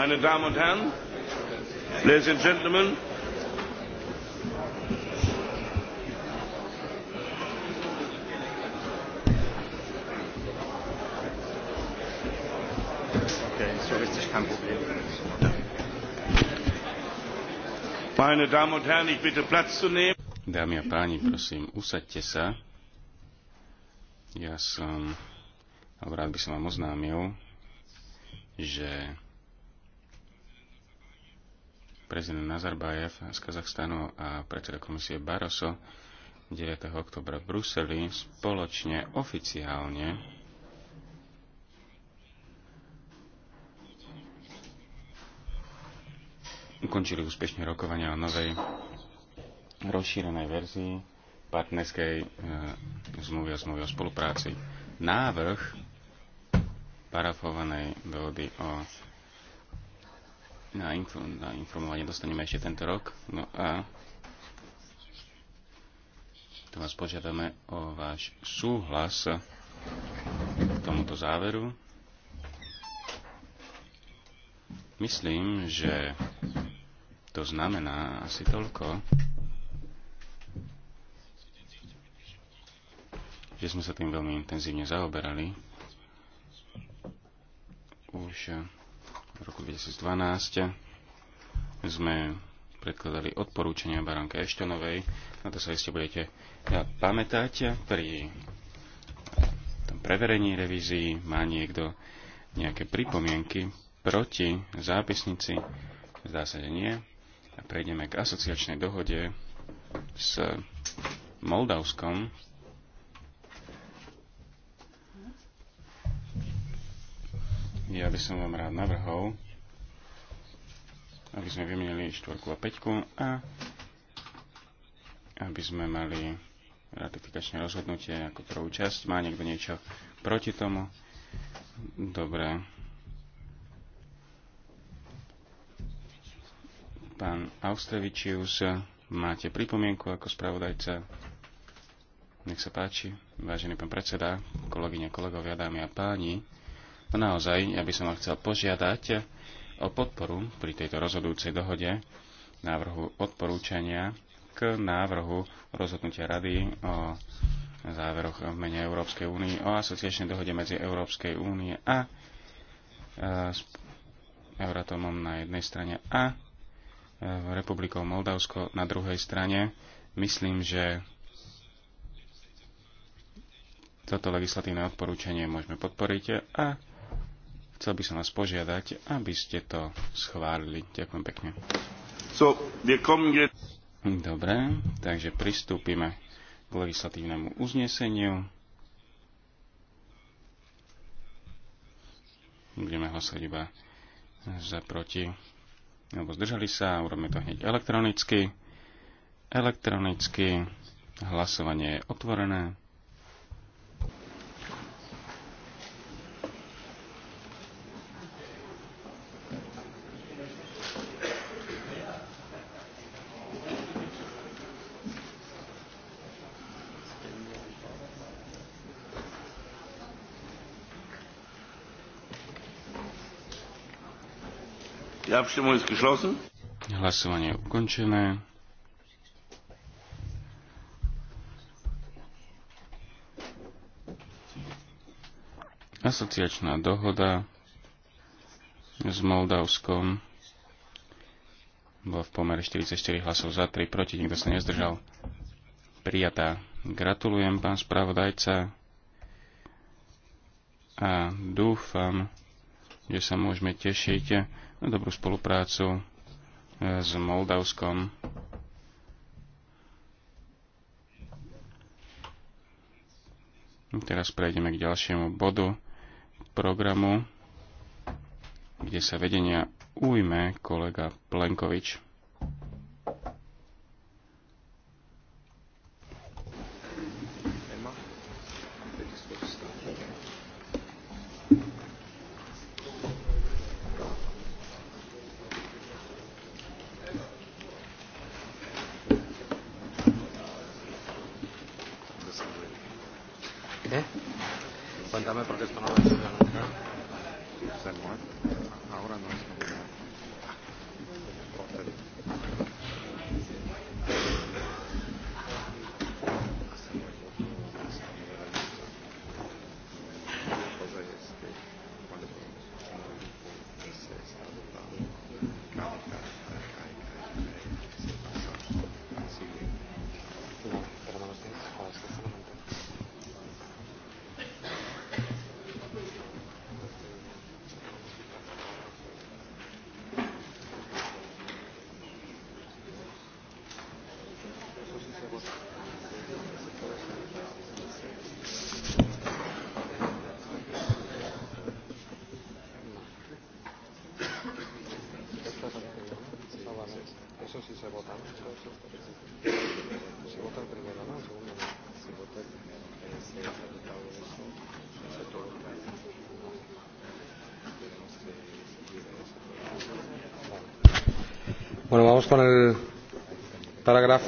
Meine Damen und Herren, ladies and gentlemen, Meine Damen und Herren, ich bitte Platz zu nehmen. Dámy a páni, prosím, usaďte sa. Ja som, alebo rád by som vám oznámil, že prezident Nazarbájev z Kazachstanu a predseda komisie Barroso 9. oktobra v Bruseli spoločne oficiálne ukončili úspešne rokovania o novej rozšírenej verzii partnerskej e, zmluvy a zmluvy o spolupráci. Návrh parafovanej dohody o na, inform, na informovanie dostaneme ešte tento rok. No a tu vás požiadame o váš súhlas k tomuto záveru. Myslím, že to znamená asi toľko, že sme sa tým veľmi intenzívne zaoberali. Už v roku 2012 sme predkladali odporúčania baronke Eštonovej. Na to sa iste budete pamätať pri tom preverení revízii. Má niekto nejaké pripomienky proti zápisnici? Zdá sa, že nie. A prejdeme k asociačnej dohode s Moldavskom. Ja by som vám rád navrhol, aby sme vymenili štvorku a peťku a aby sme mali ratifikačné rozhodnutie ako prvú časť. Má niekto niečo proti tomu? Dobre. Pán Austrevičius, máte pripomienku ako spravodajca? Nech sa páči, vážený pán predseda, kolegyne, kolegovia, dámy a páni. No naozaj, ja by som vám chcel požiadať o podporu pri tejto rozhodujúcej dohode návrhu odporúčania k návrhu rozhodnutia Rady o záveroch v mene Európskej únie o asociačnej dohode medzi Európskej únie a e, s Euratomom na jednej strane a e, Republikou Moldavsko na druhej strane. Myslím, že toto legislatívne odporúčanie môžeme podporiť a Chcel by som vás požiadať, aby ste to schválili. Ďakujem pekne. So, Dobre, takže pristúpime k legislatívnemu uzneseniu. Budeme hlasovať iba za proti, alebo zdržali sa, urobíme to hneď elektronicky. Elektronicky hlasovanie je otvorené. Hlasovanie je ukončené. Asociačná dohoda s Moldavskom bola v pomere 44 hlasov za, 3 proti, nikto sa nezdržal. Prijatá. Gratulujem, pán spravodajca. A dúfam, kde sa môžeme tešiť na dobrú spoluprácu e, s Moldavskom. Teraz prejdeme k ďalšiemu bodu programu, kde sa vedenia ujme kolega Plenkovič.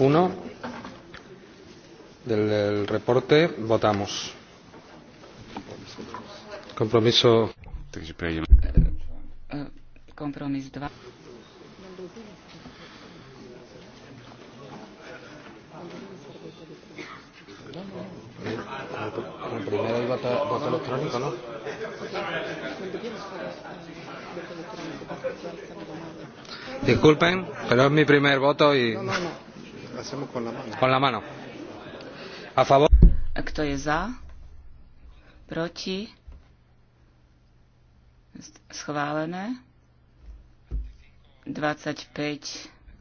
uno del, del reporte. Votamos. Compromiso. Takže prejdeme. Eh, kompromis 2. Primero el voto, voto electrónico, ¿no? Disculpen, pero es mi primer voto y... No, no, no hacemos con la mano. Con la mano. A favor. Kto je za? Proti? Schválené. 25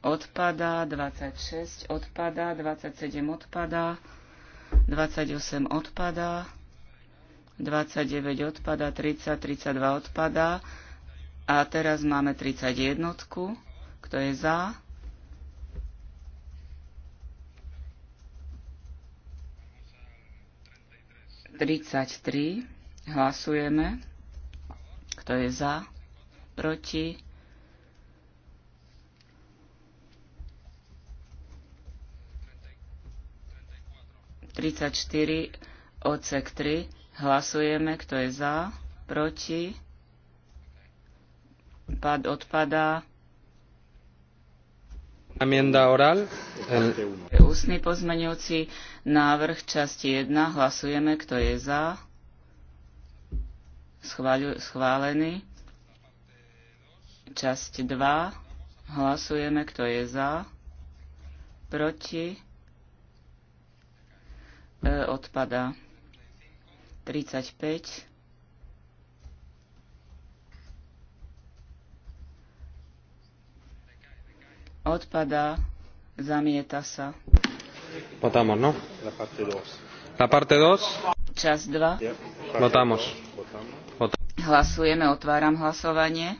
odpadá, 26 odpadá, 27 odpadá, 28 odpadá, 29 odpadá, 30, 32 odpadá. A teraz máme 31. Kto je za? 33. Hlasujeme. Kto je za? Proti? Tridsaťštyri, odsek 3. Hlasujeme, kto je za, proti, pad odpadá. Enmienda oral. Ústny pozmenujúci návrh časti 1. Hlasujeme, kto je za. Schváľu, schválený. Časť 2. Hlasujeme, kto je za. Proti. E, odpada. 35. Odpadá. Zamieta sa. Votamos, no? La parte 2. La parte 2. Čas 2. Votamos. Hlasujeme, otváram hlasovanie.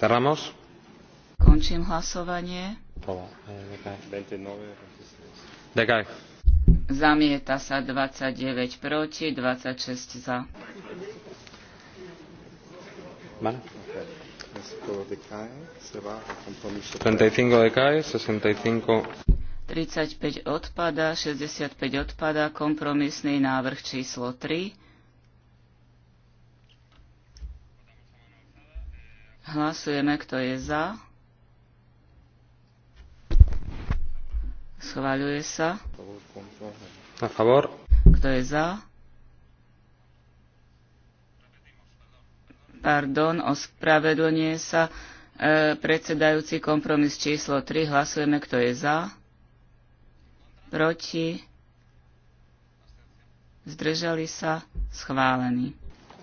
Cerramos. Končím hlasovanie. Zamieta sa 29 proti, 26 za. Vale. 35 odpada, 65 odpada, kompromisný návrh číslo 3. Hlasujeme, kto je za. Schváľuje sa. A favor. Kto je za? Pardon, ospravedlňuje sa e, predsedajúci kompromis číslo 3. Hlasujeme, kto je za. Proti. Zdržali sa. Schválený.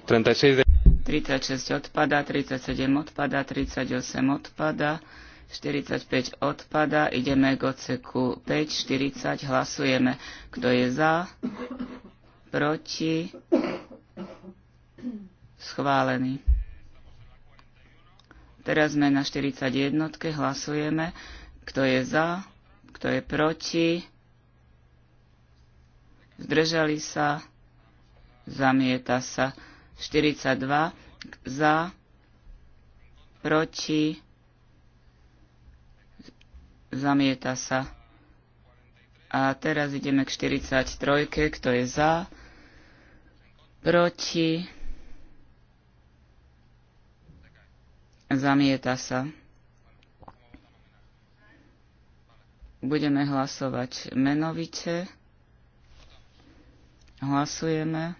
36 odpada, 37 odpada, 38 odpada. 45 odpada, ideme k odseku 5, 40, hlasujeme. Kto je za? Proti? Schválený. Teraz sme na 41, hlasujeme. Kto je za? Kto je proti? Zdržali sa? Zamieta sa. 42 za, proti, zamieta sa. A teraz ideme k 43, kto je za, proti, zamieta sa. Budeme hlasovať menovite. Hlasujeme.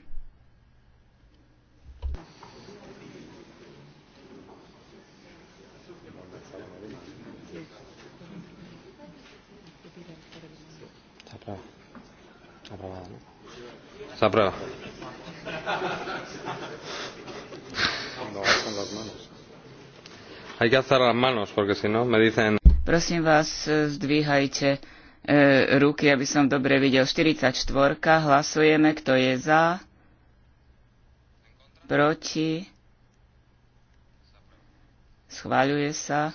Está prueba. Hay que alzar las manos, porque si no me dicen... Prosím vás, zdvíhajte e, ruky, aby som dobre videl. 44. Hlasujeme, kto je za, proti, schváľuje sa.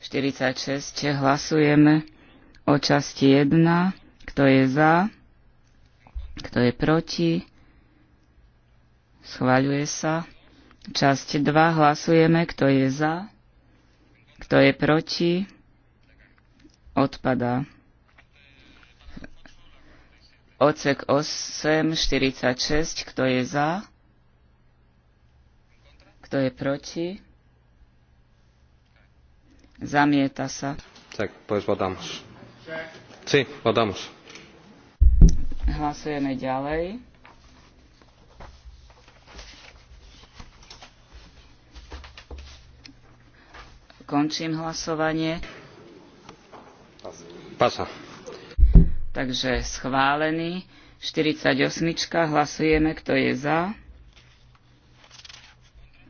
46. Hlasujeme o časti 1, kto je za kto je proti? Schváľuje sa. Časť 2 hlasujeme, kto je za, kto je proti, odpadá. Ocek 8, 46, kto je za, kto je proti, zamieta sa. Tak, pois votamos. Sí, votamos. Hlasujeme ďalej. Končím hlasovanie. Pasa. Takže schválený. 48. Hlasujeme, kto je za.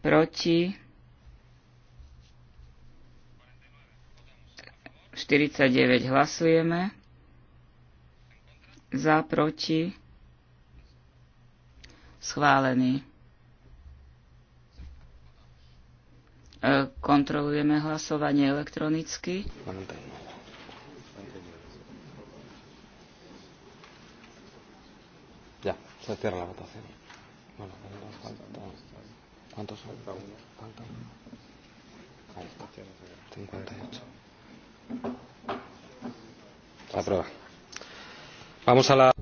Proti. 49 hlasujeme za, proti, schválený. Kontrolujeme hlasovanie elektronicky. Ya, se cierra la votación. Bueno, falta. ¿Cuántos son? Falta uno. Ahí está. 58. Aprueba. Vamos a la...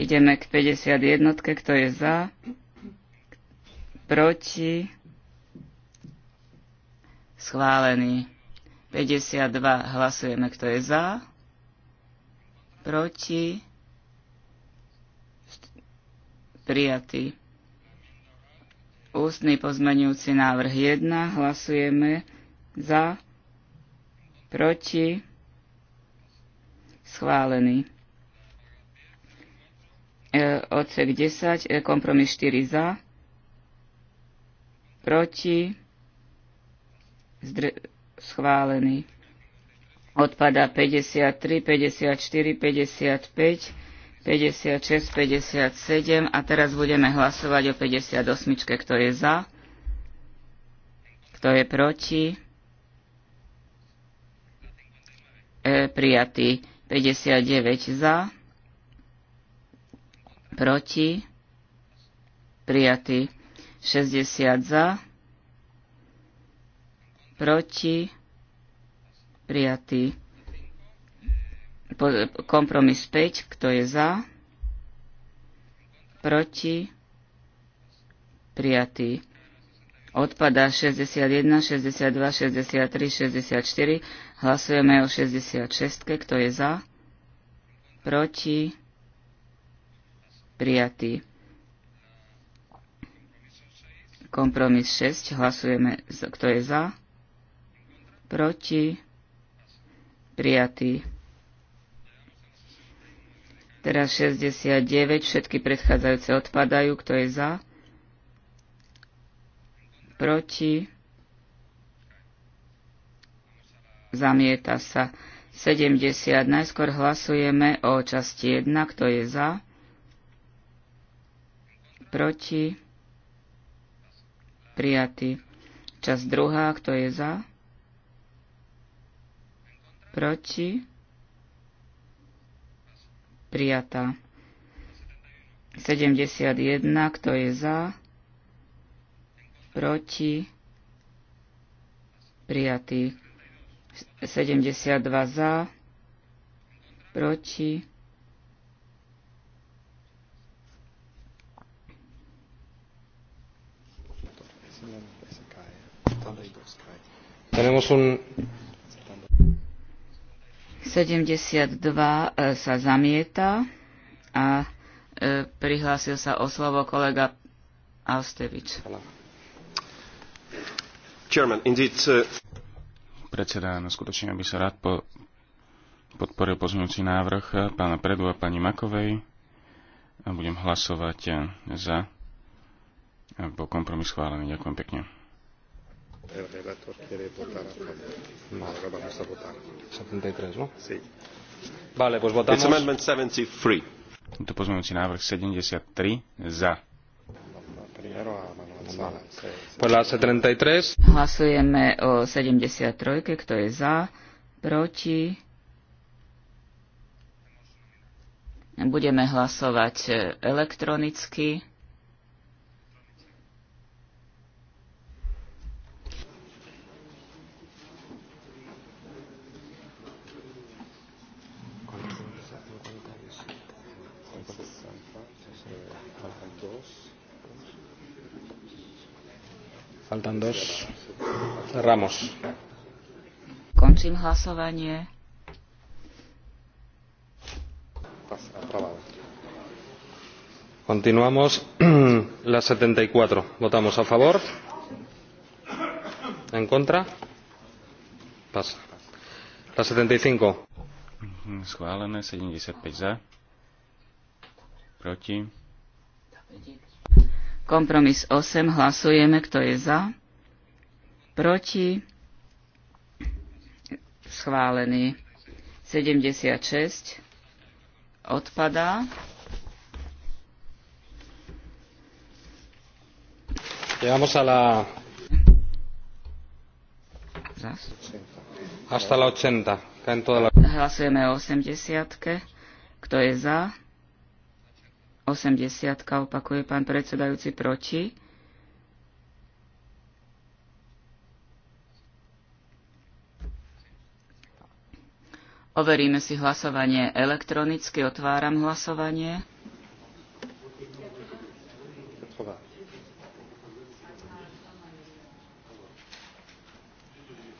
Ideme k 51, kto je za, proti, schválený. 52, hlasujeme, kto je za, proti, prijatý. Ústny pozmenujúci návrh 1, hlasujeme za, proti, schválený. E, odsek 10, e, kompromis 4 za, proti, zdr- schválený. Odpada 53, 54, 55, 56, 57 a teraz budeme hlasovať o 58, kto je za, kto je proti, e, prijatý 59 za, proti, prijatý 60 za, proti, prijatý kompromis 5, kto je za, proti, prijatý. Odpada 61, 62, 63, 64. Hlasujeme o 66, kto je za, proti, prijatý. Kompromis 6. Hlasujeme, kto je za. Proti. Prijatý. Teraz 69. Všetky predchádzajúce odpadajú. Kto je za? Proti. Zamieta sa. 70. Najskôr hlasujeme o časti 1. Kto je za? proti, prijatý. Čas druhá, kto je za, proti, prijatá. 71, kto je za, proti, prijatý. 72 za, proti, Tenemos un... 72 e, sa zamieta a e, prihlásil sa o slovo kolega Austevič. Chairman, indeed, uh... Predseda, no skutočne by sa rád po, podporil pozmeňujúci návrh e, pána Predu a pani Makovej a budem hlasovať e, za bol kompromis schválený. Ďakujem pekne. El relator quiere votar a favor. Vale. Ahora vamos a votar. 73, ¿no? Sí. No? Vale, pues votamos. It's amendment 73. Tento pozmeňujúci návrh 73 za. Podľa 73. No. Hlasujeme o 73, kto je za, proti. Budeme hlasovať eh, elektronicky. Faltan dos. Ramos. Končím hlasovanie. Continuamos. La 74. Votamos a favor. ¿En contra? Pasa. La 75. Schválené 75 za. Proti. Kompromis 8. Hlasujeme, kto je za. Proti. Schválený. 76. Odpadá. Llegamos a la... Hasta la 80. Hlasujeme o 80. Kto je za? 80, opakuje pán predsedajúci proti. Overíme si hlasovanie elektronicky. Otváram hlasovanie.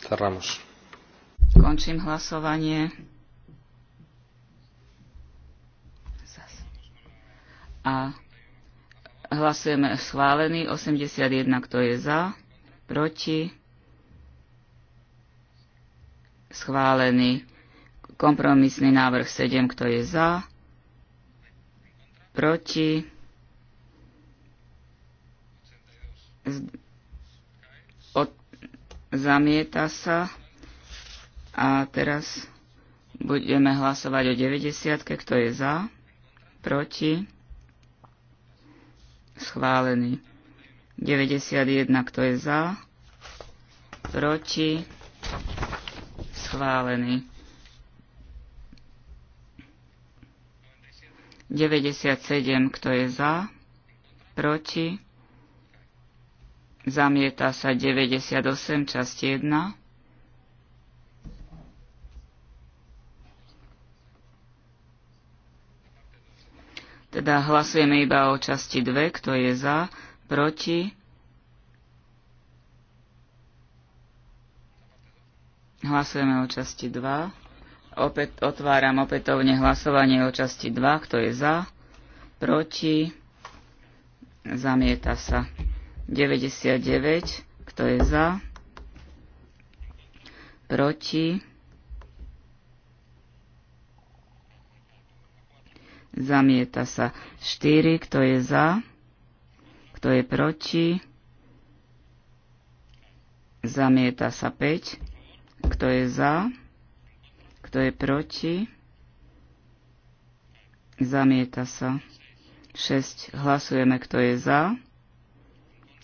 Cerramos. Končím hlasovanie. a hlasujeme schválený 81, kto je za, proti, schválený kompromisný návrh 7, kto je za, proti, od, zamieta sa a teraz budeme hlasovať o 90, kto je za, proti, schválený. 91, kto je za, proti, schválený. 97, kto je za, proti, zamieta sa 98, časť 1, Teda hlasujeme iba o časti 2, kto je za, proti. Hlasujeme o časti 2. Opäť, otváram opätovne hlasovanie o časti 2, kto je za, proti. Zamieta sa. 99, kto je za, proti Zamieta sa 4, kto je za, kto je proti. Zamieta sa 5, kto je za, kto je proti. Zamieta sa 6, hlasujeme, kto je za,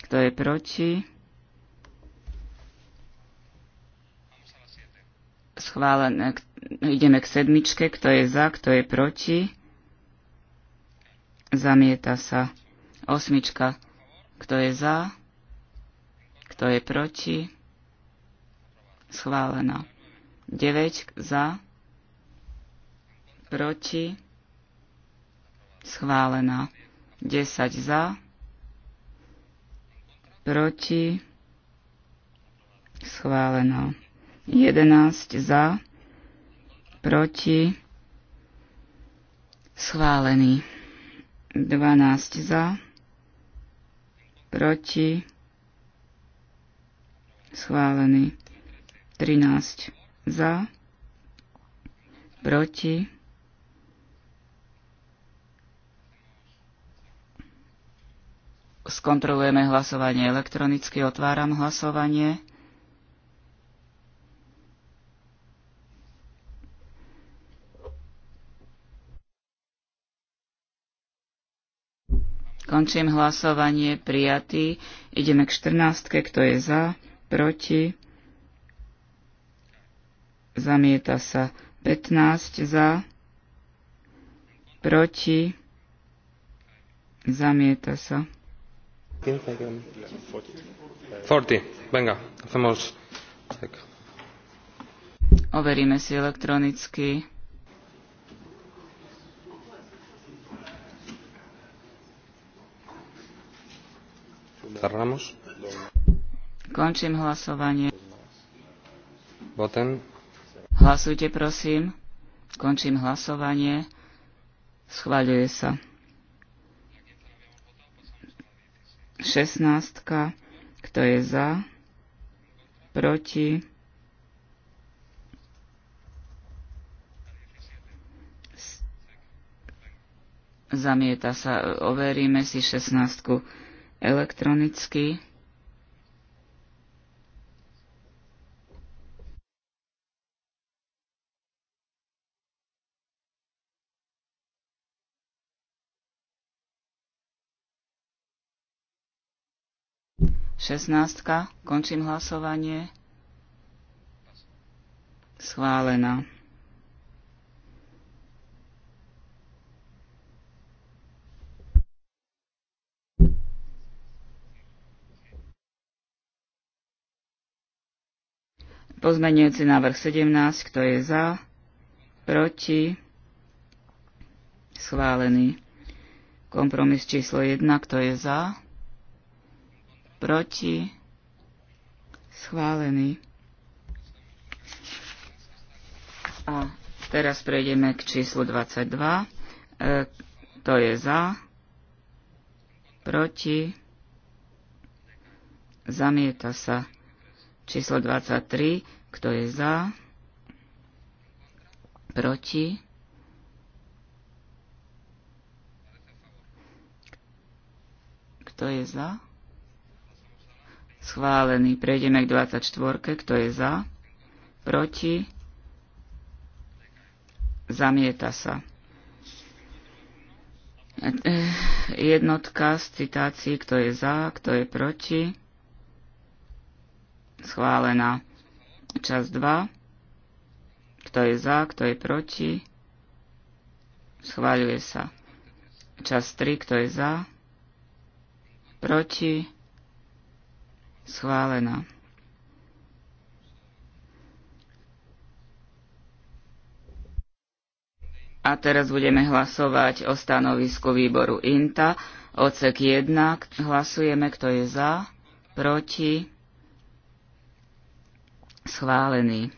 kto je proti. Schválené, ideme k sedmičke, kto je za, kto je proti Zamieta sa. Osmička. Kto je za? Kto je proti? Schválená. 9 za. Proti. Schválená. 10 za. Proti. Schválená. 11 za. Proti. Schválený. 12 za, proti, schválený. 13 za, proti, Skontrolujeme hlasovanie elektronicky, otváram hlasovanie. Končím hlasovanie. Prijatý. Ideme k 14. Kto je za? Proti? Zamieta sa. 15 za. Proti? Zamieta sa. 40. Venga, hacemos... Overíme si elektronicky. Končím hlasovanie. Voten. Hlasujte, prosím. Končím hlasovanie. Schváľuje sa. 16. Kto je za? Proti? Zamieta sa. Overíme si 16 elektronicky. Šestnáctka. Končím hlasovanie. Schválená. Pozmenujúci návrh 17, kto je za, proti, schválený. Kompromis číslo 1, kto je za, proti, schválený. A teraz prejdeme k číslu 22. E, to je za, proti, zamieta sa. Číslo 23. Kto je za? Proti? Kto je za? Schválený. Prejdeme k 24. Kto je za? Proti? Zamieta sa. Jednotka z citácií, kto je za, kto je proti schválená. Čas 2. Kto je za, kto je proti? Schváľuje sa. Čas 3. Kto je za? Proti? Schválená. A teraz budeme hlasovať o stanovisku výboru INTA. Ocek 1. Hlasujeme, kto je za, proti, schválený.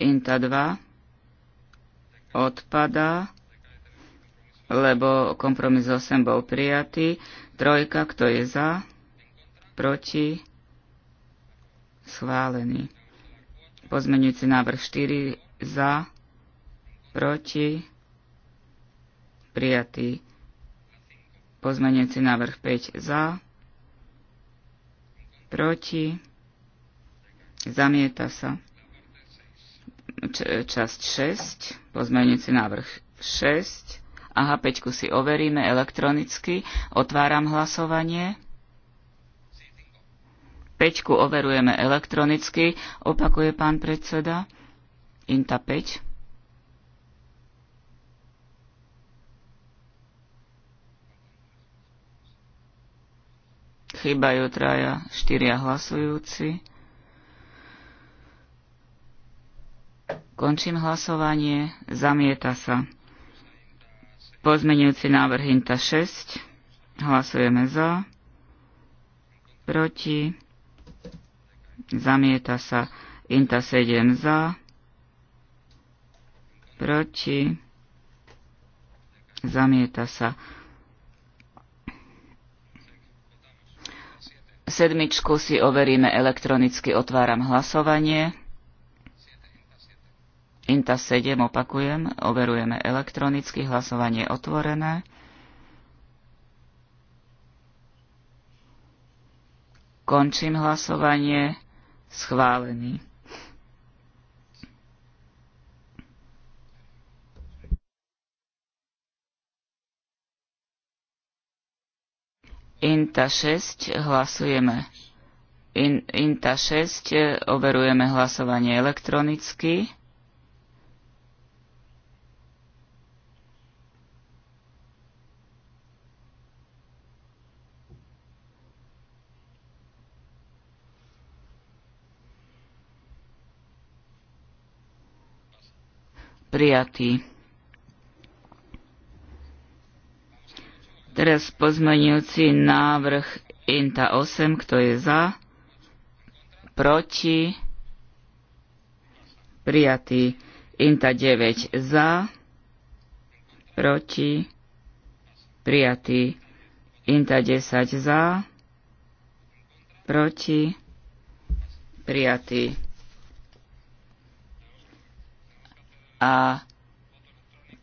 Inta 2 odpadá, lebo kompromis 8 bol prijatý. Trojka, kto je za, proti, schválený. Pozmeňujúci návrh 4 za, proti, prijatý. Pozmeňujúci návrh 5 za, proti, Zamieta sa. Č- časť 6, pozmeňujúci návrh 6. Aha, 5 si overíme elektronicky. Otváram hlasovanie. 5 overujeme elektronicky, opakuje pán predseda. Inta 5. Chýbajú traja, štyria hlasujúci. Končím hlasovanie. Zamieta sa. Pozmenujúci návrh INTA 6. Hlasujeme za. Proti. Zamieta sa. INTA 7 za. Proti. Zamieta sa. Sedmičku si overíme elektronicky. Otváram hlasovanie. INTA 7 opakujem, overujeme elektronicky, hlasovanie otvorené. Končím hlasovanie. Schválený. INTA 6 hlasujeme. In, INTA 6 overujeme hlasovanie elektronicky. prijatý. Teraz pozmeňujúci návrh INTA 8, kto je za, proti, prijatý. INTA 9 za, proti, prijatý. INTA 10 za, proti, prijatý. A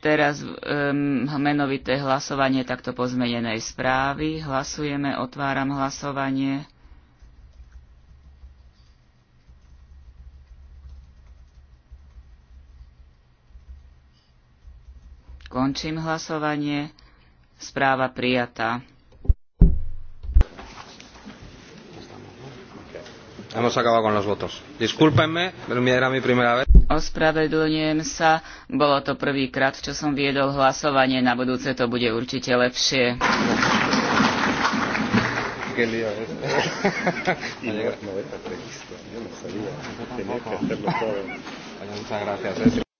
teraz um, menovité hlasovanie takto pozmenenej správy. Hlasujeme, otváram hlasovanie. Končím hlasovanie. Správa prijatá. Hemos acabado con los votos. Discúlpenme, era mi primera vez. Ospravedlňujem sa, bolo to prvýkrát, čo som viedol hlasovanie, na budúce to bude určite lepšie. ¿eh? No, no muchas gracias. Eh.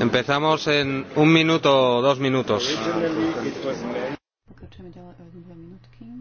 Empezamos en un minuto, o dos minutos. Pokračujeme ďalej o dve minútky.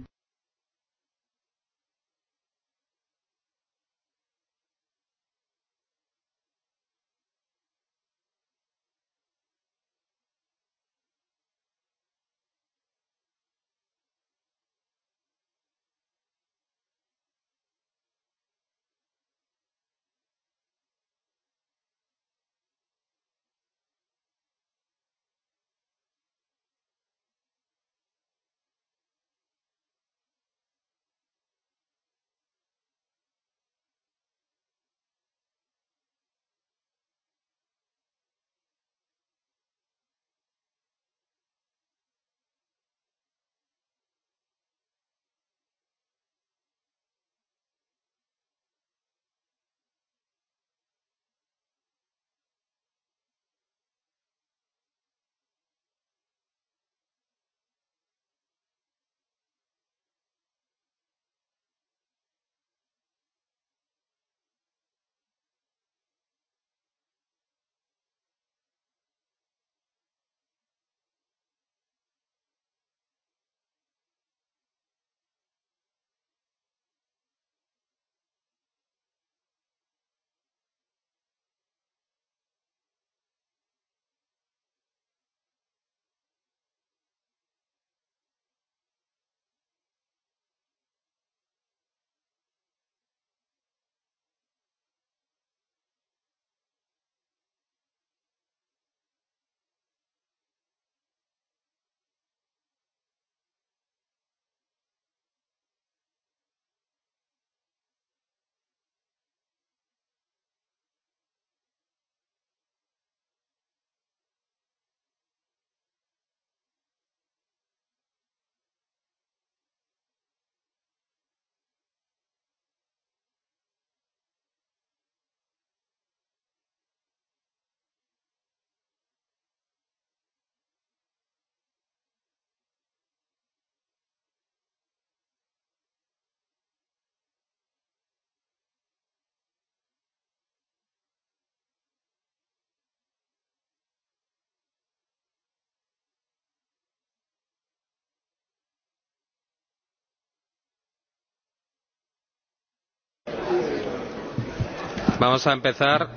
Vamos a empezar.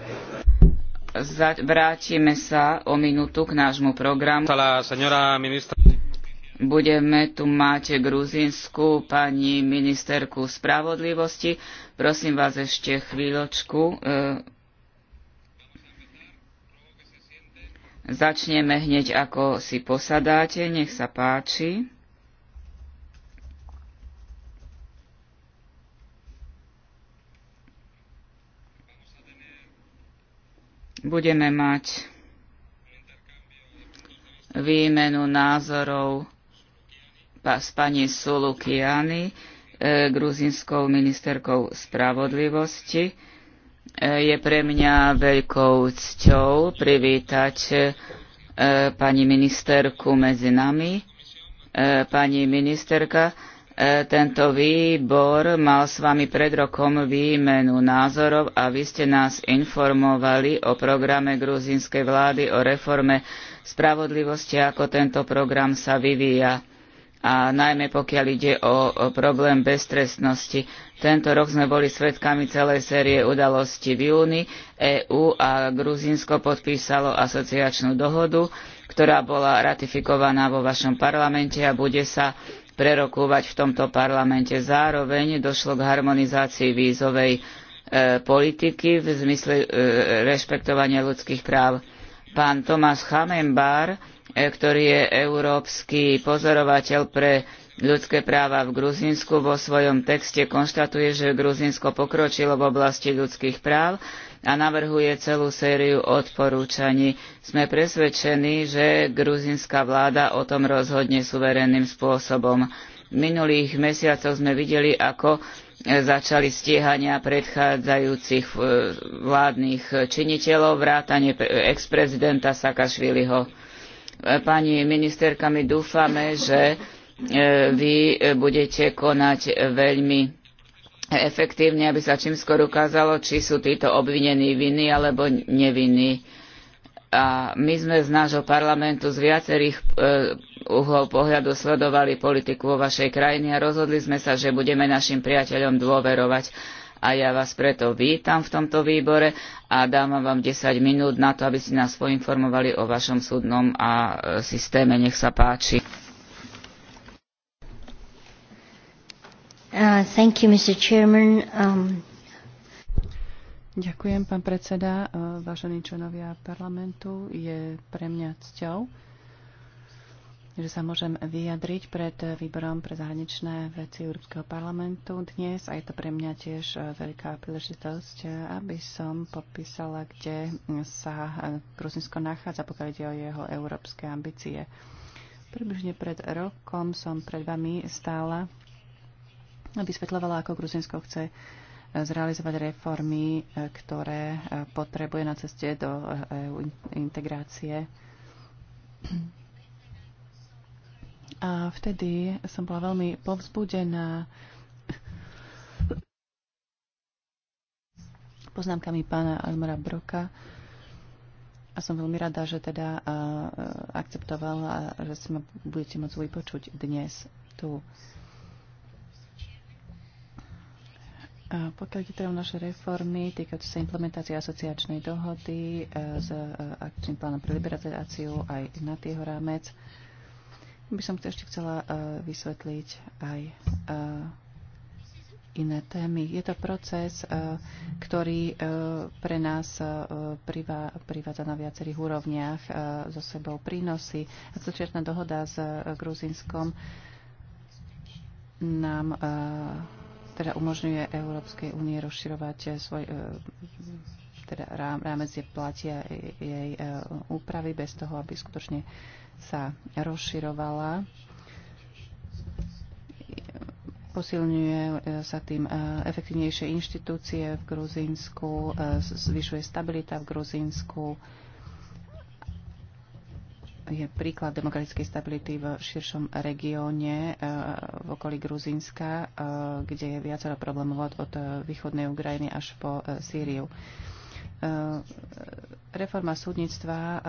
Vrátime sa o minútu k nášmu programu. Budeme tu mať gruzínsku pani ministerku spravodlivosti. Prosím vás ešte chvíľočku. E, začneme hneď, ako si posadáte. Nech sa páči. budeme mať výmenu názorov s pani Sulukiany, e, gruzinskou ministerkou spravodlivosti. E, je pre mňa veľkou cťou privítať e, pani ministerku medzi nami. Pani ministerka, E, tento výbor mal s vami pred rokom výmenu názorov a vy ste nás informovali o programe gruzínskej vlády, o reforme spravodlivosti, ako tento program sa vyvíja a najmä pokiaľ ide o, o problém beztrestnosti. Tento rok sme boli svedkami celej série udalostí v júni. EÚ a Gruzínsko podpísalo asociačnú dohodu, ktorá bola ratifikovaná vo vašom parlamente a bude sa prerokúvať v tomto parlamente. Zároveň došlo k harmonizácii vízovej e, politiky v zmysle e, rešpektovania ľudských práv. Pán Tomás Chamembar, e, ktorý je európsky pozorovateľ pre ľudské práva v Gruzínsku, vo svojom texte konštatuje, že Gruzínsko pokročilo v oblasti ľudských práv a navrhuje celú sériu odporúčaní. Sme presvedčení, že gruzinská vláda o tom rozhodne suverenným spôsobom. V minulých mesiacoch sme videli, ako e, začali stíhania predchádzajúcich e, vládnych činiteľov, vrátane ex-prezidenta Sakašviliho. E, pani ministerka, my dúfame, že vy budete konať veľmi efektívne, aby sa čím skôr ukázalo, či sú títo obvinení viny alebo nevinní. A my sme z nášho parlamentu z viacerých e, uhlov pohľadu sledovali politiku vo vašej krajine a rozhodli sme sa, že budeme našim priateľom dôverovať. A ja vás preto vítam v tomto výbore a dám vám 10 minút na to, aby ste nás poinformovali o vašom súdnom a e, systéme. Nech sa páči. Uh, thank you, Mr. Chairman. Um... Ďakujem, pán predseda. Uh, vážení členovia parlamentu, je pre mňa cťou, že sa môžem vyjadriť pred výborom pre zahraničné veci Európskeho parlamentu dnes a je to pre mňa tiež uh, veľká príležitosť, aby som popísala, kde sa Gruzinsko nachádza, pokiaľ ide o jeho európske ambície. Približne pred rokom som pred vami stála vysvetľovala, ako Gruzinsko chce e, zrealizovať reformy, e, ktoré e, potrebuje na ceste do EU integrácie. A vtedy som bola veľmi povzbudená poznámkami pána Almara Broka a som veľmi rada, že teda akceptoval a že si ma budete môcť vypočuť dnes tu. pokiaľ ide teda o naše reformy týkajúce sa implementácie asociačnej dohody e, s e, akčným plánom pre liberalizáciu aj na tieho rámec, by som ešte chcela e, vysvetliť aj iné témy. Je to proces, ktorý pre nás privádza na viacerých úrovniach so sebou prínosy. Asociačná dohoda s Gruzinskom nám teda umožňuje Európskej únie rozširovať eh, svoj eh, teda rámec je platia jej eh, úpravy bez toho, aby skutočne sa rozširovala. Posilňuje sa tým efektívnejšie inštitúcie v Gruzínsku, zvyšuje stabilita v Gruzínsku, je príklad demokratickej stability v širšom regióne e, v okolí Gruzínska, e, kde je viacero problémov od, východnej Ukrajiny až po e, Sýriu. Reforma súdnictva,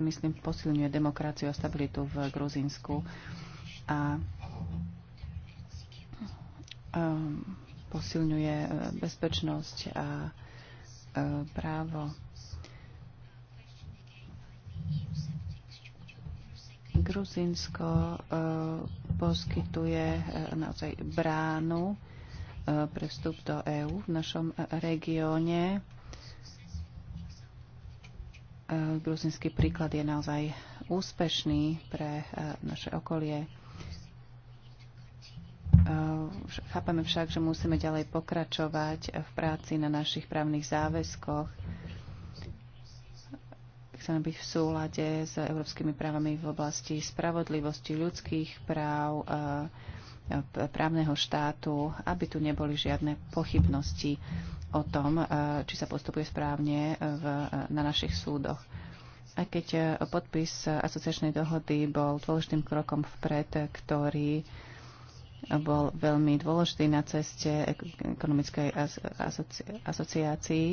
myslím, posilňuje demokraciu a stabilitu v Gruzínsku a posilňuje bezpečnosť a právo Gruzinsko e, poskytuje e, naozaj bránu e, pre vstup do EÚ v našom regióne. Gruzinský príklad je naozaj úspešný pre naše okolie. Chápame však, že musíme ďalej pokračovať v práci na našich právnych záväzkoch chceme byť v súlade s európskymi právami v oblasti spravodlivosti ľudských práv, e, právneho štátu, aby tu neboli žiadne pochybnosti o tom, e, či sa postupuje správne e, v, na našich súdoch. Aj keď podpis asociačnej dohody bol dôležitým krokom vpred, ktorý bol veľmi dôležitý na ceste ekonomickej asociácii,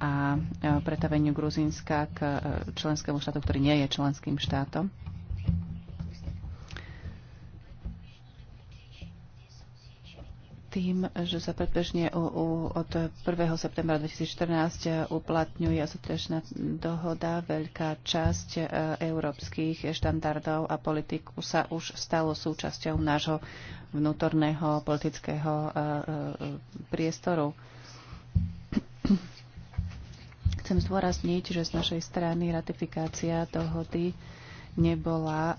a pretaveniu Gruzínska k e, členskému štátu, ktorý nie je členským štátom. tým, že sa predbežne u, u, od 1. septembra 2014 uplatňuje asociačná dohoda, veľká časť e, európskych štandardov a politiku sa už stalo súčasťou nášho vnútorného politického e, priestoru. Chcem zdôrazniť, že z našej strany ratifikácia dohody nebola e, e,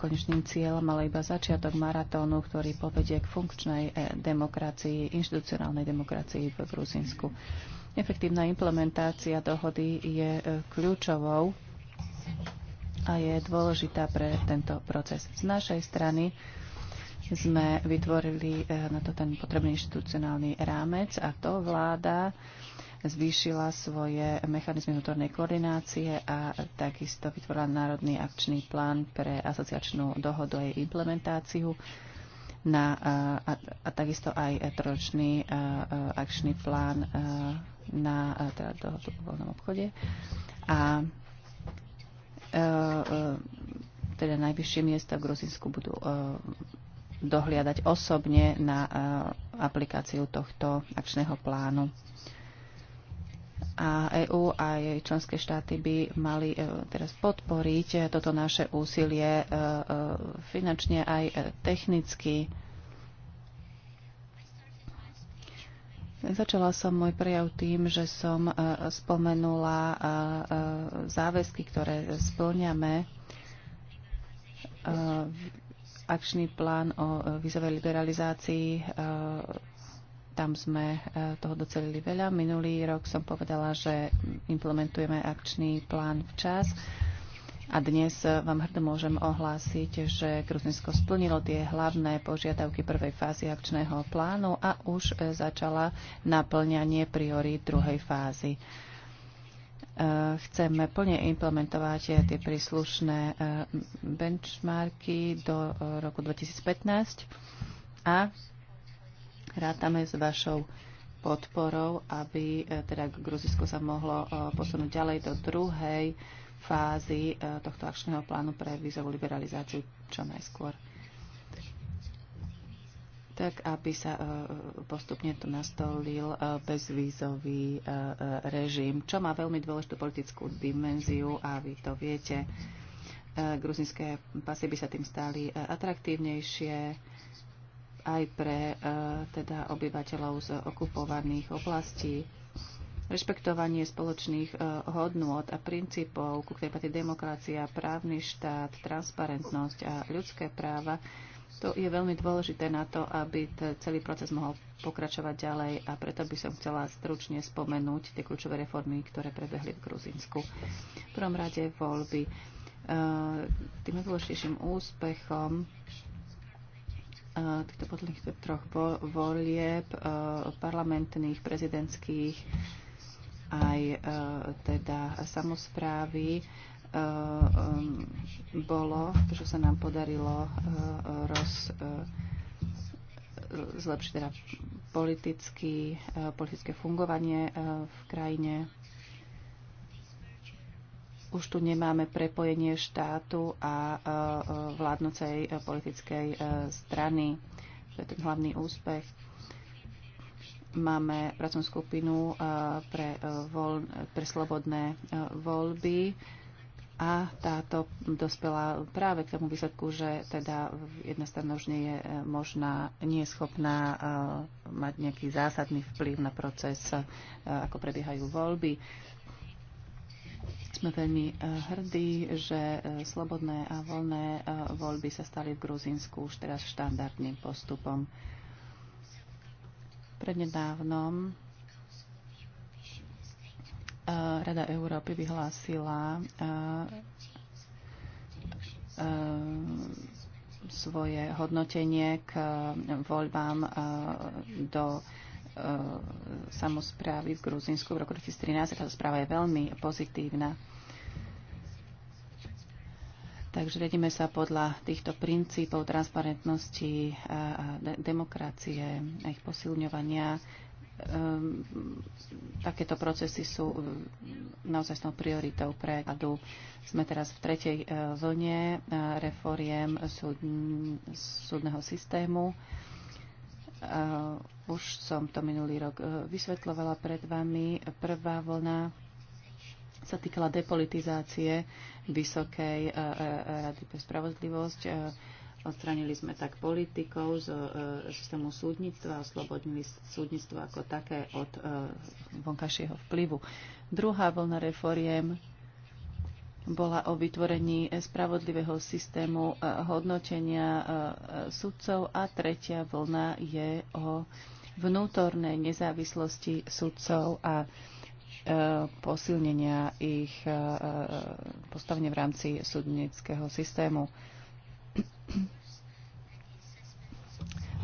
konečným cieľom, ale iba začiatok maratónu, ktorý povedie k funkčnej e, demokracii, inštitucionálnej demokracii v Gruzinsku. Efektívna implementácia dohody je kľúčovou a je dôležitá pre tento proces. Z našej strany sme vytvorili na to ten potrebný inštitucionálny rámec a to vláda zvýšila svoje mechanizmy vnútornej koordinácie a takisto vytvorila Národný akčný plán pre asociačnú dohodu a jej implementáciu na, a, a, a takisto aj trojročný akčný plán a, na a, teda dohodu o voľnom obchode. A, a, e, teda najvyššie miesta v Gruzinsku budú a, e, dohliadať osobne na a, aplikáciu tohto akčného plánu a EÚ a jej členské štáty by mali e, teraz podporiť e, toto naše úsilie e, finančne aj technicky. Začala som môj prejav tým, že som spomenula záväzky, ktoré splňame. Akčný plán o vizovej liberalizácii tam sme e, toho docelili veľa. Minulý rok som povedala, že implementujeme akčný plán včas. A dnes e, vám hrdo môžem ohlásiť, že Gruzinsko splnilo tie hlavné požiadavky prvej fázy akčného plánu a už e, začala naplňanie priory druhej fázy. Chceme plne implementovať tie príslušné benchmarky do roku 2015 a Rátame s vašou podporou, aby e, teda Gruzisko sa mohlo e, posunúť ďalej do druhej fázy e, tohto akčného plánu pre vízovú liberalizáciu čo najskôr tak aby sa postupne tu nastolil bezvízový režim, čo má veľmi dôležitú politickú dimenziu a vy to viete. Gruzinské pasy by sa tým stali atraktívnejšie aj pre e, teda obyvateľov z okupovaných oblastí. Rešpektovanie spoločných e, hodnôt a princípov, ku ktorej patrí demokracia, právny štát, transparentnosť a ľudské práva, to je veľmi dôležité na to, aby celý proces mohol pokračovať ďalej a preto by som chcela stručne spomenúť tie kľúčové reformy, ktoré prebehli v Gruzinsku. V prvom rade voľby. E, tým najdôležitejším úspechom týchto posledných troch volieb e, parlamentných, prezidentských aj e, teda samozprávy e, bolo, že sa nám podarilo roz, zlepšiť teda politický, politické fungovanie v krajine už tu nemáme prepojenie štátu a vládnocej politickej strany. To je ten hlavný úspech. Máme pracovnú skupinu pre, voľ, pre slobodné voľby a táto dospela práve k tomu výsledku, že teda jedna strana už nie je e, možná, nie je schopná mať nejaký zásadný vplyv na proces, ako prebiehajú voľby. Sme veľmi e, hrdí, že e, slobodné a voľné e, voľby sa stali v Gruzínsku už teraz štandardným postupom. Prednedávnom Rada Európy vyhlásila svoje hodnotenie k voľbám do E, samozprávy v Gruzínsku v roku 2013. Táto správa je veľmi pozitívna. Takže vedíme sa podľa týchto princípov transparentnosti a demokracie a ich posilňovania. E, takéto procesy sú e, naozaj prioritou pre radu. Sme teraz v tretej vlne reforiem súd, súdneho systému Eh, už som to minulý rok eh, vysvetlovala pred vami. Prvá vlna sa týkala depolitizácie Vysokej eh, rady pre spravodlivosť. Odstranili sme tak politikov z systému súdnictva, oslobodnili súdnictvo ako také od vonkajšieho vplyvu. Druhá vlna reforiem bola o vytvorení spravodlivého systému eh, hodnotenia eh, sudcov a tretia vlna je o vnútornej nezávislosti sudcov a eh, posilnenia ich postavenia v rámci súdnického systému.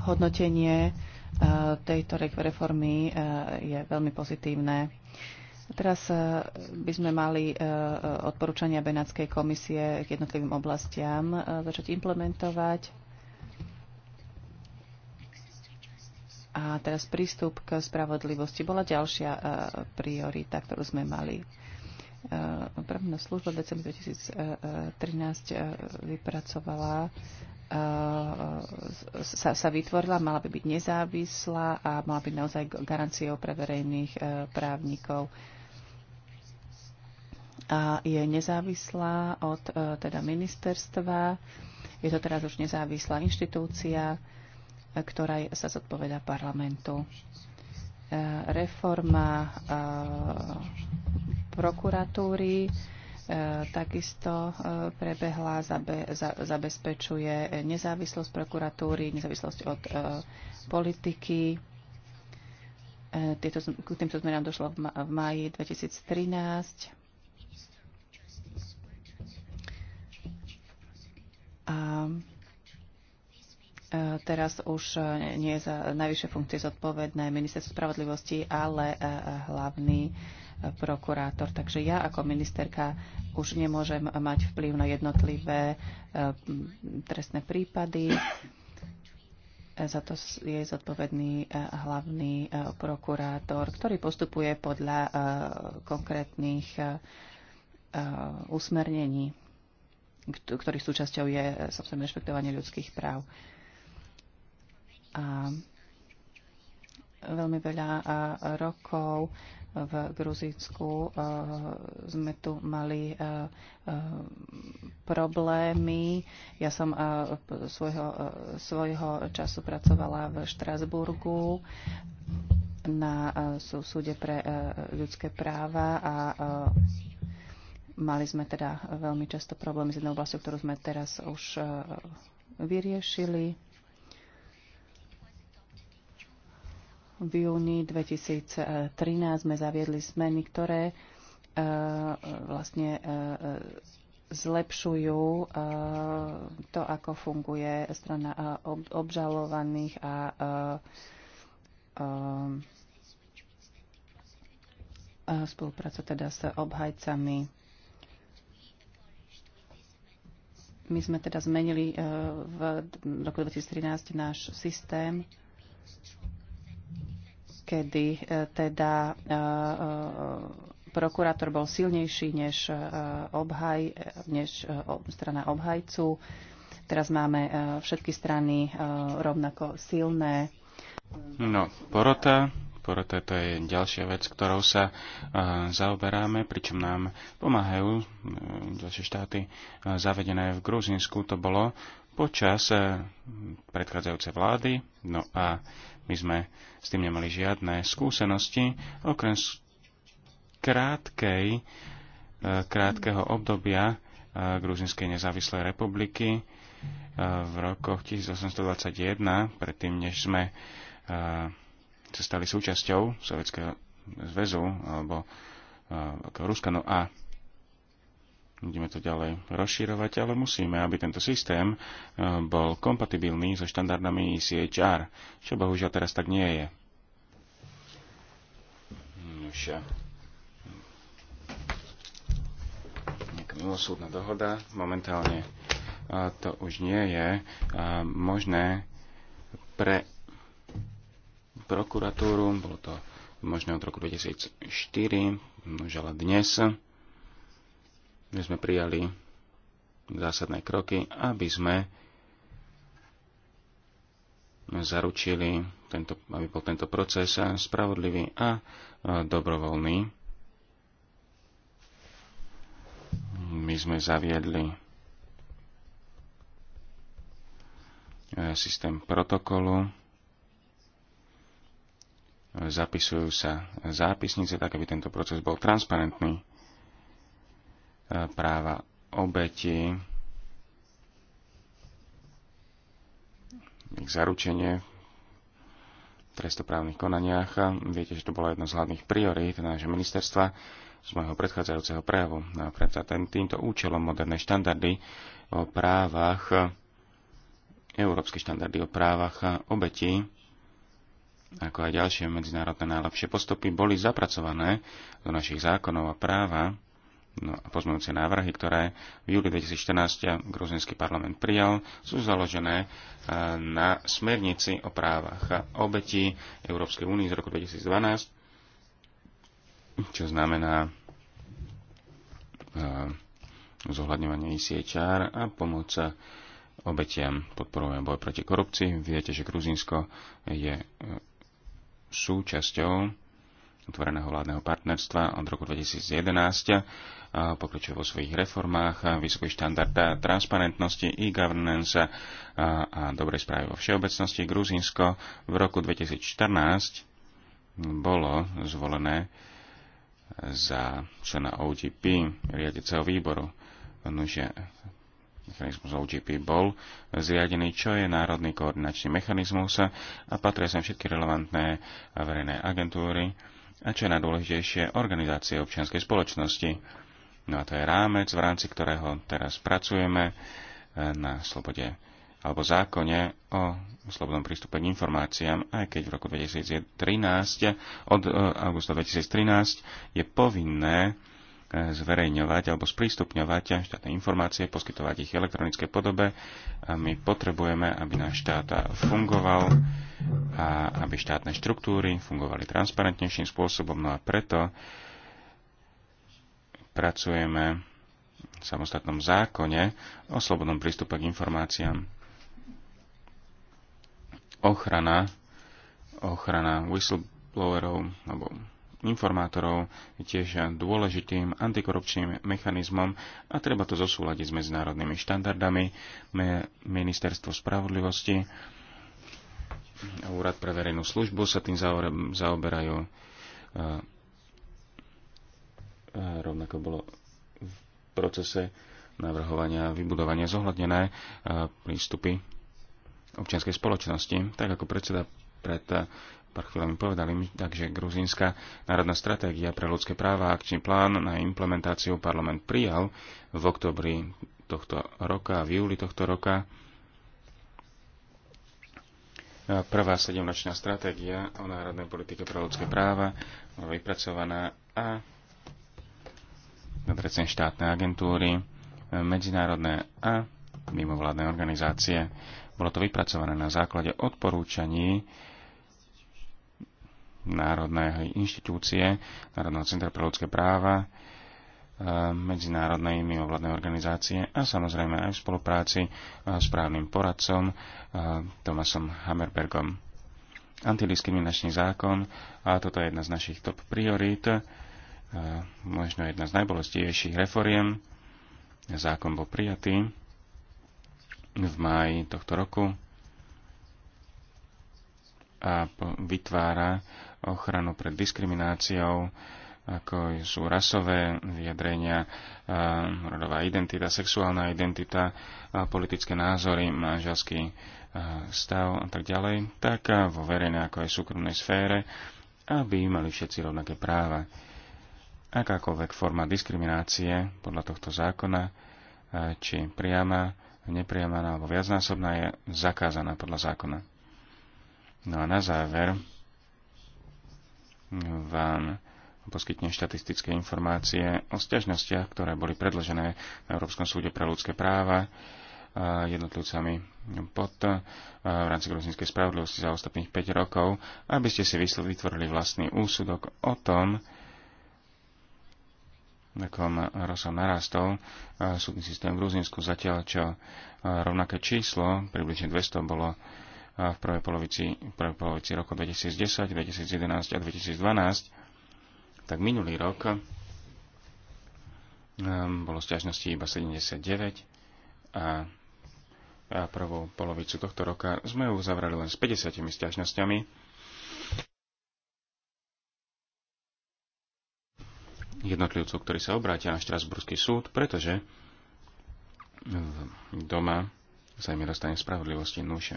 Hodnotenie tejto reformy je veľmi pozitívne Teraz e, by sme mali e, e, odporúčania Benátskej komisie k jednotlivým oblastiam začať implementovať. A teraz prístup k spravodlivosti bola ďalšia priorita, ktorú sme mali. Právna služba v decembri 2013 vypracovala sa, sa vytvorila, mala by byť nezávislá a mala byť naozaj garanciou pre verejných právnikov a je nezávislá od e, teda ministerstva. Je to teraz už nezávislá inštitúcia, e, ktorá sa zodpoveda parlamentu. E, reforma prokuratúry takisto prebehla, zabezpečuje nezávislosť prokuratúry, nezávislosť od politiky. Tieto, k týmto zmenám došlo v máji 2013 A e, teraz už nie je za najvyššie funkcie zodpovedné ministerstvo spravodlivosti, ale e, hlavný e, prokurátor. Takže ja ako ministerka už nemôžem mať vplyv na jednotlivé trestné prípady. Za to je zodpovedný hlavný prokurátor, ktorý postupuje podľa konkrétnych usmernení ktorých súčasťou je eh, samozrejme rešpektovanie ľudských práv. A veľmi veľa eh, rokov v Gruzicku eh, sme tu mali problémy. Ja som svojho, svojho času pracovala v Štrasburgu na súde pre ľudské práva a Mali sme teda veľmi často problémy s jednou oblasťou, ktorú sme teraz už e, vyriešili. V júni 2013 sme zaviedli zmeny, ktoré e, vlastne e, zlepšujú to, ako funguje strana obžalovaných a spolupráca teda s obhajcami My sme teda zmenili e, v roku 2013 náš systém, kedy e, teda e, prokurátor bol silnejší než, obhaj, než strana obhajcu. Teraz máme všetky strany rovnako silné. No, porota podporu. Toto je ďalšia vec, ktorou sa e, zaoberáme, pričom nám pomáhajú e, ďalšie štáty. E, zavedené v Gruzinsku to bolo počas predchádzajúcej vlády, no a my sme s tým nemali žiadne skúsenosti, okrem krátkej, krátkeho obdobia Gruzinskej nezávislej republiky v rokoch 1821, predtým než sme sa stali súčasťou Sovjetského zväzu alebo e, ako Ruska. No a budeme to ďalej rozširovať, ale musíme, aby tento systém e, bol kompatibilný so štandardami ICHR, čo bohužiaľ teraz tak nie je. Nuša. E, nejaká milosúdna dohoda momentálne to už nie je možné pre prokuratúru, bolo to možné od roku 2004, už ale dnes my sme prijali zásadné kroky, aby sme zaručili, tento, aby bol tento proces spravodlivý a dobrovoľný. My sme zaviedli e, systém protokolu, zapisujú sa zápisnice, tak aby tento proces bol transparentný. E, práva obeti, ich zaručenie v trestoprávnych konaniach. Viete, že to bolo jedno z hlavných priorít nášho ministerstva z môjho predchádzajúceho prejavu. No a predsa ten, týmto účelom moderné štandardy o právach, európske štandardy o právach obetí, ako aj ďalšie medzinárodné najlepšie postupy, boli zapracované do našich zákonov a práva no, a pozmeňujúce návrhy, ktoré v júli 2014 gruzinský parlament prijal, sú založené e, na smernici o právach obetí Európskej únie z roku 2012, čo znamená e, zohľadňovanie ICHR a pomoc obetiam podporujeme boj proti korupcii. Viete, že Gruzinsko je e, súčasťou otvoreného vládneho partnerstva od roku 2011, pokračuje vo svojich reformách, vysoký štandard transparentnosti i e governance a dobrej správy vo všeobecnosti. Gruzinsko v roku 2014 bolo zvolené za člena OGP riadiaceho výboru. Nože mechanizmus OGP bol zriadený, čo je národný koordinačný mechanizmus a patria sem všetky relevantné verejné agentúry a čo je najdôležitejšie organizácie občianskej spoločnosti. No a to je rámec, v rámci ktorého teraz pracujeme e, na slobode alebo zákone o slobodnom prístupe k informáciám, aj keď v roku 2013, od e, augusta 2013 je povinné zverejňovať alebo sprístupňovať štátne informácie, poskytovať ich elektronické podobe. A my potrebujeme, aby náš štát fungoval a aby štátne štruktúry fungovali transparentnejším spôsobom. No a preto pracujeme v samostatnom zákone o slobodnom prístupe k informáciám. Ochrana, ochrana whistleblowerov alebo informátorov je tiež dôležitým antikorupčným mechanizmom a treba to zosúľadiť s medzinárodnými štandardami. Ministerstvo spravodlivosti a Úrad pre verejnú službu sa tým zaoberajú. E, e, rovnako bolo v procese navrhovania a vybudovania zohľadnené e, prístupy občianskej spoločnosti, tak ako predseda pred pár chvíľami povedali, takže gruzínska národná stratégia pre ľudské práva a akčný plán na implementáciu parlament prijal v oktobri tohto roka a v júli tohto roka. Prvá sedemročná stratégia o národnej politike pre ľudské práva bola vypracovaná a nadrecen štátne agentúry, medzinárodné a mimovládne organizácie. Bolo to vypracované na základe odporúčaní Národnej inštitúcie, Národného centra pre ľudské práva, e, medzinárodnej mimovládnej organizácie a samozrejme aj v spolupráci e, s právnym poradcom e, Tomasom Hammerbergom. Antidiskriminačný zákon, a toto je jedna z našich top priorít, možno jedna z najbolestivejších reforiem. Zákon bol prijatý v máji tohto roku a vytvára ochranu pred diskrimináciou, ako sú rasové vyjadrenia, eh, rodová identita, sexuálna identita, eh, politické názory, manželský eh, stav a tak ďalej, tak vo verejnej ako aj súkromnej sfére, aby mali všetci rovnaké práva. Akákoľvek forma diskriminácie podľa tohto zákona, či priama, nepriama alebo viacnásobná, je zakázaná podľa zákona. No a na záver, vám poskytne štatistické informácie o stiažnostiach, ktoré boli predložené na Európskom súde pre ľudské práva jednotlivcami pod v rámci gruzinskej spravodlivosti za ostatných 5 rokov, aby ste si vytvorili vlastný úsudok o tom, akom rozsah narastol súdny systém v Gruzinsku, zatiaľ čo rovnaké číslo, približne 200, bolo v prvej polovici, v prvej polovici roku 2010, 2011 a 2012, tak minulý rok um, bolo sťažností iba 79 a prvú polovicu tohto roka sme ju uzavrali len s 50 stiažnosťami. jednotlivcov, ktorí sa obrátia na Štrasburský súd, pretože doma sa im nedostane spravodlivosti. nuše.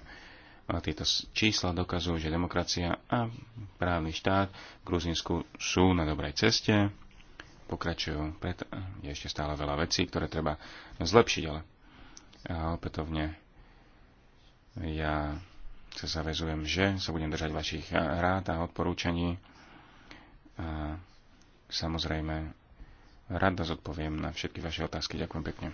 Tieto čísla dokazujú, že demokracia a právny štát v Gruzinsku sú na dobrej ceste, pokračujú. Preto je ešte stále veľa vecí, ktoré treba zlepšiť, ale a opätovne ja sa zavezujem, že sa budem držať vašich rád a odporúčaní. A samozrejme, rada zodpoviem na všetky vaše otázky. Ďakujem pekne.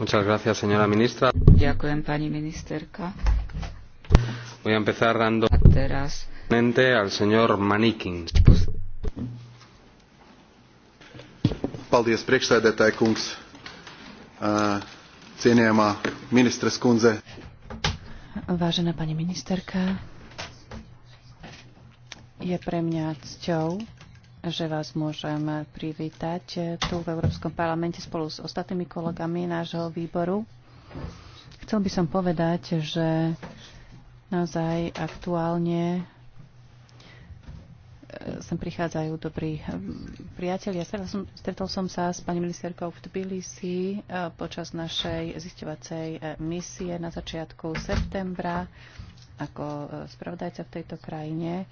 Ďakujem, pani ministerka. Voy a empezar dando a teraz al señor Manikin. Paldies, priekšsēdētāji kungs, uh, cienījamā ministra skundze. Vážená pani ministerka, je pre mňa cťou, že vás môžem privítať tu v Európskom parlamente spolu s ostatnými kolegami nášho výboru. Chcel by som povedať, že naozaj aktuálne eh, sem prichádzajú dobrí hm, priatelia. Stretol som, stretol som sa s pani ministerkou v Tbilisi eh, počas našej zisťovacej eh, misie na začiatku septembra ako spravodajca v tejto krajine.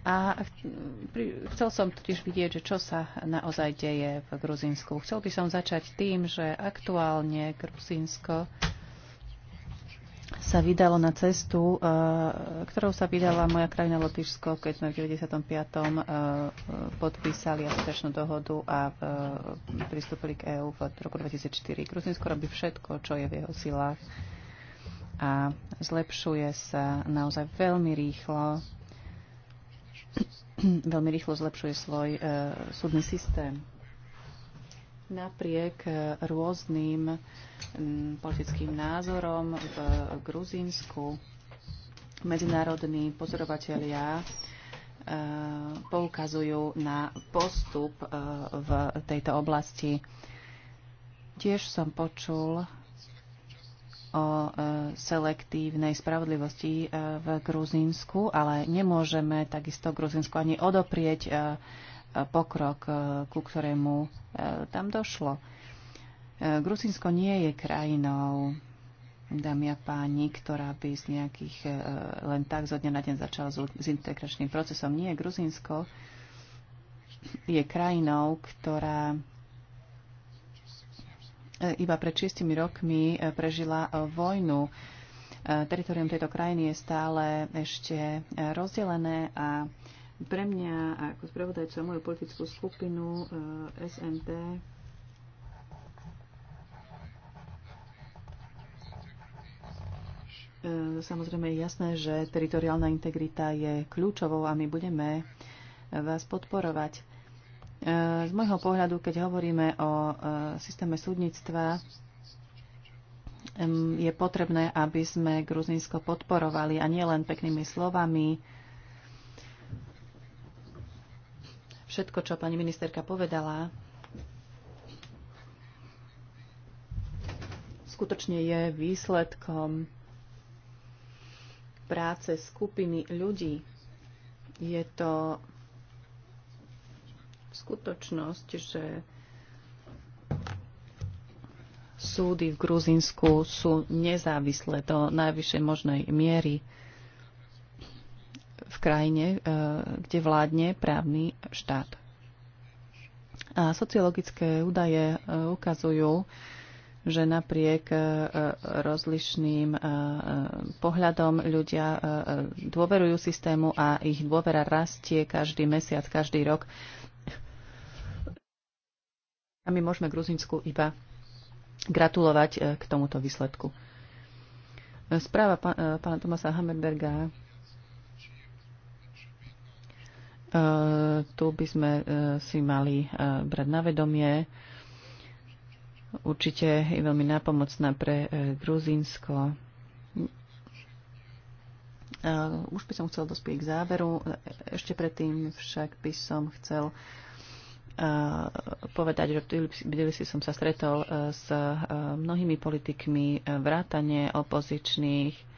A chcel som totiž vidieť, že čo sa naozaj deje v Gruzínsku. Chcel by som začať tým, že aktuálne Gruzínsko sa vydalo na cestu, e, ktorou sa vydala moja krajina Lotyšsko, keď sme v 95. E, podpísali asociačnú dohodu a e, pristúpili k EÚ v roku 2004. Gruzinsko robí všetko, čo je v jeho silách a zlepšuje sa naozaj veľmi rýchlo veľmi rýchlo zlepšuje svoj e, súdny systém. Napriek e, rôznym m, politickým názorom v e, Gruzínsku medzinárodní pozorovatelia e, poukazujú na postup e, v tejto oblasti. Tiež som počul o e, selektívnej spravodlivosti e, v Gruzínsku, ale nemôžeme takisto Gruzínsku ani odoprieť e, pokrok, ku ktorému tam došlo. Gruzínsko nie je krajinou, dámy a páni, ktorá by z nejakých len tak zo dňa na deň začala s integračným procesom. Nie, Gruzínsko je krajinou, ktorá E, iba pred šiestimi rokmi e, prežila e, vojnu. Teritorium tejto krajiny je stále ešte rozdelené a pre mňa ako spravodajca moju politickú skupinu SND Samozrejme je jasné, že teritoriálna integrita je kľúčovou a my budeme vás podporovať. Eh, z môjho pohľadu, keď hovoríme o eh, systéme súdnictva, je potrebné, aby sme Gruzinsko podporovali a nielen peknými slovami. Všetko, čo pani ministerka povedala, skutočne je výsledkom práce skupiny ľudí. Je to skutočnosť, že súdy v Gruzinsku sú nezávislé do najvyššej možnej miery v krajine, eh, kde vládne právny štát. A sociologické údaje eh, ukazujú, že napriek eh, rozlišným pohľadom ľudia dôverujú systému a ich dôvera rastie každý mesiac, každý rok. A my môžeme Gruzinsku iba gratulovať eh, k tomuto výsledku. Správa eh, pána Tomasa Hammerberga eh, tu by sme si mali brať na vedomie. Určite je veľmi nápomocná pre Gruzínsko. Už by som chcel dospieť k záveru. Ešte predtým však by som chcel povedať, že v Tbilisi som sa stretol e, s e, mnohými politikmi, e, vrátane opozičných.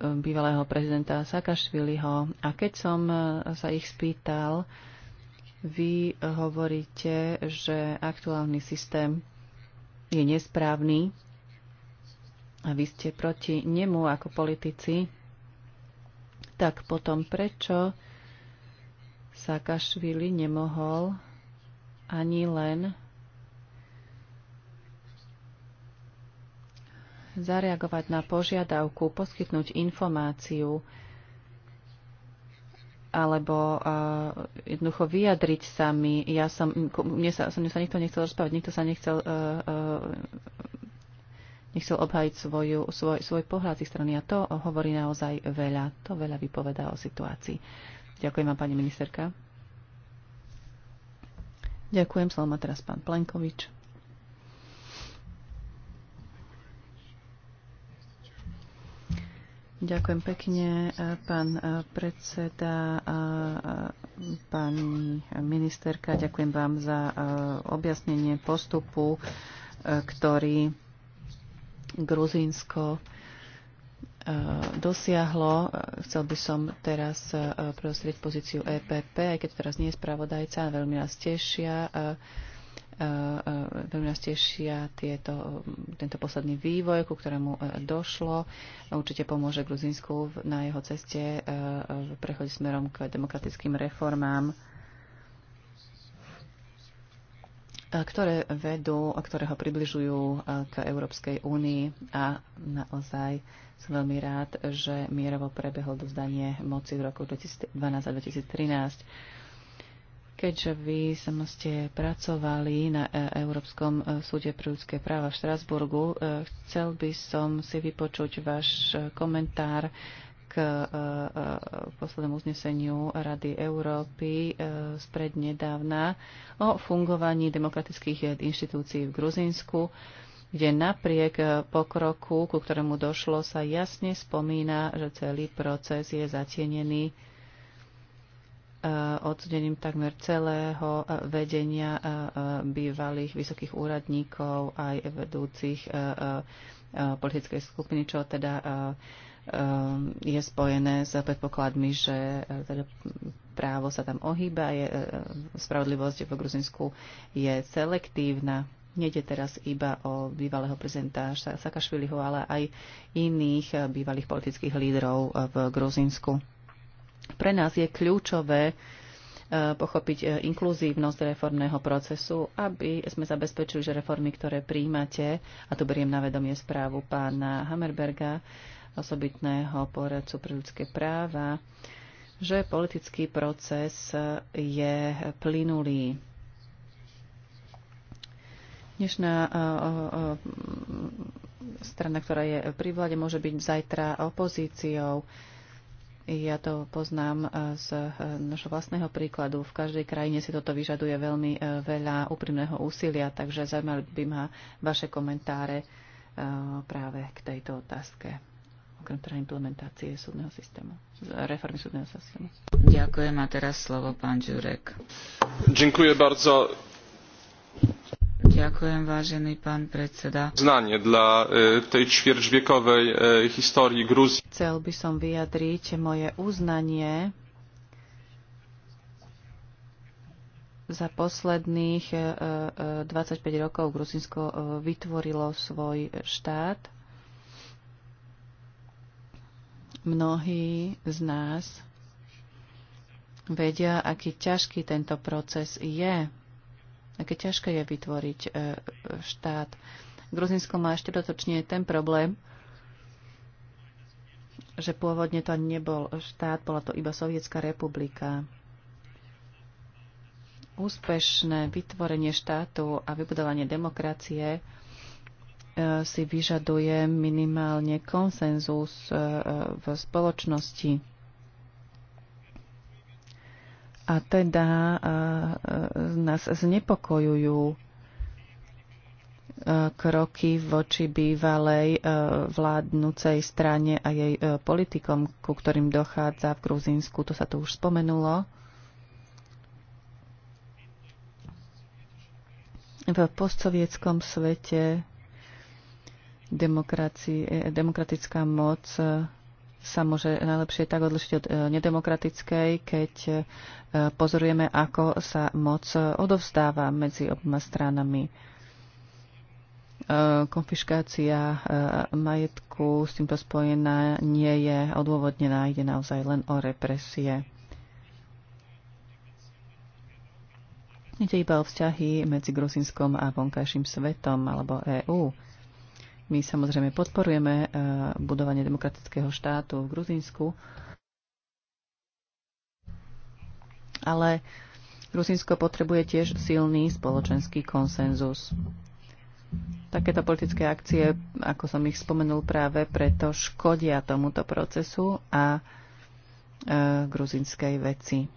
bývalého prezidenta Sakašviliho. A keď som sa ich spýtal, vy hovoríte, že aktuálny systém je nesprávny a vy ste proti nemu ako politici tak potom prečo Sakašvili nemohol ani len zareagovať na požiadavku, poskytnúť informáciu alebo uh, jednoducho vyjadriť sa mi. Ja som, mne sa, som, mne sa nikto nechcel rozprávať, nikto sa nechcel uh, uh, nechcel obhajiť svoju, svoj, svoj pohľad z strany a to hovorí naozaj veľa. To veľa vypovedá o situácii. Ďakujem vám, pani ministerka. Ďakujem, slovo má teraz pán Plenkovič. Ďakujem pekne, pán eh, predseda, pani ministerka. Ďakujem vám za eh, objasnenie postupu, eh, ktorý Gruzínsko e, dosiahlo. E, chcel by som teraz e, prostrieť pozíciu EPP, aj keď teraz nie je spravodajca, veľmi nás tešia veľmi nás tešia tieto, tento posledný vývoj, ku ktorému došlo. Určite pomôže Gruzínsku na jeho ceste v prechode smerom k demokratickým reformám. ktoré vedú, ktoré ho približujú e, k Európskej únii a naozaj som veľmi rád, že mierovo prebehol dozdanie moci v roku 2012 a 2013. Keďže vy som ste pracovali na e, Európskom e, súde pre ľudské práva v Štrasburgu, chcel by som si vypočuť váš komentár k e, e, poslednému uzneseniu Rady Európy e, spred nedávna o fungovaní demokratických inštitúcií v Gruzínsku, kde napriek pokroku, ku ktorému došlo, sa jasne spomína, že celý proces je zatienený odsudením takmer celého vedenia bývalých vysokých úradníkov aj vedúcich politickej skupiny, čo teda je spojené s predpokladmi, že e, teda právo sa tam ohýba, je, e, e, spravodlivosť v Gruzinsku je selektívna. Nede teraz iba o bývalého prezidenta Sakašviliho, ale aj iných bývalých politických lídrov v Gruzinsku. Pre nás je kľúčové pochopiť inkluzívnosť reformného procesu, aby sme zabezpečili, že reformy, ktoré príjmate, a tu beriem na vedomie správu pána Hammerberga, osobitného poradcu pre ľudské práva, že politický proces je plynulý. Dnešná eh, eh, strana, ktorá je pri vláde, môže byť zajtra opozíciou. Ja to poznám eh, z našho vlastného príkladu. V každej krajine si toto vyžaduje veľmi veľa úprimného úsilia, takže zaujímali by ma vaše komentáre práve k tejto otázke okrem teda implementácie súdneho systému, reformy súdneho systému. Ďakujem a teraz slovo pán Žurek. Ďakujem bardzo. Ďakujem, vážený pán predseda. Znanie dla e, tej e, histórii Gruzji. Chcel by som vyjadriť moje uznanie za posledných e, e, 25 rokov Gruzinsko e, vytvorilo svoj štát Mnohí z nás vedia, aký ťažký tento proces je, aké ťažké je vytvoriť e, štát. Gruzinsko má ešte dotočne ten problém, že pôvodne to nebol štát, bola to iba Sovietská republika. Úspešné vytvorenie štátu a vybudovanie demokracie E, si vyžaduje minimálne konsenzus e, e, v spoločnosti. A teda nás znepokojujú kroky voči bývalej vládnúcej strane a jej politikom, ku ktorým dochádza v Gruzínsku. To sa tu už spomenulo. V postsovietskom svete E, demokratická moc e, sa môže najlepšie tak odlišiť od e, nedemokratickej, keď pozorujeme, ako sa moc odovzdáva medzi oboma stranami. Konfiškácia majetku s týmto spojená nie je odôvodnená, ide naozaj len o represie. Ide iba o vzťahy medzi Gruzinskom a vonkajším svetom alebo EÚ. My samozrejme podporujeme eh, budovanie demokratického štátu v Gruzínsku, ale Gruzínsko potrebuje tiež silný spoločenský konsenzus. Takéto politické akcie, ako som ich spomenul práve, preto škodia tomuto procesu a eh, gruzinskej veci.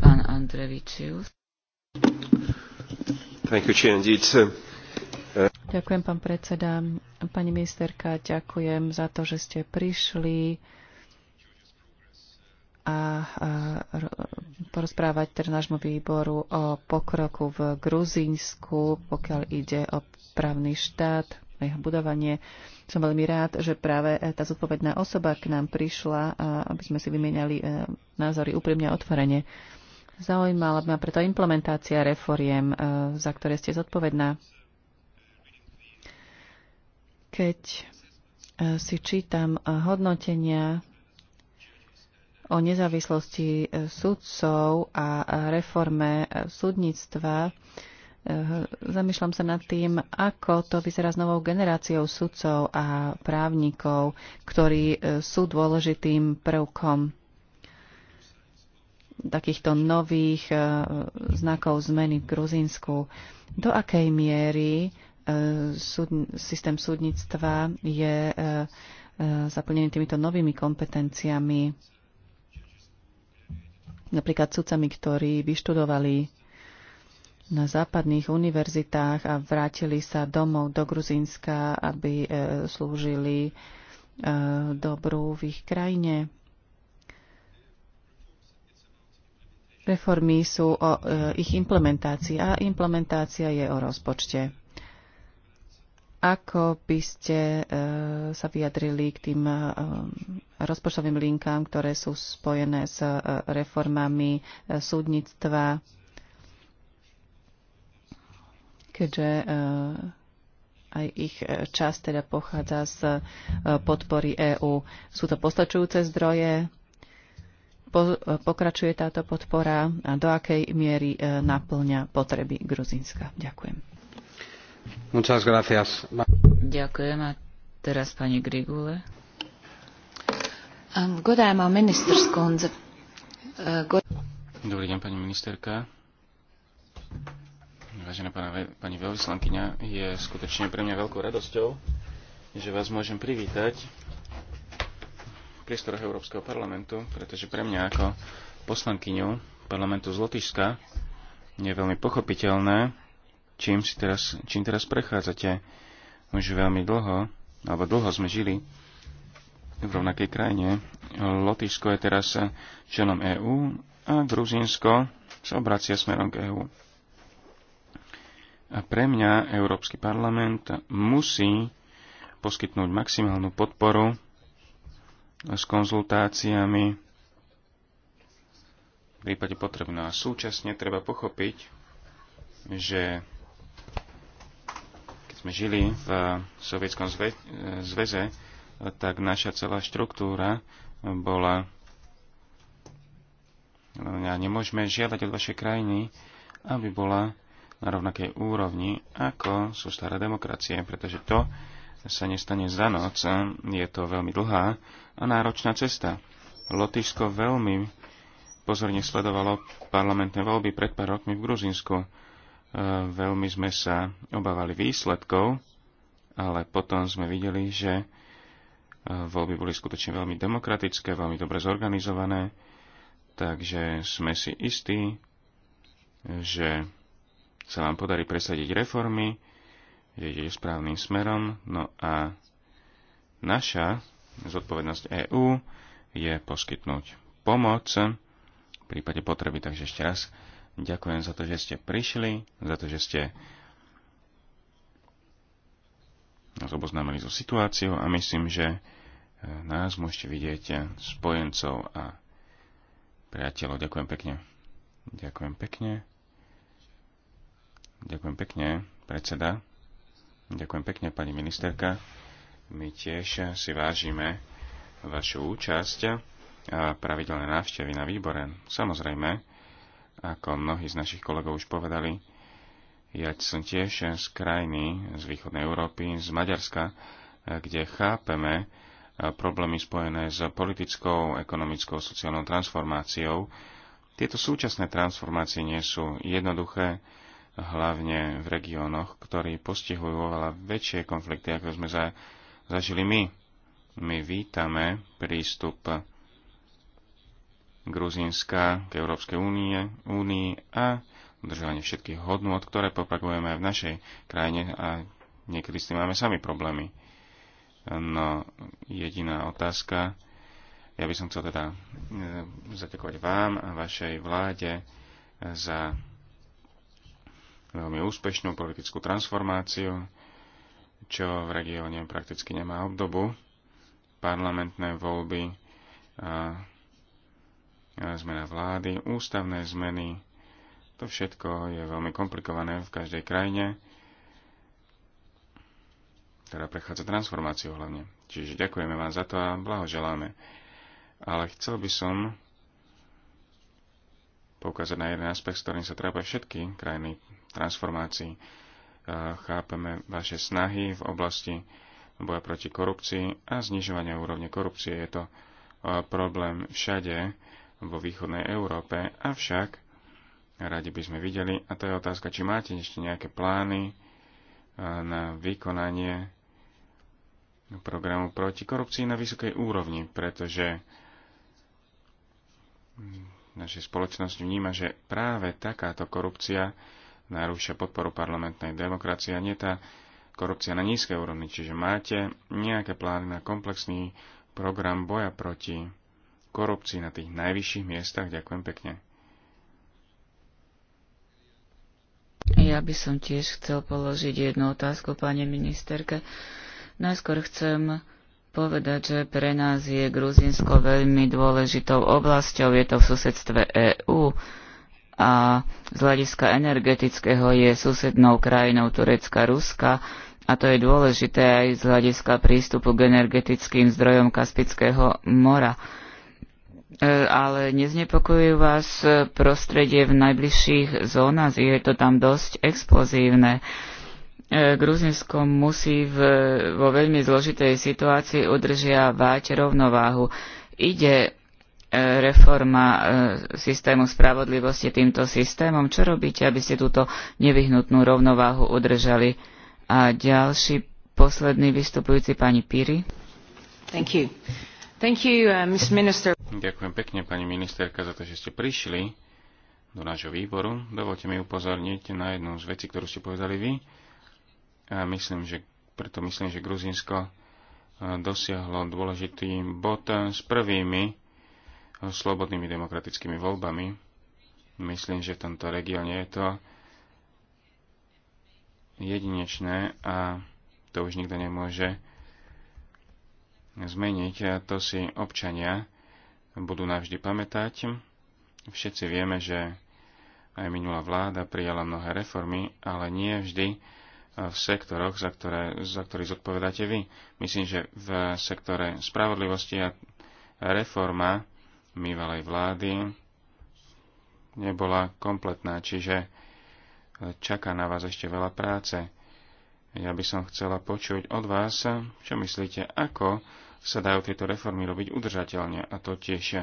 Pán Andrevičius. Thank you, Ďakujem, pán predseda. Pani ministerka, ďakujem za to, že ste prišli a porozprávať teda nášmu výboru o pokroku v Gruzínsku, pokiaľ ide o právny štát a jeho budovanie. Som veľmi rád, že práve e, tá zodpovedná osoba k nám prišla, aby sme si vymieniali e, názory úprimne a otvorene. Zaujímala ma preto implementácia reforiem, e, za ktoré ste zodpovedná. Keď e, si čítam e, hodnotenia o nezávislosti e, sudcov a reforme súdnictva, zamýšľam sa nad tým, ako to vyzerá s novou generáciou sudcov a právnikov, ktorí sú dôležitým prvkom takýchto nových znakov zmeny v Gruzínsku. Do akej miery súd, systém súdnictva je e, e, zaplnený týmito novými kompetenciami, napríklad sudcami, ktorí vyštudovali na západných univerzitách a vrátili sa domov do Gruzínska, aby e, slúžili dobrú v ich krajine. Reformy sú o ich implementácii a implementácia je o rozpočte. Ako by ste e, sa vyjadrili k tým e, rozpočtovým linkám, ktoré sú spojené s e, reformami súdnictva, keďže aj ich čas teda pochádza z podpory EÚ. Sú to postačujúce zdroje? Po, pokračuje táto podpora? A do akej miery naplňa potreby Gruzínska? Ďakujem. Ďakujem. A teraz pani Grigule. Godājumā Dobrý deň, pani ministerka. Vážená pani veľvyslankyňa, je skutočne pre mňa veľkou radosťou, že vás môžem privítať v priestoroch Európskeho parlamentu, pretože pre mňa ako poslankyňu parlamentu z Lotyšska je veľmi pochopiteľné, čím, si teraz, čím teraz prechádzate. Už veľmi dlho, alebo dlho sme žili v rovnakej krajine. Lotyšsko je teraz členom EÚ a Gruzínsko sa obracia smerom k EÚ. A pre mňa Európsky parlament musí poskytnúť maximálnu podporu s konzultáciami v prípade potrebná. No súčasne treba pochopiť, že sme žili v Sovietskom zveze, zväze, tak naša celá štruktúra bola no, nemôžeme žiadať od vašej krajiny, aby bola na rovnakej úrovni, ako sú staré demokracie, pretože to sa nestane za noc. Je to veľmi dlhá a náročná cesta. Lotyšsko veľmi pozorne sledovalo parlamentné voľby pred pár rokmi v Gruzinsku veľmi sme sa obávali výsledkov, ale potom sme videli, že e, voľby boli skutočne veľmi demokratické, veľmi dobre zorganizované, takže sme si istí, že sa vám podarí presadiť reformy, že ide správnym smerom, no a naša zodpovednosť EÚ je poskytnúť pomoc v prípade potreby. Takže ešte raz Ďakujem za to, že ste prišli, za to, že ste nás oboznámili so situáciou a myslím, že e, nás môžete vidieť spojencov a priateľov. Ďakujem pekne. Ďakujem pekne. Ďakujem pekne, predseda. Ďakujem pekne, pani ministerka. My tiež si vážime vašu účasť a pravidelné návštevy na výbore. Samozrejme, ako mnohí z našich kolegov už povedali, ja som tiež z krajiny, z východnej Európy, z Maďarska, kde chápeme eh, problémy spojené s politickou, ekonomickou, sociálnou transformáciou. Tieto súčasné transformácie nie sú jednoduché, hlavne v regiónoch, ktorí postihujú oveľa väčšie konflikty, ako sme za, zažili my. My vítame prístup Gruzínska k Európskej únie, únii a udržovanie všetkých hodnôt, ktoré propagujeme aj v našej krajine a niekedy s tým máme sami problémy. No, jediná otázka, ja by som chcel teda e, zatekovať vám a vašej vláde za veľmi úspešnú politickú transformáciu, čo v regióne prakticky nemá obdobu. Parlamentné voľby a Eh, zmena vlády, ústavné zmeny. To všetko je veľmi komplikované v každej krajine, ktorá prechádza transformáciou hlavne. Čiže ďakujeme vám za to a blahoželáme. Ale chcel by som poukázať na jeden aspekt, s ktorým sa trápia všetky krajiny transformácií. Eh, chápeme vaše snahy v oblasti boja proti korupcii a znižovania úrovne korupcie. Je to eh, problém všade vo východnej Európe. Avšak radi by sme videli, a to je otázka, či máte ešte nejaké plány e, na vykonanie programu proti korupcii na vysokej úrovni, pretože naša spoločnosť vníma, že práve takáto korupcia narúša podporu parlamentnej demokracie a nie tá korupcia na nízkej úrovni. Čiže máte nejaké plány na komplexný program boja proti korupcii na tých najvyšších miestach. Ďakujem pekne. Ja by som tiež chcel položiť jednu otázku, pani ministerke. Najskôr chcem povedať, že pre nás je Gruzinsko veľmi dôležitou oblasťou, je to v susedstve EÚ a z hľadiska energetického je susednou krajinou Turecka, Ruska a to je dôležité aj z hľadiska prístupu k energetickým zdrojom Kaspického mora. E, ale neznepokojujú vás prostredie v najbližších zónach, je to tam dosť explozívne. E, Gruzinsko musí v, vo veľmi zložitej situácii udržiavať rovnováhu. Ide e, reforma systému spravodlivosti týmto systémom. Čo robíte, aby ste túto nevyhnutnú rovnováhu udržali? A ďalší posledný vystupujúci pani Piri. Thank you. Uh, Ďakujem pekne, pani ministerka, za to, že ste prišli do nášho výboru. Dovolte mi upozorniť na jednu z vecí, ktorú ste povedali vy. A myslím, že, preto myslím, že Gruzinsko uh, dosiahlo dôležitý bod s prvými uh, slobodnými demokratickými voľbami. Myslím, že v tomto regióne je to jedinečné a to už nikto nemôže zmeniť a to si občania budú navždy pamätať. Všetci vieme, že aj minulá vláda prijala mnohé reformy, ale nie vždy v sektoroch, za, ktoré, za ktorý zodpovedáte vy. Myslím, že v sektore spravodlivosti a reforma bývalej vlády nebola kompletná, čiže čaká na vás ešte veľa práce. Ja by som chcela počuť od vás, čo myslíte, ako sa dajú tieto reformy robiť udržateľne, a to tiež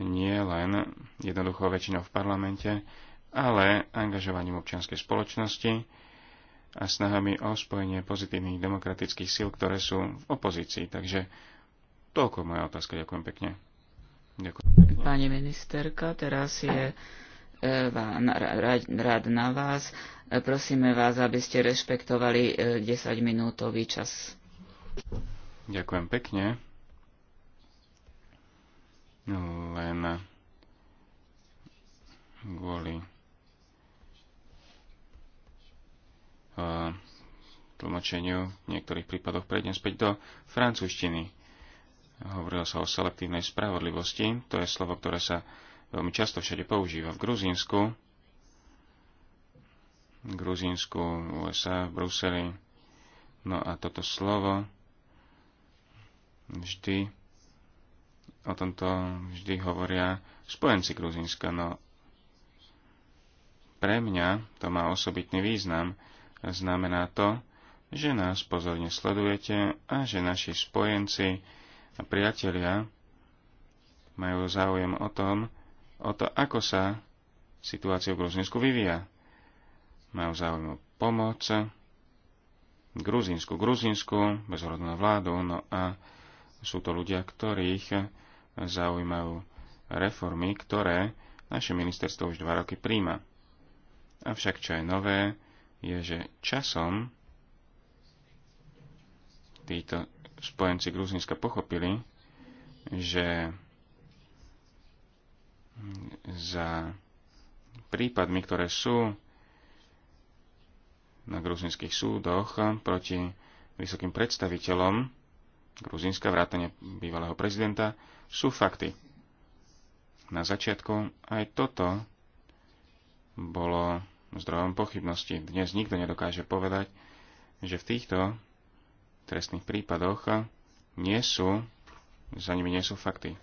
nie len jednoducho väčšinou v parlamente, ale angažovaním občianskej spoločnosti a snahami o spojenie pozitívnych demokratických síl, ktoré sú v opozícii. Takže toľko moja otázka. Ďakujem pekne. Ďakujem. Pani ministerka, teraz je E, rád na vás. E, prosíme vás, aby ste rešpektovali 10-minútový e, čas. Ďakujem pekne. Len kvôli tlmočeniu v niektorých prípadoch prejdem späť do francúzštiny. Hovorilo sa o selektívnej spravodlivosti, to je slovo, ktoré sa veľmi často všade používa. V Gruzínsku, v Gruzínsku, USA, v Bruseli. No a toto slovo vždy o tomto vždy hovoria spojenci Gruzínska. No pre mňa to má osobitný význam. Znamená to, že nás pozorne sledujete a že naši spojenci a priatelia majú záujem o tom, o to, ako sa situácia v Gruzinsku vyvíja. Majú záujem o pomoc Gruzinsku, Gruzinsku bez na vládu, no a sú to ľudia, ktorých zaujímajú reformy, ktoré naše ministerstvo už dva roky príjma. Avšak čo je nové, je, že časom títo spojenci Gruzinska pochopili, že za prípadmi, ktoré sú na gruzinských súdoch proti vysokým predstaviteľom Gruzinska, vrátane bývalého prezidenta, sú fakty. Na začiatku aj toto bolo zdrojom pochybnosti. Dnes nikto nedokáže povedať, že v týchto trestných prípadoch nie sú, za nimi nie sú fakty.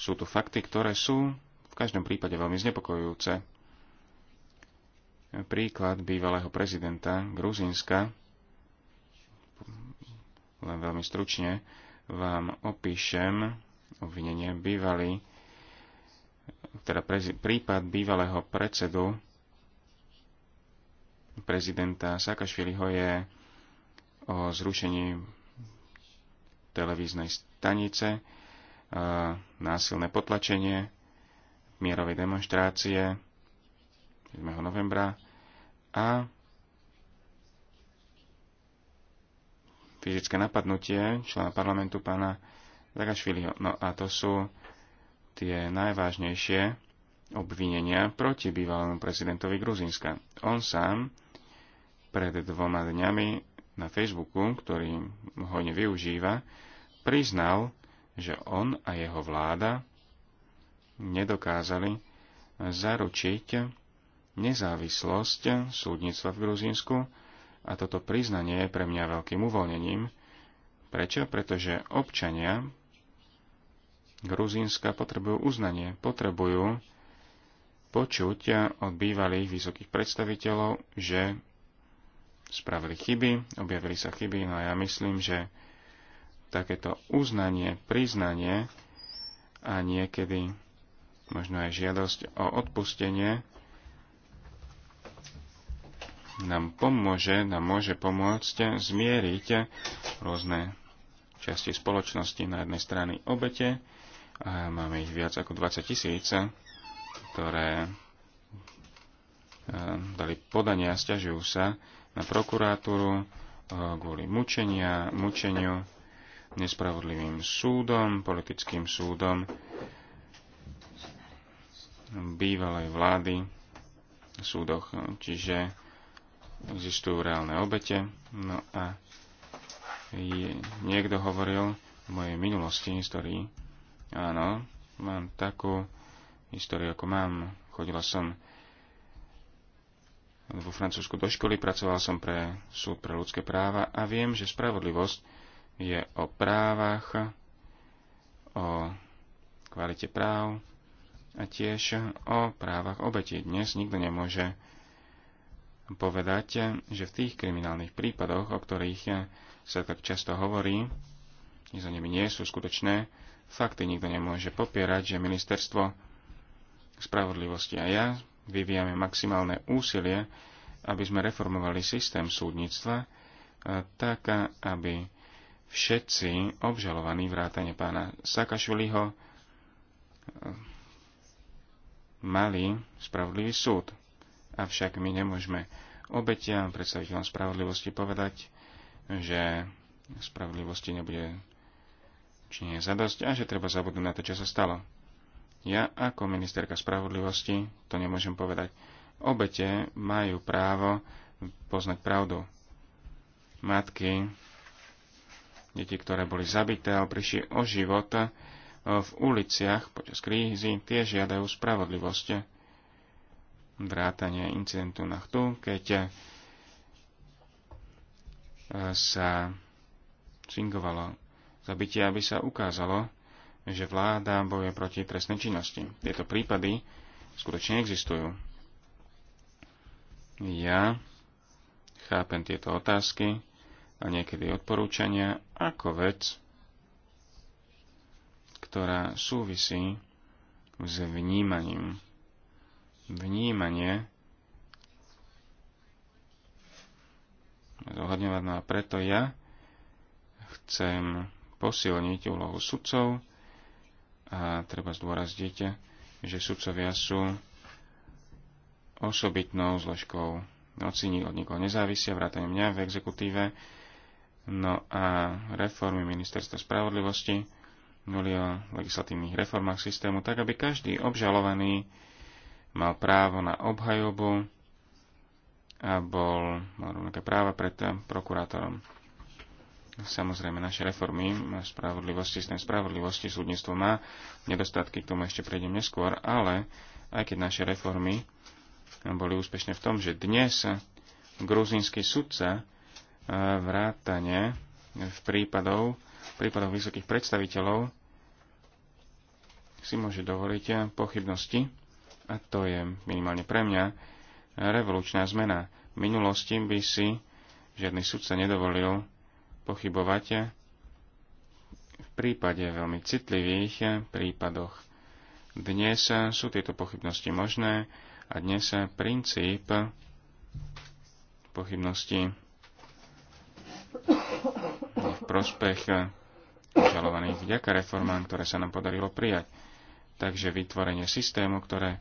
Sú tu fakty, ktoré sú v každom prípade veľmi znepokojujúce. Príklad bývalého prezidenta Gruzínska, len veľmi stručne, vám opíšem obvinenie bývalý, teda prezi, prípad bývalého predsedu prezidenta Sakašviliho je o zrušení televíznej stanice násilné potlačenie, mierové demonstrácie 7. novembra a fyzické napadnutie člena parlamentu pána Zagašviliho. No a to sú tie najvážnejšie obvinenia proti bývalému prezidentovi Gruzinska. On sám pred dvoma dňami na Facebooku, ktorý ho nevyužíva, priznal, že on a jeho vláda nedokázali zaručiť nezávislosť súdnictva v Gruzínsku a toto priznanie je pre mňa veľkým uvoľnením. Prečo? Pretože občania Gruzínska potrebujú uznanie, potrebujú počuť od bývalých vysokých predstaviteľov, že spravili chyby, objavili sa chyby, no a ja myslím, že takéto uznanie, priznanie a niekedy možno aj žiadosť o odpustenie nám pomôže, nám môže pomôcť zmieriť rôzne časti spoločnosti. Na jednej strany obete, a máme ich viac ako 20 tisíc, ktoré eh, dali podania, stiažujú sa na prokuratúru eh, kvôli mučenia, mučeniu, nespravodlivým súdom, politickým súdom bývalej vlády v súdoch. Čiže existujú reálne obete. No a je, niekto hovoril v mojej minulosti histórii, áno, mám takú históriu, ako mám. Chodila som vo Francúzsku do školy, pracoval som pre súd pre ľudské práva a viem, že spravodlivosť je o právach, o kvalite práv a tiež o právach obetí. Dnes nikto nemôže povedať, že v tých kriminálnych prípadoch, o ktorých sa tak často hovorí, že za nimi nie sú skutočné fakty, nikto nemôže popierať, že ministerstvo spravodlivosti a ja vyvíjame maximálne úsilie, aby sme reformovali systém súdnictva eh, tak, eh, aby všetci obžalovaní vrátane pána Sakašuliho, eh, mali spravodlivý súd. Avšak my nemôžeme obetiam predstaviteľom spravodlivosti povedať, že spravodlivosti nebude či nie zadosť a že treba zabudnúť na to, čo sa stalo. Ja ako ministerka spravodlivosti to nemôžem povedať. Obete majú právo poznať pravdu. Matky deti, ktoré boli zabité a prišli o život eh, v uliciach počas krízy, tie žiadajú spravodlivosť. Vrátanie incidentu na chtu, keď eh, sa cingovalo zabitie, aby sa ukázalo, že vláda bojuje proti trestnej činnosti. Tieto prípady skutočne existujú. Ja chápem tieto otázky a niekedy odporúčania ako vec, ktorá súvisí s vnímaním. Vnímanie zohľadňovať. No a preto ja chcem posilniť úlohu sudcov a treba zdôrazniť, že sudcovia sú osobitnou zložkou. Noci od nikoho nezávisia, vrátane mňa v exekutíve, No a reformy ministerstva spravodlivosti boli o legislatívnych reformách systému tak, aby každý obžalovaný mal právo na obhajobu a bol, mal rovnaké práva pred prokurátorom. Samozrejme, naše reformy spravodlivosti, systém spravodlivosti, súdnictvo má nedostatky, k tomu ešte prejdem neskôr, ale aj keď naše reformy boli úspešné v tom, že dnes gruzínsky sudca vrátane v prípadov, v prípadoch vysokých predstaviteľov si môže dovoliť pochybnosti a to je minimálne pre mňa revolučná zmena. V minulosti by si žiadny sudca nedovolil pochybovať v prípade veľmi citlivých prípadoch. Dnes sú tieto pochybnosti možné a dnes princíp pochybnosti v prospech eh, žalovaných vďaka reformám, ktoré sa nám podarilo prijať. Takže vytvorenie systému, ktoré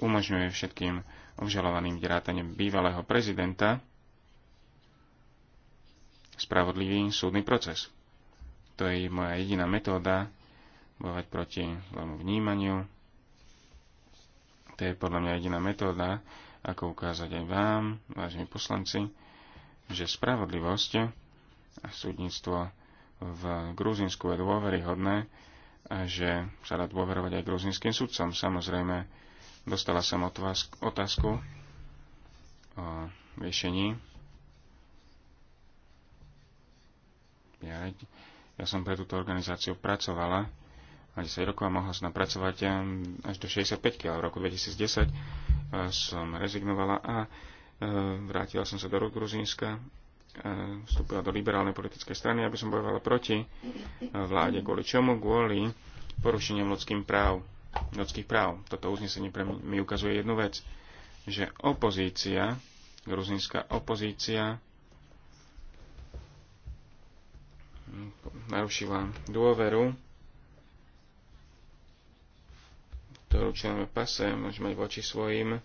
umožňuje všetkým obžalovaným vrátane bývalého prezidenta spravodlivý súdny proces. To je moja jediná metóda bojovať proti zlému vnímaniu. To je podľa mňa jediná metóda, ako ukázať aj vám, vážení poslanci, že spravodlivosť súdnictvo v Gruzinsku je dôveryhodné, že sa dá dôverovať aj gruzinským sudcom. Samozrejme, dostala som otázku o riešení. Ja, ja som pre túto organizáciu pracovala a 10 rokov a mohla som pracovať až do 65 ale v roku 2010 eh, som rezignovala a eh, vrátila som sa do Gruzínska vstúpila do liberálnej politickej strany, aby som bojovala proti vláde. Kvôli čomu? Kvôli porušeniam ľudských práv, ľudských práv. Toto uznesenie pre mi ukazuje jednu vec, že opozícia, gruzínska opozícia, narušila dôveru, ktorú členové pase môžeme mať voči svojim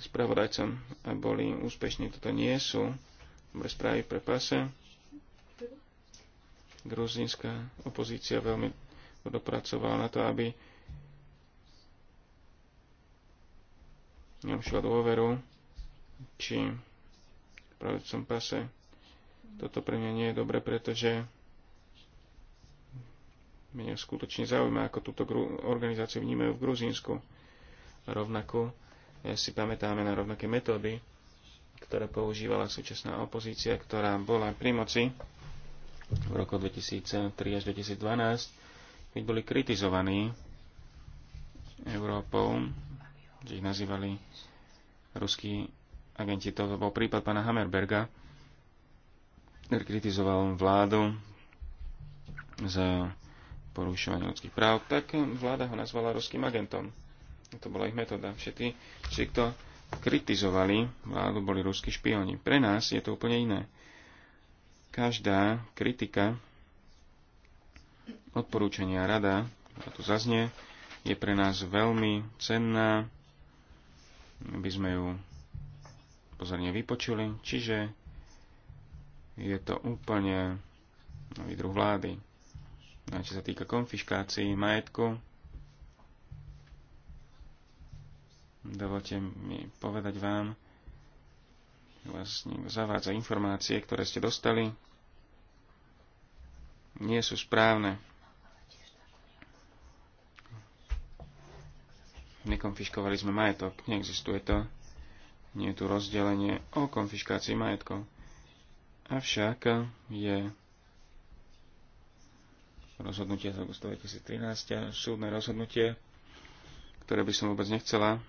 spravodajcom a boli úspešní. Toto nie sú bez správy pre pase. Gruzínska opozícia veľmi dopracovala na to, aby nerušila dôveru, či v pravicom pase. Toto pre mňa nie je dobre, pretože mňa skutočne zaujíma, ako túto organizáciu vnímajú v Gruzínsku. Rovnako si pamätáme na rovnaké metódy, ktoré používala súčasná opozícia, ktorá bola pri moci v roku 2003 až 2012, keď boli kritizovaní Európou, že ich nazývali ruskí agenti. To bol prípad pána Hammerberga, ktorý kritizoval vládu za porušovanie ľudských práv, tak vláda ho nazvala ruským agentom. To bola ich metóda. Všetci, kto kritizovali vládu, boli ruskí špioni. Pre nás je to úplne iné. Každá kritika, odporúčania rada, ktorá tu zaznie, je pre nás veľmi cenná, aby sme ju pozorne vypočuli, čiže je to úplne nový druh vlády. A čo sa týka konfiškácií majetku, Dovolte mi povedať vám, vlastne zavádza informácie, ktoré ste dostali, nie sú správne. Nekonfiškovali sme majetok, neexistuje to. Nie je tu rozdelenie o konfiškácii majetkov. Avšak je rozhodnutie z augusta 2013 súdne rozhodnutie, ktoré by som vôbec nechcela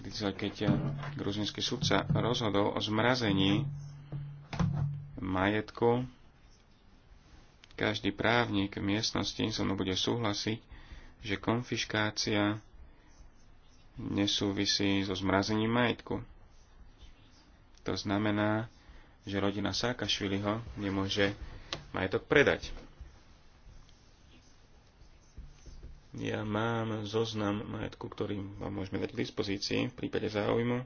kritizovať, keď eh, gruzinský sudca rozhodol o zmrazení majetku. Každý právnik v miestnosti so mnou bude súhlasiť, že konfiškácia nesúvisí so zmrazením majetku. To znamená, že rodina Sákašviliho nemôže majetok predať. Ja mám zoznam majetku, ktorý vám môžeme dať k dispozícii v prípade záujmu.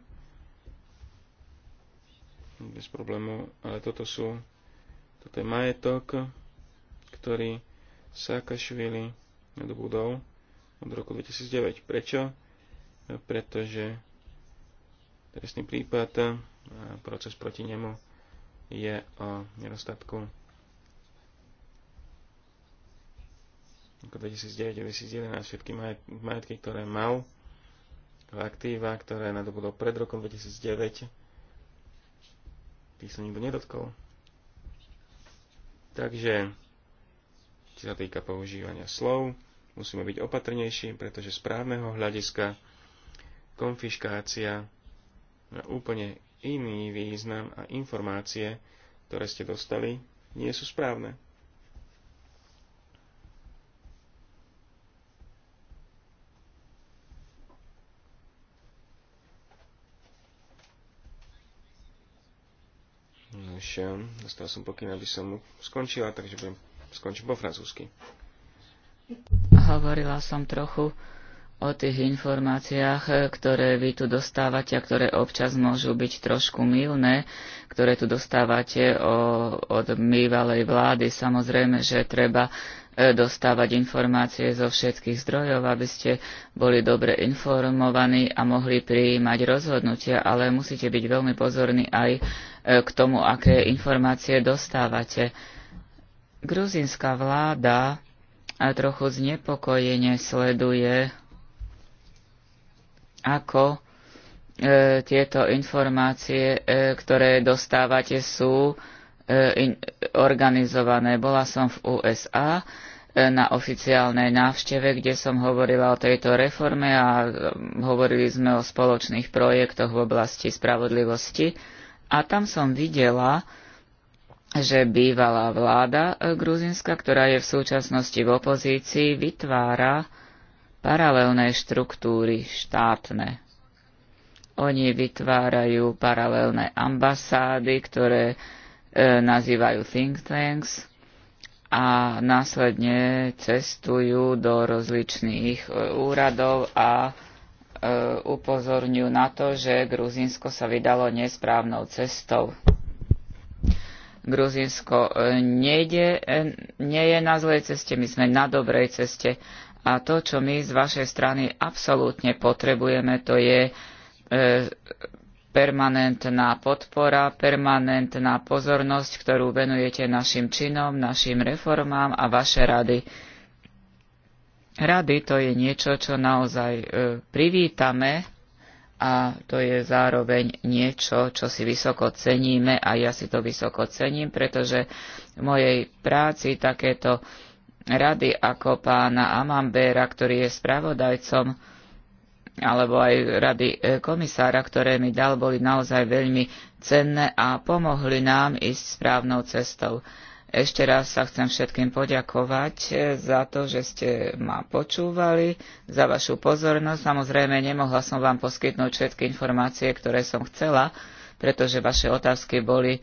Bez problému, ale toto sú toto je majetok, ktorý Saakašvili nadobudol od roku 2009. Prečo? Pretože trestný prípad a proces proti nemu je o nedostatku roku 2009-2011 všetky majetky, ktoré mal, aktíva, ktoré nadobudol pred rokom 2009, tých sa nikto nedotkol. Takže, čo sa týka používania slov, musíme byť opatrnejší, pretože z právneho hľadiska konfiškácia má úplne iný význam a informácie, ktoré ste dostali, nie sú správne. už dostal som pokyn, aby som skončila, takže budem skončiť po francúzsky. Hovorila som trochu o tých informáciách, ktoré vy tu dostávate a ktoré občas môžu byť trošku mylné, ktoré tu dostávate o, od bývalej vlády. Samozrejme, že treba e, dostávať informácie zo všetkých zdrojov, aby ste boli dobre informovaní a mohli prijímať rozhodnutia, ale musíte byť veľmi pozorní aj E, k tomu, aké informácie dostávate. Gruzinská vláda e, trochu znepokojene sleduje, ako e, tieto informácie, e, ktoré dostávate, sú e, in, organizované. Bola som v USA e, na oficiálnej návšteve, kde som hovorila o tejto reforme a e, hovorili sme o spoločných projektoch v oblasti spravodlivosti a tam som videla, že bývalá vláda e, gruzinska, ktorá je v súčasnosti v opozícii, vytvára paralelné štruktúry štátne. Oni vytvárajú paralelné ambasády, ktoré e, nazývajú think tanks a následne cestujú do rozličných e, úradov a Eh, upozorňujú na to, že Gruzinsko sa vydalo nesprávnou cestou. Gruzinsko eh, nejde, eh, nie je na zlej ceste, my sme na dobrej ceste. A to, čo my z vašej strany absolútne potrebujeme, to je permanentná podpora, permanentná pozornosť, ktorú venujete našim činom, našim reformám a vaše rady rady. To je niečo, čo naozaj e, privítame a to je zároveň niečo, čo si vysoko ceníme a ja si to vysoko cením, pretože v mojej práci takéto rady ako pána Amambera, ktorý je spravodajcom, alebo aj rady e, komisára, ktoré mi dal, boli naozaj veľmi cenné a pomohli nám ísť správnou cestou. Ešte raz sa chcem všetkým poďakovať e, za to, že ste ma počúvali, za vašu pozornosť. Samozrejme, nemohla som vám poskytnúť všetky informácie, ktoré som chcela, pretože vaše otázky boli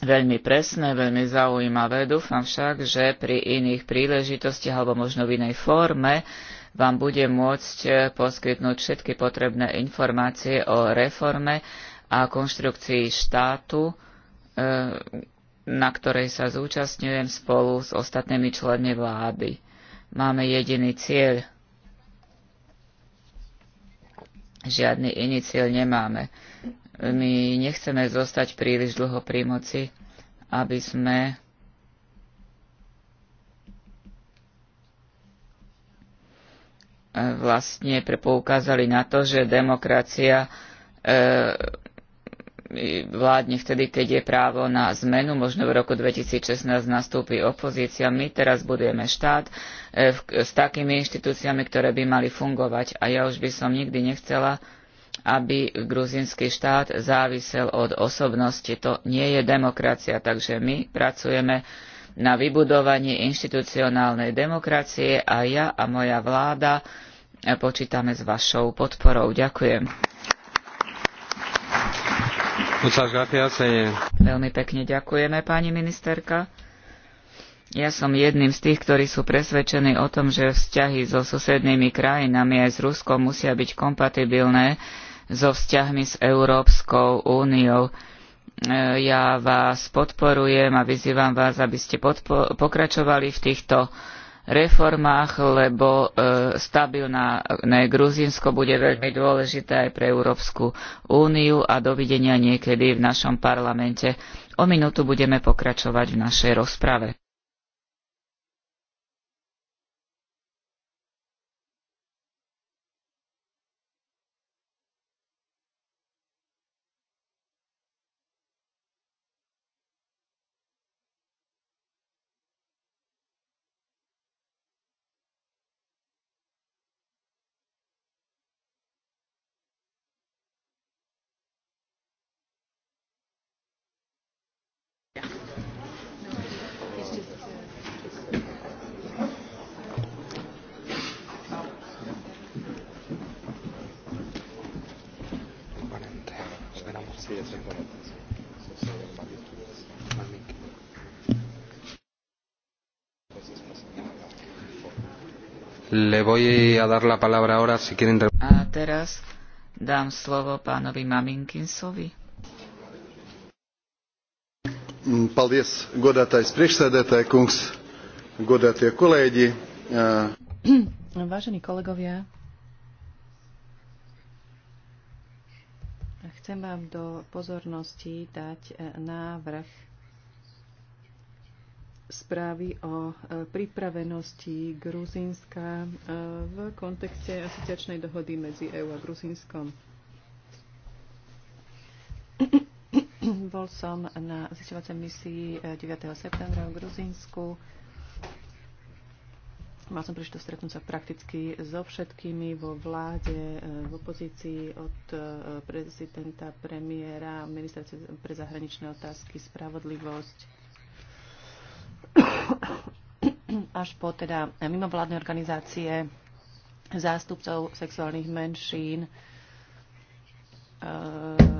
veľmi presné, veľmi zaujímavé. Dúfam však, že pri iných príležitostiach alebo možno v inej forme vám bude môcť e, poskytnúť všetky potrebné informácie o reforme a konštrukcii štátu, e, na ktorej sa zúčastňujem spolu s ostatnými členmi vlády. Máme jediný cieľ. Žiadny iný cieľ nemáme. My nechceme zostať príliš dlho pri moci, aby sme vlastne poukázali na to, že demokracia e, vládne vtedy, keď je právo na zmenu. Možno v roku 2016 nastúpi opozícia. My teraz budujeme štát e, s takými inštitúciami, ktoré by mali fungovať. A ja už by som nikdy nechcela, aby gruzínsky štát závisel od osobnosti. To nie je demokracia, takže my pracujeme na vybudovanie inštitucionálnej demokracie a ja a moja vláda e, počítame s vašou podporou. Ďakujem. Eh. Veľmi pekne ďakujeme, pani ministerka. Ja som jedným z tých, ktorí sú presvedčení o tom, že vzťahy so susednými krajinami aj s Ruskom musia byť kompatibilné so vzťahmi s Európskou úniou. E, ja vás podporujem a vyzývam vás, aby ste pokračovali v týchto reformách, lebo e, stabilné Gruzinsko bude veľmi dôležité aj pre Európsku úniu a dovidenia niekedy v našom parlamente. O minútu budeme pokračovať v našej rozprave. Le voy a dar la palabra ahora si quieren... A teraz dám slovo pánovi Maminkinsovi. Paldies, godātais priekšsēdētāj kungs, godātie kolēģi. Vážení kolegovia, chcem vám do pozornosti dať návrh správy o e, pripravenosti Gruzínska e, v kontekste asociačnej dohody medzi EÚ a Gruzínskom. Bol som na zisťovacej misii 9. E, septembra v Gruzínsku. Mal som príštosť stretnúť sa prakticky so všetkými vo vláde, v opozícii od prezidenta, premiéra, ministra pre zahraničné otázky, spravodlivosť, až po teda mimovládne organizácie zástupcov sexuálnych menšín, eh,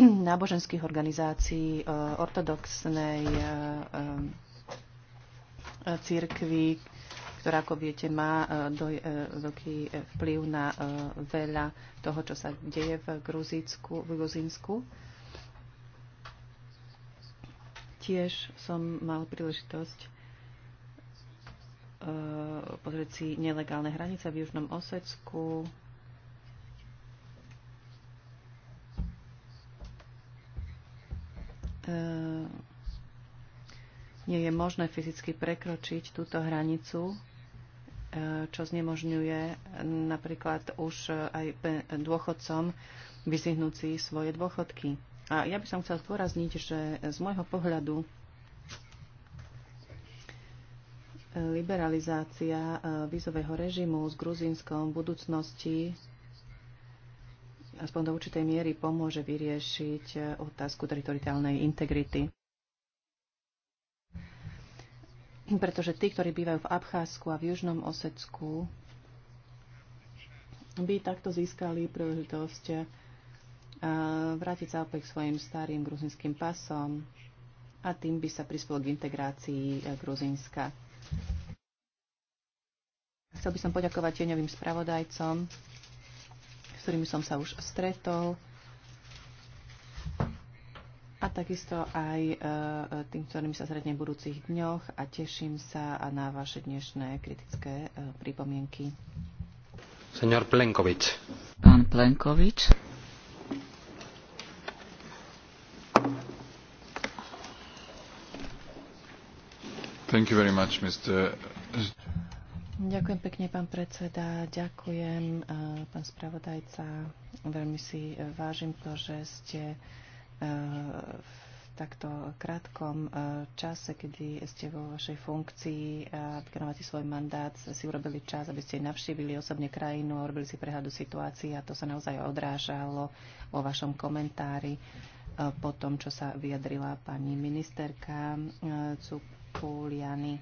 náboženských organizácií, eh, ortodoxnej eh, církvy, ktorá, ako viete, má veľký vplyv na veľa toho, čo sa deje v Gruzínsku. V Gruzínsku. Tiež som mal príležitosť eh, pozrieť si nelegálne hranice v Južnom Osecku, eh, nie je možné fyzicky prekročiť túto hranicu, eh, čo znemožňuje napríklad už aj dôchodcom vyzihnúť si svoje dôchodky. A ja by som chcel zdôrazniť, že z môjho pohľadu liberalizácia e, vízového režimu s Gruzínskom v budúcnosti aspoň do určitej miery pomôže vyriešiť e, otázku teritoriálnej integrity. Pretože tí, ktorí bývajú v Abcházsku a v Južnom Osecku, by takto získali príležitosť Eh, vrátiť sa opäť k svojim starým gruzinským pasom a tým by sa prispelo k integrácii eh, Gruzínska. Chcel by som poďakovať tieňovým spravodajcom, s ktorými som sa už stretol a takisto aj eh, tým, ktorými sa stretnem v budúcich dňoch a teším sa na vaše dnešné kritické pripomienky. Senior Plenkovič. Pán Plenkovič. Ďakujem pekne, pán predseda. Ďakujem, eh, pán spravodajca. Veľmi si eh, vážim to, že ste eh, v takto krátkom čase, kedy ste vo vašej funkcii a vykonávate svoj mandát, si urobili čas, aby ste navštívili osobne krajinu a urobili si prehľadu situácií a to sa naozaj odrážalo vo vašom komentári po tom, čo sa vyjadrila pani ministerka Cup Púliany.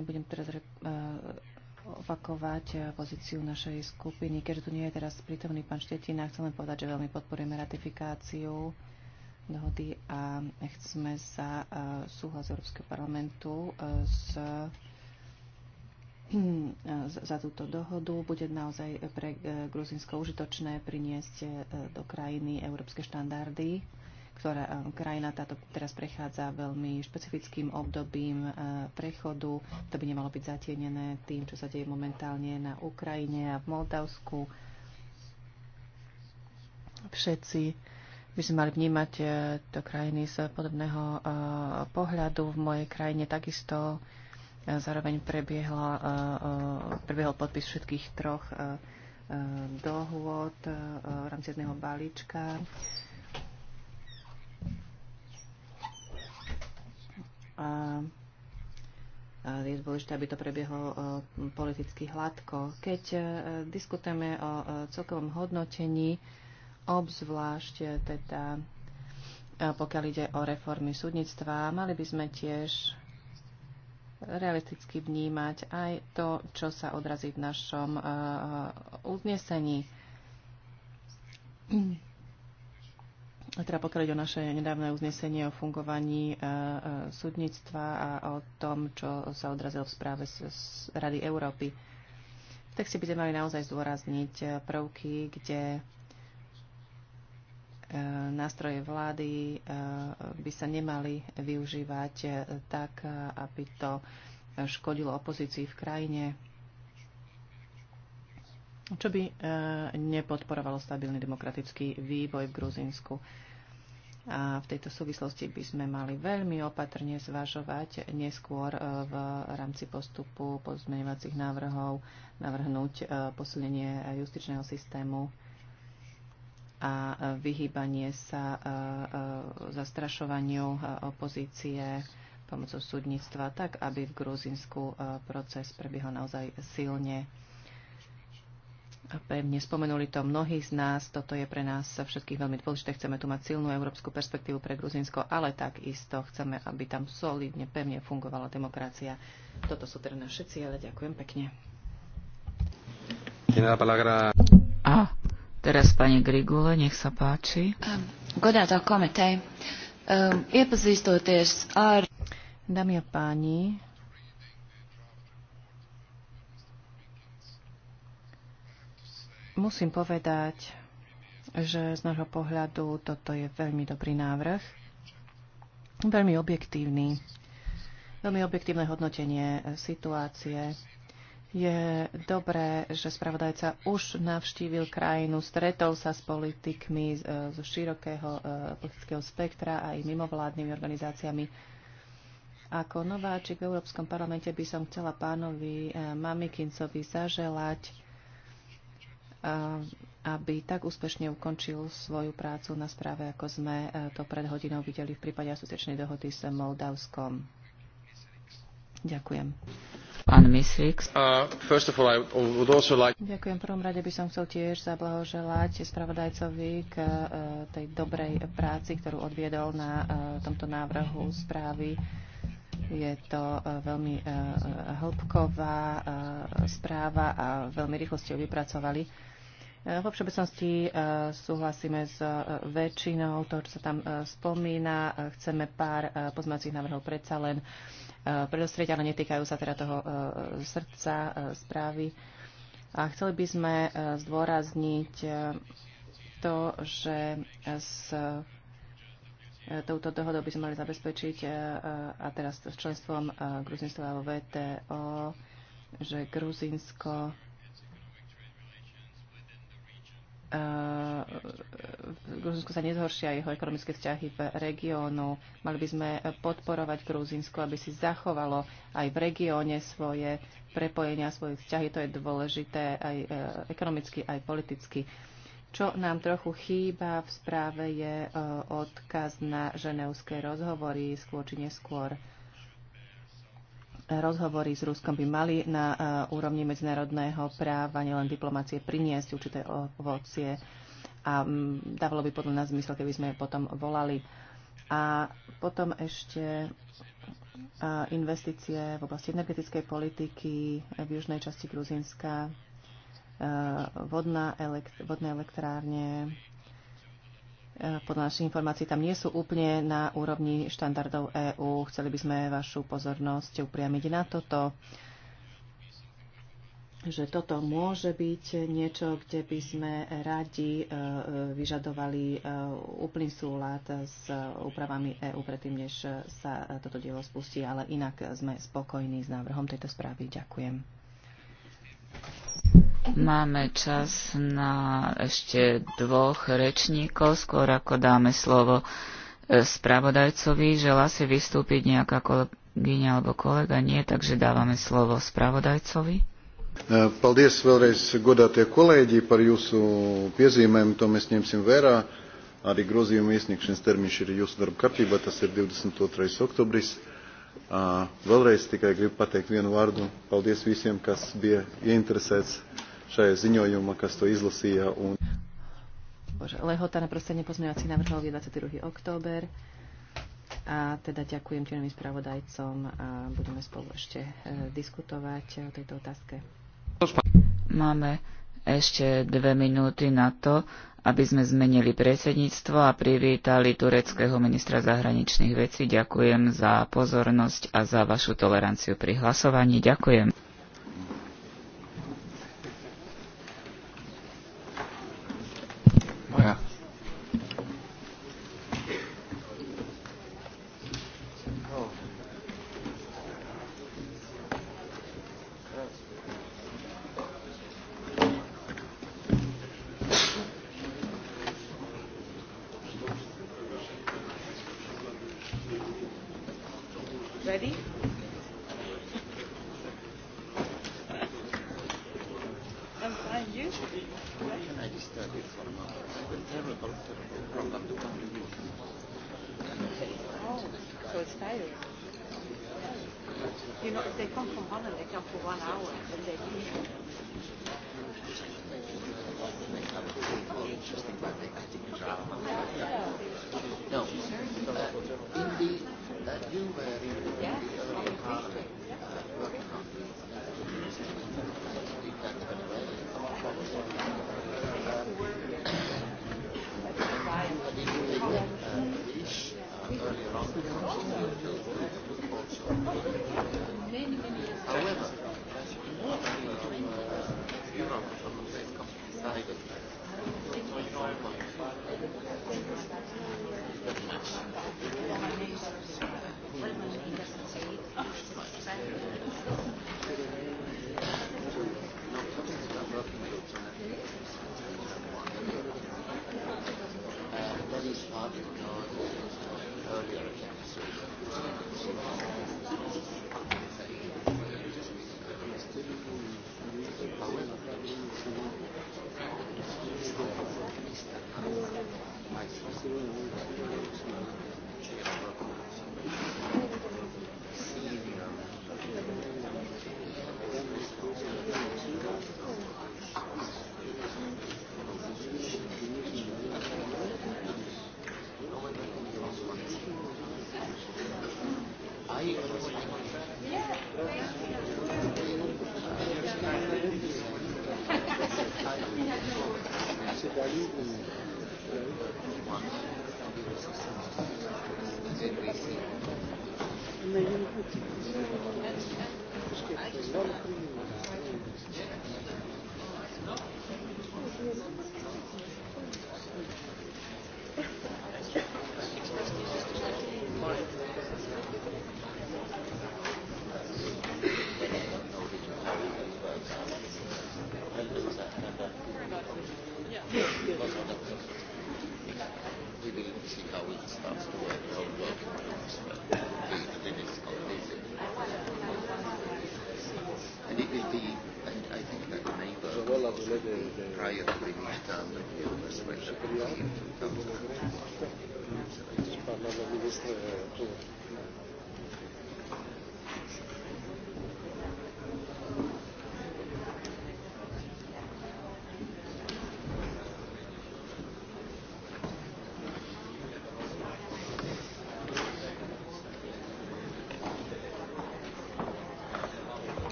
Nebudem teraz opakovať e, pozíciu našej skupiny. Keďže tu nie je teraz prítomný pán Štetina, chcem len povedať, že veľmi podporujeme ratifikáciu dohody a chceme sa e, súhlas Európskeho parlamentu e, s za túto dohodu. Bude naozaj pre Gruzinsko užitočné priniesť do krajiny európske štandardy ktorá eh, krajina táto teraz prechádza veľmi špecifickým obdobím eh, prechodu. To by nemalo byť zatienené tým, čo sa deje momentálne na Ukrajine a v Moldavsku. Všetci by sme mali vnímať do eh, krajiny z podobného pohľadu. V mojej krajine takisto zároveň prebiehla, prebiehol podpis všetkých troch dohôd v rámci jedného balíčka. a je dôležité, aby to prebiehlo e, politicky hladko. Keď e, diskutujeme o e, celkovom hodnotení, obzvlášť teda pokiaľ ide o reformy súdnictva, mali by sme tiež realisticky vnímať aj to, čo sa odrazí v našom uznesení teda pokiaľ ide o naše nedávne uznesenie o fungovaní e, e, súdnictva a o tom, čo sa odrazilo v správe z Rady Európy. V texte by sme mali naozaj zdôrazniť e, prvky, kde nástroje vlády by sa nemali využívať tak, aby to škodilo opozícii v krajine čo by e, nepodporovalo stabilný demokratický vývoj v Gruzínsku. A v tejto súvislosti by sme mali veľmi opatrne zvažovať neskôr e, v rámci postupu pozmeňovacích návrhov navrhnúť e, posilnenie justičného systému a vyhýbanie sa zastrašovaniu opozície pomocou súdnictva, tak aby v Gruzinsku proces prebiehal naozaj silne pevne spomenuli to mnohí z nás. Toto je pre nás všetkých veľmi dôležité. Chceme tu mať silnú európsku perspektívu pre Gruzinsko, ale takisto chceme, aby tam solidne, pevne fungovala demokracia. Toto sú teda naše ciele. Ďakujem pekne. A teraz pani Grigule, nech sa páči. Dámy a páni, Musím povedať, že z nášho pohľadu toto je veľmi dobrý návrh, veľmi objektívny, veľmi objektívne hodnotenie situácie. Je dobré, že spravodajca už navštívil krajinu, stretol sa s politikmi e, zo širokého e, politického spektra a aj mimovládnymi organizáciami. Ako nováčik v Európskom parlamente by som chcela pánovi e, Mamikincovi zaželať, aby tak úspešne ukončil svoju prácu na správe, ako sme e, to pred hodinou videli v prípade asociačnej dohody s Moldavskom. Ďakujem. Pán Misrix. Uh, Ďakujem. V prvom rade by som chcel tiež zablahoželať spravodajcovi k e, tej dobrej práci, ktorú odviedol na e, tomto návrhu správy. Je to veľmi hĺbková správa a veľmi rýchlo ste ju vypracovali. Vo všeobecnosti e, súhlasíme s e, väčšinou toho, čo sa tam e, spomína. Chceme pár pozmacích návrhov predsa len predostrieť, ale netýkajú sa teda toho srdca správy. A chceli by sme zdôrazniť to, že s touto dohodou by sme mali zabezpečiť a teraz s členstvom Gruzinstva vo VTO, že Gruzinsko Gruzinsko sa nezhoršia jeho ekonomické vzťahy v regiónu. Mali by sme podporovať Gruzinsko, aby si zachovalo aj v regióne svoje prepojenia, svoje vzťahy. To je dôležité aj e, ekonomicky, aj politicky. Čo nám trochu chýba v správe je e, odkaz na ženevské rozhovory skôr či neskôr rozhovory s Ruskom by mali na e, úrovni medzinárodného práva, nielen diplomácie, priniesť určité ovocie a dávalo by podľa nás zmysel, keby sme potom volali. A potom ešte e, investície v oblasti energetickej politiky e, v južnej časti Gruzinska, vodná elekt- vodné elektrárne, E, podľa našich informácií tam nie sú úplne na úrovni štandardov EÚ. Chceli by sme vašu pozornosť upriamiť na toto, že toto môže byť niečo, kde by sme radi e, e, vyžadovali úplný súlad s úpravami EÚ predtým, než sa toto dielo spustí, ale inak sme spokojní s návrhom tejto správy. Ďakujem. Máme čas na ešte dvoch rečníkov, skôr ako dáme slovo e, spravodajcovi. Želá si vystúpiť nejaká kolegyňa alebo kolega? Nie, takže dávame slovo spravodajcovi. E, paldies vēlreiz, godātie kolēģi, par jūsu piezīmēm, to mēs ņemsim vērā. Arī grozījuma iesniegšanas termiņš ir jūsu darba kārtībā, tas ir 22. oktobris. Vēlreiz tikai gribu pateikt vienu vārdu. Paldies visiem, kas bija ieinteresēts to Un... Bože, lehota na prostredne pozmeňovací návrhov je 22. október. A teda ďakujem tým spravodajcom a budeme spolu ešte e, diskutovať o tejto otázke. Máme ešte dve minúty na to, aby sme zmenili predsedníctvo a privítali tureckého ministra zahraničných vecí. Ďakujem za pozornosť a za vašu toleranciu pri hlasovaní. Ďakujem.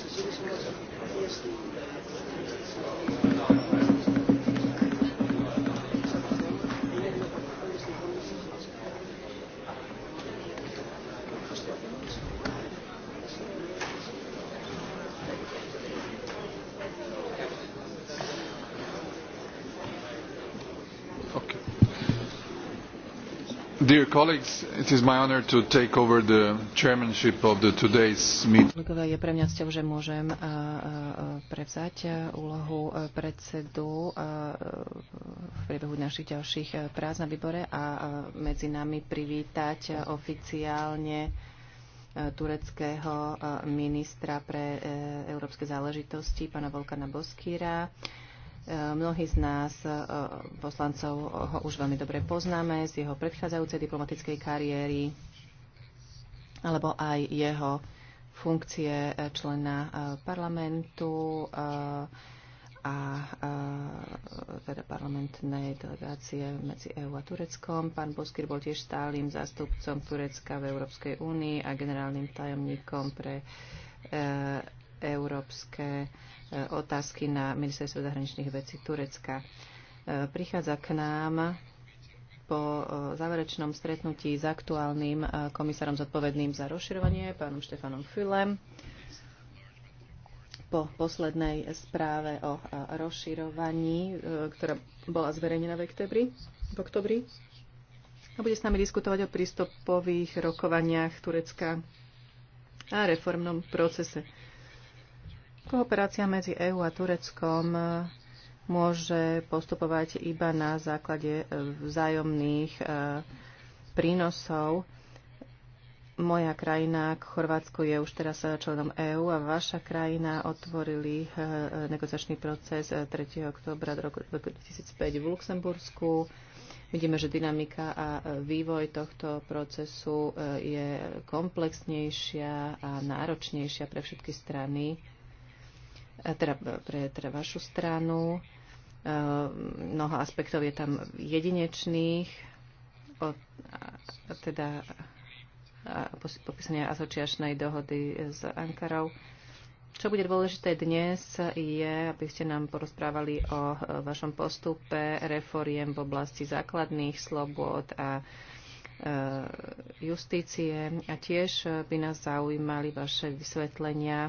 Thank you. Je pre mňa cťou, že môžem prevzať úlohu predsedu v priebehu našich ďalších prác na výbore a medzi nami privítať oficiálne tureckého ministra pre e, európske záležitosti, pána Volkana Boskýra. Mnohí z nás e, poslancov ho už veľmi dobre poznáme z jeho predchádzajúcej diplomatickej kariéry alebo aj jeho funkcie e, člena e, parlamentu a teda parlamentnej delegácie medzi EÚ a Tureckom. Pán Boskir bol tiež stálym zástupcom Turecka v Európskej únii a generálnym tajomníkom pre európske e, otázky na ministerstvo zahraničných vecí Turecka. E, prichádza k nám po e, záverečnom stretnutí s aktuálnym komisárom zodpovedným za rozširovanie, pánom Štefanom Fülem, po poslednej správe o rozširovaní, ktorá bola zverejnená v oktobri, v oktobri a bude s nami diskutovať o prístupových rokovaniach Turecka a reformnom procese. Kooperácia medzi EÚ a Tureckom e, môže postupovať iba na základe e, vzájomných e, prínosov. Moja krajina, Chorvátsko, je už teraz členom EÚ a vaša krajina otvorili negociačný proces 3. oktobra roku 2005 v Luxembursku. Vidíme, že dynamika a vývoj tohto procesu je komplexnejšia a náročnejšia pre všetky strany. E, teda pre teda vašu stranu. E, mnoho aspektov je tam jedinečných, od, teda popísania asociačnej dohody s Ankarou. Čo bude dôležité dnes je, aby ste nám porozprávali o e, vašom postupe reforiem v oblasti základných slobod a justície a tiež by nás zaujímali vaše vysvetlenia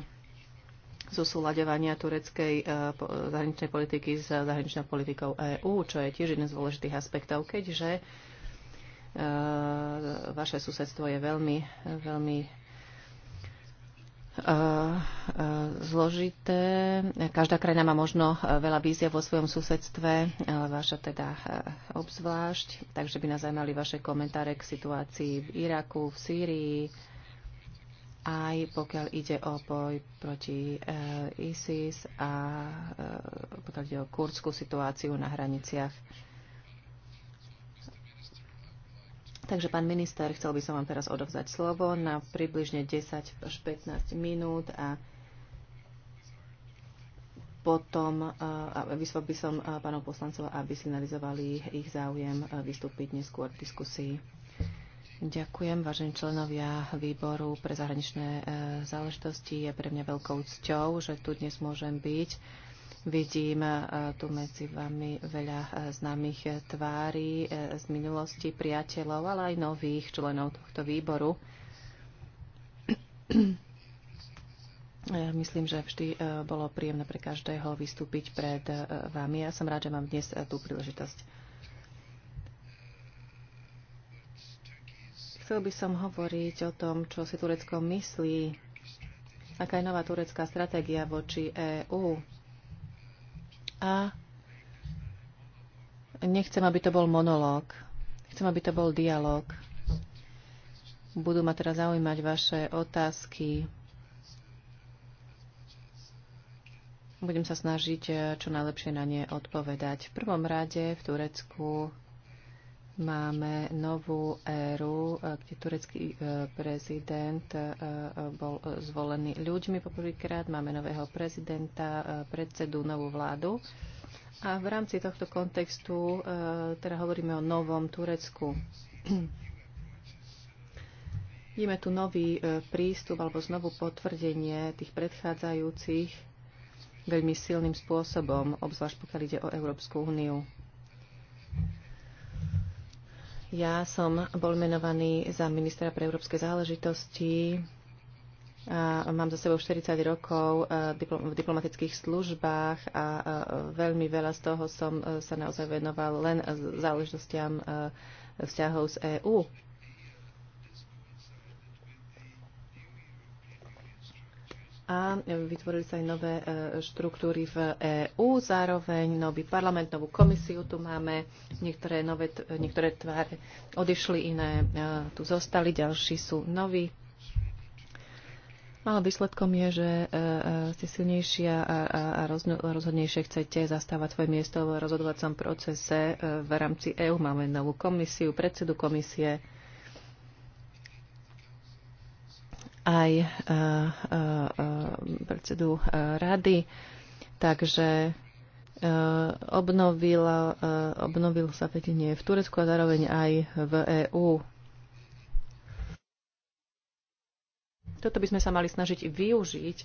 zosúľadovania tureckej e, zahraničnej politiky s zahraničnou politikou EÚ, čo je tiež jeden z dôležitých aspektov, keďže e, vaše susedstvo je veľmi, veľmi e, zložité. Každá krajina má možno veľa vízia vo svojom susedstve, ale vaša teda obzvlášť. Takže by nás zaujímali vaše komentáre k situácii v Iraku, v Sýrii, aj pokiaľ ide o boj proti uh, ISIS a uh, pokiaľ ide o kurdskú situáciu na hraniciach. Takže, pán minister, chcel by som vám teraz odovzdať slovo na približne 10 až 15 minút a potom e, vyslal by som pánov poslancov, aby signalizovali ich záujem vystúpiť neskôr v diskusii. Ďakujem, vážení členovia výboru pre zahraničné e, záležitosti. Je pre mňa veľkou cťou, že tu dnes môžem byť. Vidím e, tu medzi vami veľa e, známych tvári z minulosti, priateľov, ale aj nových členov tohto výboru. myslím, že vždy bolo príjemné pre každého vystúpiť pred vami. Ja som rád, že mám dnes tú príležitosť. Chcel by som hovoriť o tom, čo si Turecko myslí, aká je nová turecká stratégia voči EÚ. A nechcem, aby to bol monológ. Chcem, aby to bol dialog. Budú ma teraz zaujímať vaše otázky. Budem sa snažiť eh, čo najlepšie na ne odpovedať. V prvom rade v Turecku Máme novú éru, eh, kde turecký eh, prezident eh, bol zvolený ľuďmi poprvýkrát. Máme nového prezidenta, predsedu, novú vládu. A v rámci tohto kontextu teda hovoríme o novom Turecku. Vidíme tu nový prístup alebo znovu potvrdenie tých predchádzajúcich veľmi silným spôsobom, obzvlášť pokiaľ ide o Európsku úniu. Ja som bol menovaný za ministra pre európske záležitosti. A mám za sebou 40 rokov e, v diplomatických službách a e, veľmi veľa z toho som e, sa naozaj venoval len záležitostiam vzťahov z EÚ. a vytvorili sa aj nové e, štruktúry v EÚ, zároveň nový parlament, novú komisiu tu máme, niektoré, nové, niektoré tváre odišli, iné e, tu zostali, ďalší sú noví. Ale výsledkom je, že e, ste silnejšia a rozhodnejšie chcete zastávať svoje miesto v rozhodovacom procese v rámci EÚ. Máme novú komisiu, predsedu komisie, aj eh, eh, eh, predsedu rady. Takže obnovila, obnovil sa vedenie v Turecku a zároveň aj v EÚ. Toto by sme sa mali snažiť využiť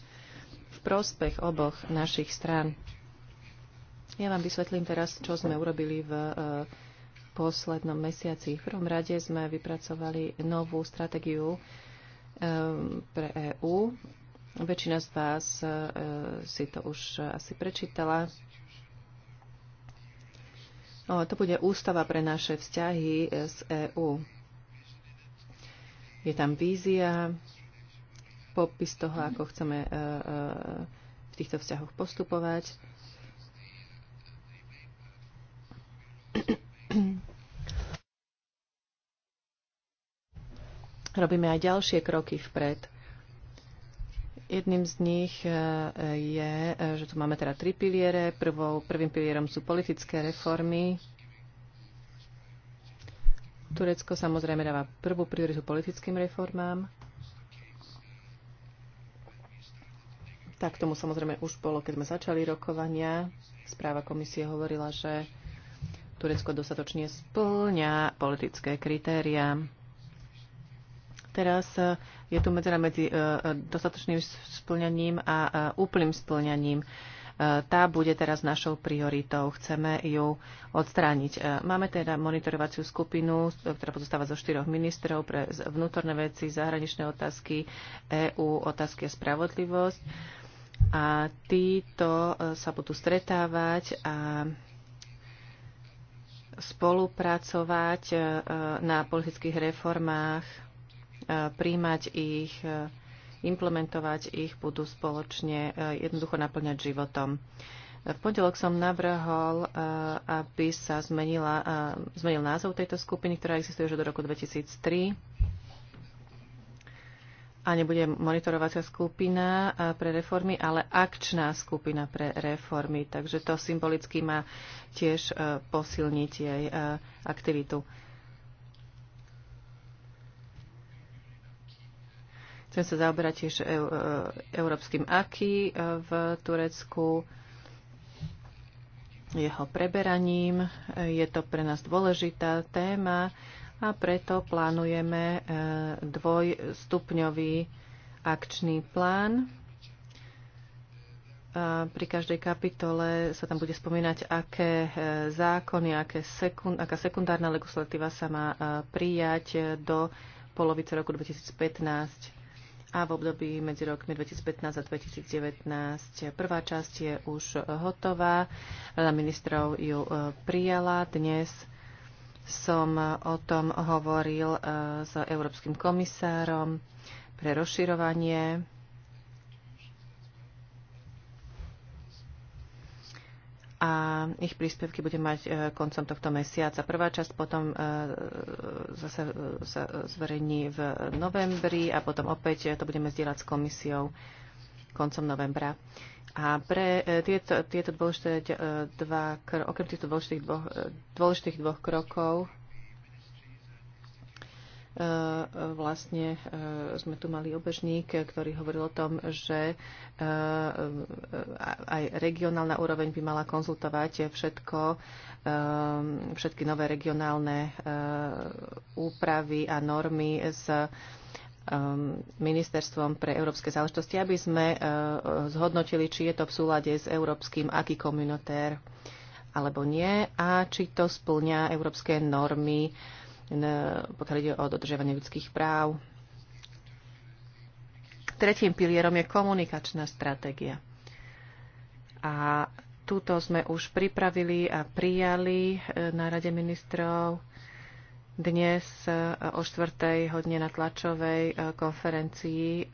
v prospech oboch našich strán. Ja vám vysvetlím teraz, čo sme urobili v poslednom mesiaci. V prvom rade sme vypracovali novú stratégiu pre EÚ. Väčšina z vás e, si to už asi prečítala. O, no, to bude ústava pre naše vzťahy z e, EÚ. Je tam vízia, popis toho, ako chceme e, v týchto vzťahoch postupovať. robíme aj ďalšie kroky vpred. Jedným z nich e, je, e, že tu máme teda tri piliere. Prvou, prvým pilierom sú politické reformy. Turecko samozrejme dáva prvú prioritu politickým reformám. Tak tomu samozrejme už bolo, keď sme začali rokovania. Správa komisie hovorila, že Turecko dostatočne splňa politické kritéria Teraz e, je tu medzera medzi e, e, dostatočným splňaním a úplným splňaním. Tá bude teraz našou prioritou. Chceme ju odstrániť. Máme teda monitorovaciu skupinu, ktorá pozostáva zo štyroch ministrov pre vnútorné veci, zahraničné otázky, EU, otázky a spravodlivosť. A títo sa budú stretávať a spolupracovať na politických reformách príjmať ich, e, implementovať ich, budú spoločne e, jednoducho naplňať životom. V pondelok som navrhol, e, aby sa zmenila, zmenil názov tejto skupiny, ktorá existuje už do roku 2003 a nebude monitorovacia skupina pre reformy, ale akčná skupina pre reformy. Takže to symbolicky má tiež posilniť jej aktivitu. Chcem sa zaoberať tiež e, e, európskym aký e, v Turecku, jeho preberaním. Je to pre nás dôležitá téma a preto plánujeme dvojstupňový akčný plán. Pri každej kapitole sa tam bude spomínať, aké zákony, aké sekund, aká sekundárna legislatíva sa má prijať do polovice roku 2015 a v období medzi rokmi 2015 a 2019. Prvá časť je už hotová. Rada ministrov ju e, prijala. Dnes som o tom hovoril e, s európskym komisárom pre rozširovanie a ich príspevky bude mať e, koncom tohto mesiaca. Prvá časť potom e, zase e, sa zverejní v novembri a potom opäť to budeme zdieľať s komisiou koncom novembra. A pre tieto, tieto dôležité dva, okrem týchto dôležitých dvoch, dôležitých dvoch krokov E, vlastne e, sme tu mali obežník, ktorý hovoril o tom, že e, aj regionálna úroveň by mala konzultovať všetko, všetky nové regionálne úpravy a normy s ministerstvom pre európske záležitosti, aby sme zhodnotili, či je to v súlade s európskym aký komunitér alebo nie a či to splňa európske normy E, pokiaľ ide o dodržiavanie ľudských práv. Tretím pilierom je komunikačná stratégia. A túto sme už pripravili a prijali e, na Rade ministrov dnes e, o 4. hodine na tlačovej konferencii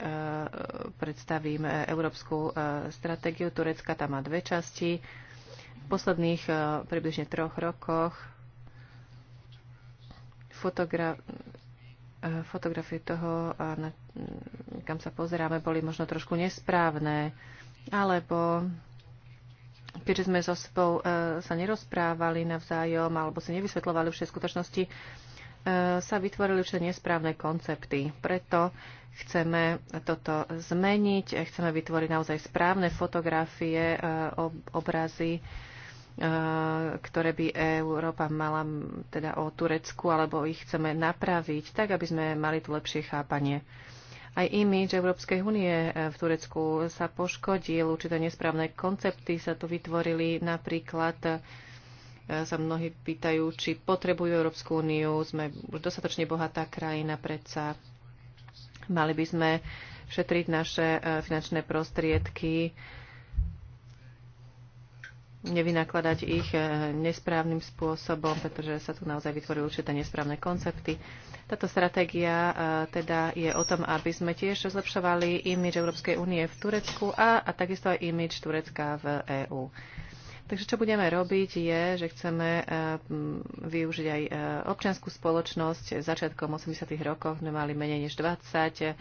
predstavím Európsku stratégiu. Turecka tam má dve časti. V posledných približne troch rokoch fotogra- e, fotografie toho, na, kam sa pozeráme, boli možno trošku nesprávne, alebo keďže sme so sebou e, sa nerozprávali navzájom alebo si nevysvetľovali všetky skutočnosti, e, sa vytvorili všetky nesprávne koncepty. Preto chceme toto zmeniť, chceme vytvoriť naozaj správne fotografie, obrazy, E, ktoré by Európa mala teda o Turecku, alebo ich chceme napraviť, tak aby sme mali tu lepšie chápanie. Aj imidž Európskej únie e, v Turecku sa poškodil, určité nesprávne koncepty sa tu vytvorili, napríklad e, sa mnohí pýtajú, či potrebujú Európsku úniu, sme už dostatočne bohatá krajina, predsa mali by sme šetriť naše finančné prostriedky, nevynakladať ich eh, nesprávnym spôsobom, pretože sa tu naozaj vytvorili určité nesprávne koncepty. Táto stratégia eh, teda je o tom, aby sme tiež zlepšovali imidž Európskej únie v Turecku a, a takisto aj imidž Turecka v EÚ. Takže čo budeme robiť je, že chceme eh, využiť aj občianskú spoločnosť. Začiatkom 80. rokov sme mali menej než 20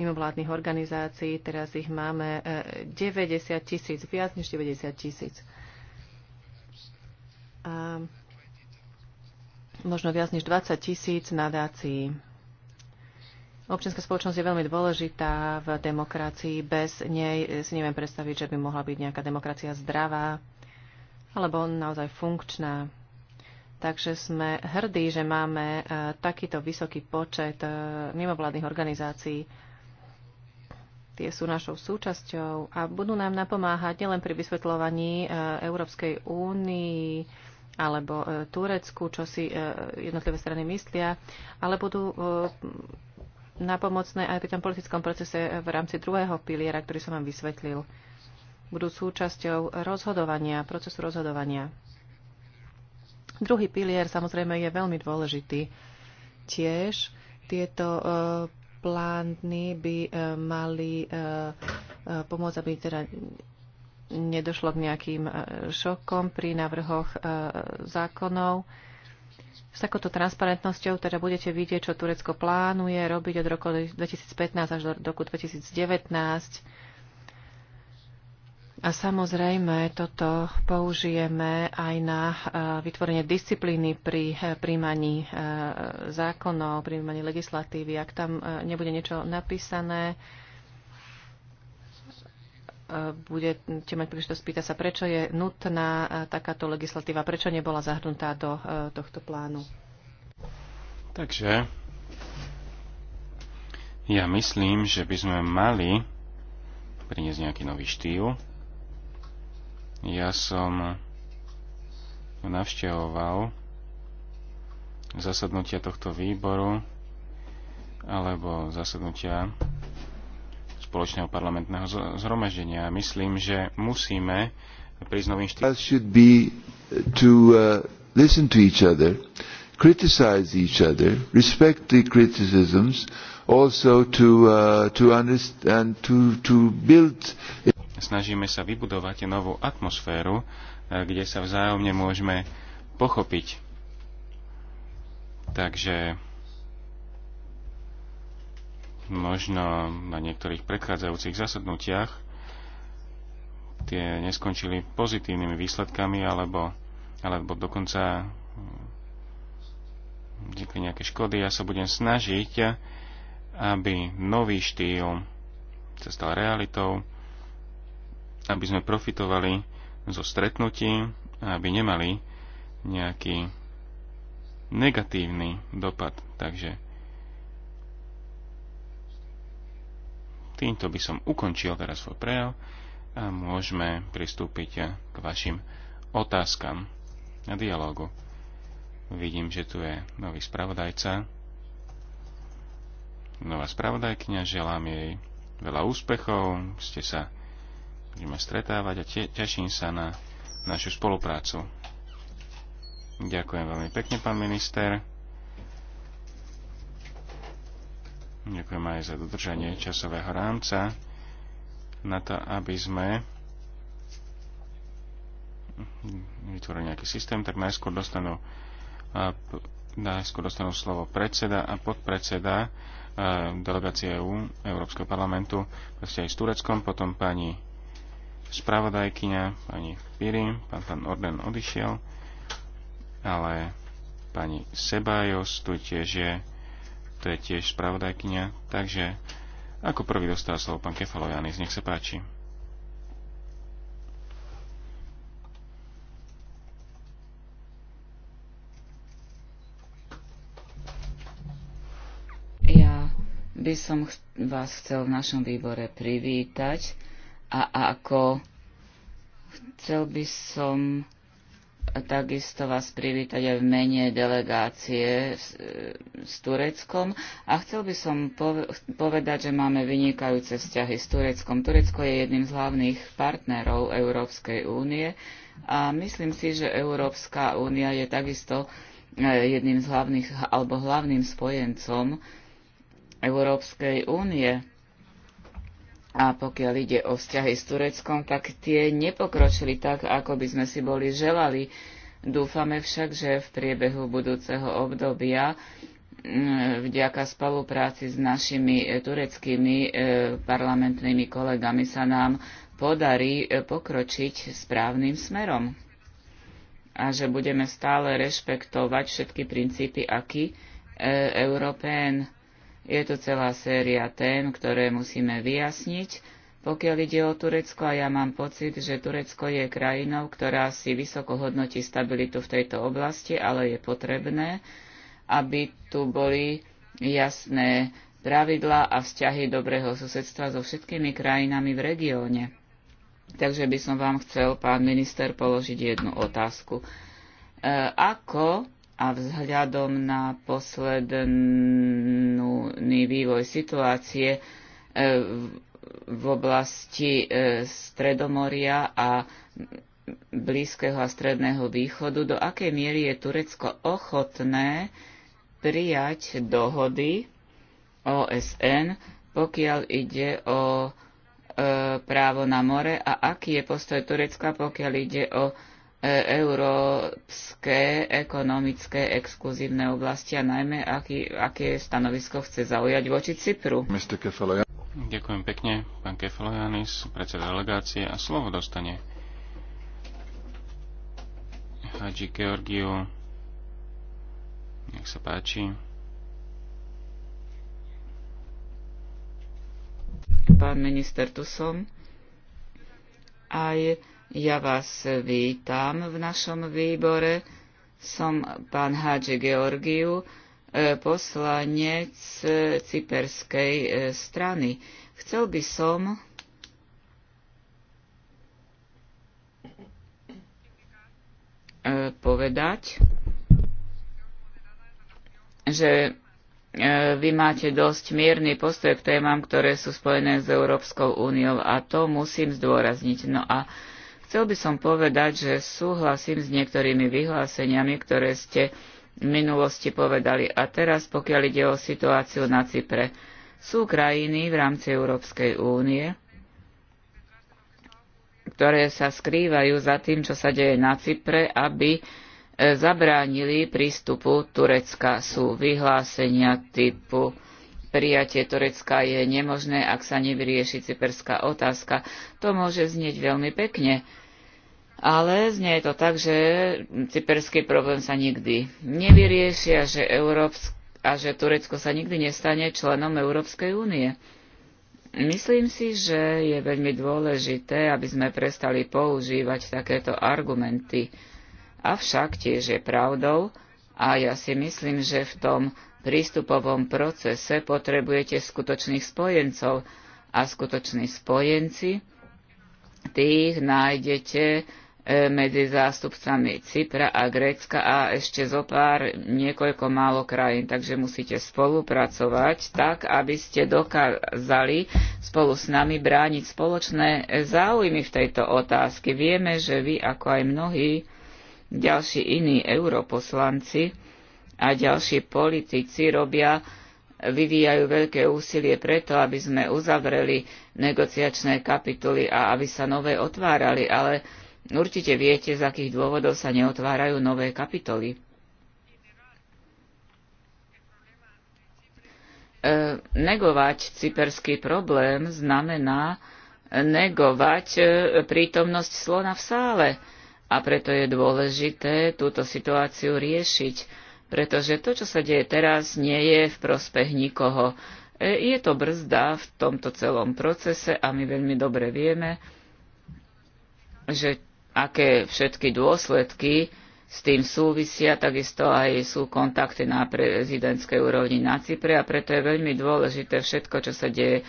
mimovládnych organizácií, teraz ich máme 90 tisíc, viac než 90 tisíc a možno viac než 20 tisíc nadácií. Občianská spoločnosť je veľmi dôležitá v demokracii. Bez nej si neviem predstaviť, že by mohla byť nejaká demokracia zdravá alebo naozaj funkčná. Takže sme hrdí, že máme e, takýto vysoký počet e, mimovládnych organizácií. Tie sú našou súčasťou a budú nám napomáhať nielen pri vysvetľovaní e, Európskej únii, alebo e, Turecku, čo si e, jednotlivé strany myslia, ale budú e, napomocné aj pri tom politickom procese v rámci druhého piliera, ktorý som vám vysvetlil. Budú súčasťou rozhodovania, procesu rozhodovania. Druhý pilier samozrejme je veľmi dôležitý. Tiež tieto plány by mali pomôcť, aby teda nedošlo k nejakým e, šokom pri návrhoch e, zákonov. S takouto transparentnosťou teda budete vidieť, čo Turecko plánuje robiť od roku 2015 až do roku 2019. A samozrejme, toto použijeme aj na e, vytvorenie disciplíny pri príjmaní zákonov, príjmaní legislatívy. Ak tam nebude niečo napísané, budete mať príležitosť pýtať sa, prečo je nutná e, takáto legislatíva, prečo nebola zahrnutá do e, tohto plánu. Takže ja myslím, že by sme mali priniesť nejaký nový štýl. Ja som navštevoval zasadnutia tohto výboru alebo zasadnutia spoločného parlamentného zhromaždenia. Myslím, že musíme prísť novým štýlom eh, eh, eh, Snažíme sa vybudovať novú atmosféru, kde sa vzájomne môžeme pochopiť. Takže Možno na niektorých predchádzajúcich zasadnutiach tie neskončili pozitívnymi výsledkami alebo, alebo dokonca hm, vznikli nejaké škody. Ja sa budem snažiť, aby nový štýl sa stal realitou, aby sme profitovali zo stretnutí, aby nemali nejaký negatívny dopad. Takže Týmto by som ukončil teraz svoj prejav a môžeme pristúpiť k vašim otázkam na dialogu. Vidím, že tu je nový spravodajca, nová spravodajkňa, želám jej veľa úspechov, ste sa budeme stretávať a te, teším sa na našu spoluprácu. Ďakujem veľmi pekne, pán minister. Ďakujem aj za dodržanie časového rámca na to, aby sme vytvorili nejaký systém, tak najskôr dostanú, najskôr dostanú slovo predseda a podpredseda delegácie EU, Európskeho parlamentu, proste aj s Tureckom, potom pani spravodajkyňa, pani Piri, pán pán Orden odišiel, ale pani Sebajos tu tiež je to je tiež spravodajkynia, takže ako prvý dostal slovo pán Kefalojanis, nech sa páči. Ja by som vás chcel v našom výbore privítať a ako chcel by som takisto vás privítať aj v mene delegácie s, e, s Tureckom a chcel by som povedať, že máme vynikajúce vzťahy s Tureckom. Turecko je jedným z hlavných partnerov Európskej únie a myslím si, že Európska únia je takisto e, jedným z hlavných alebo hlavným spojencom Európskej únie. A pokiaľ ide o vzťahy s Tureckom, tak tie nepokročili tak, ako by sme si boli želali. Dúfame však, že v priebehu budúceho obdobia vďaka spolupráci s našimi e, tureckými e, parlamentnými kolegami sa nám podarí e, pokročiť správnym smerom a že budeme stále rešpektovať všetky princípy aký e, je tu celá séria tém, ktoré musíme vyjasniť. Pokiaľ ide o Turecko, a ja mám pocit, že Turecko je krajinou, ktorá si vysoko hodnotí stabilitu v tejto oblasti, ale je potrebné, aby tu boli jasné pravidlá a vzťahy dobrého susedstva so všetkými krajinami v regióne. Takže by som vám chcel, pán minister, položiť jednu otázku. E, ako a vzhľadom na posledný vývoj situácie e, v oblasti e, Stredomoria a Blízkeho a Stredného východu, do akej miery je Turecko ochotné prijať dohody OSN, pokiaľ ide o e, právo na more a aký je postoj Turecka, pokiaľ ide o E, európske ekonomické exkluzívne oblasti a najmä aký, aké stanovisko chce zaujať voči Cypru. Ďakujem pekne, pán Kefalojanis, predseda delegácie a slovo dostane Hadži Georgiu. Nech sa páči. Pán minister, tu som. Aj ja vás vítam v našom výbore. Som pán Hadži Georgiu, e, poslanec e, cyperskej e, strany. Chcel by som povedať, že vy máte dosť mierny postoj k témam, ktoré sú spojené s Európskou úniou a to musím zdôrazniť. No a Chcel by som povedať, že súhlasím s niektorými vyhláseniami, ktoré ste v minulosti povedali. A teraz, pokiaľ ide o situáciu na Cypre, sú krajiny v rámci Európskej únie, ktoré sa skrývajú za tým, čo sa deje na Cypre, aby e, zabránili prístupu Turecka. Sú vyhlásenia typu prijatie Turecka je nemožné, ak sa nevyrieši cyperská otázka. To môže znieť veľmi pekne, ale znie to tak, že cyperský problém sa nikdy nevyrieši a že, Európsk- a že Turecko sa nikdy nestane členom Európskej únie. Myslím si, že je veľmi dôležité, aby sme prestali používať takéto argumenty. Avšak tiež je pravdou, a ja si myslím, že v tom prístupovom procese potrebujete skutočných spojencov a skutoční spojenci tých nájdete e, medzi zástupcami Cypra a Grécka a ešte zo pár niekoľko málo krajín. Takže musíte spolupracovať tak, aby ste dokázali spolu s nami brániť spoločné záujmy v tejto otázke. Vieme, že vy, ako aj mnohí ďalší iní europoslanci, a ďalší politici robia, vyvíjajú veľké úsilie preto, aby sme uzavreli negociačné kapitoly a aby sa nové otvárali, ale určite viete, z akých dôvodov sa neotvárajú nové kapitoly. E, negovať cyperský problém znamená negovať e, prítomnosť slona v sále a preto je dôležité túto situáciu riešiť pretože to, čo sa deje teraz, nie je v prospech nikoho. E, je to brzda v tomto celom procese a my veľmi dobre vieme, že aké všetky dôsledky s tým súvisia, takisto aj sú kontakty na prezidentskej úrovni na Cypre a preto je veľmi dôležité všetko, čo sa deje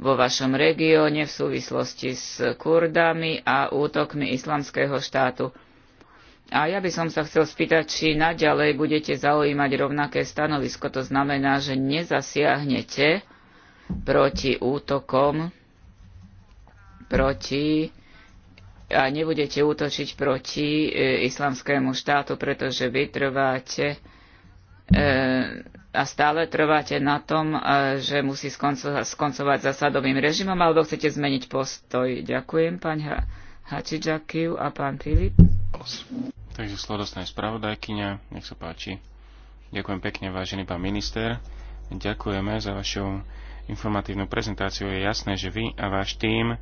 vo vašom regióne v súvislosti s Kurdami a útokmi islamského štátu. A ja by som sa chcel spýtať, či naďalej budete zaujímať rovnaké stanovisko. To znamená, že nezasiahnete proti útokom, proti a nebudete útočiť proti e, islamskému štátu, pretože vy trváte e, a stále trváte na tom, e, že musí skonco, skoncovať zasadovým režimom, alebo chcete zmeniť postoj. Ďakujem, pán ha- Hačiďakiu a pán Filip. Takže slovo dostane spravodajkyňa, nech sa páči. Ďakujem pekne, vážený pán minister. Ďakujeme za vašu informatívnu prezentáciu. Je jasné, že vy a váš tím eh,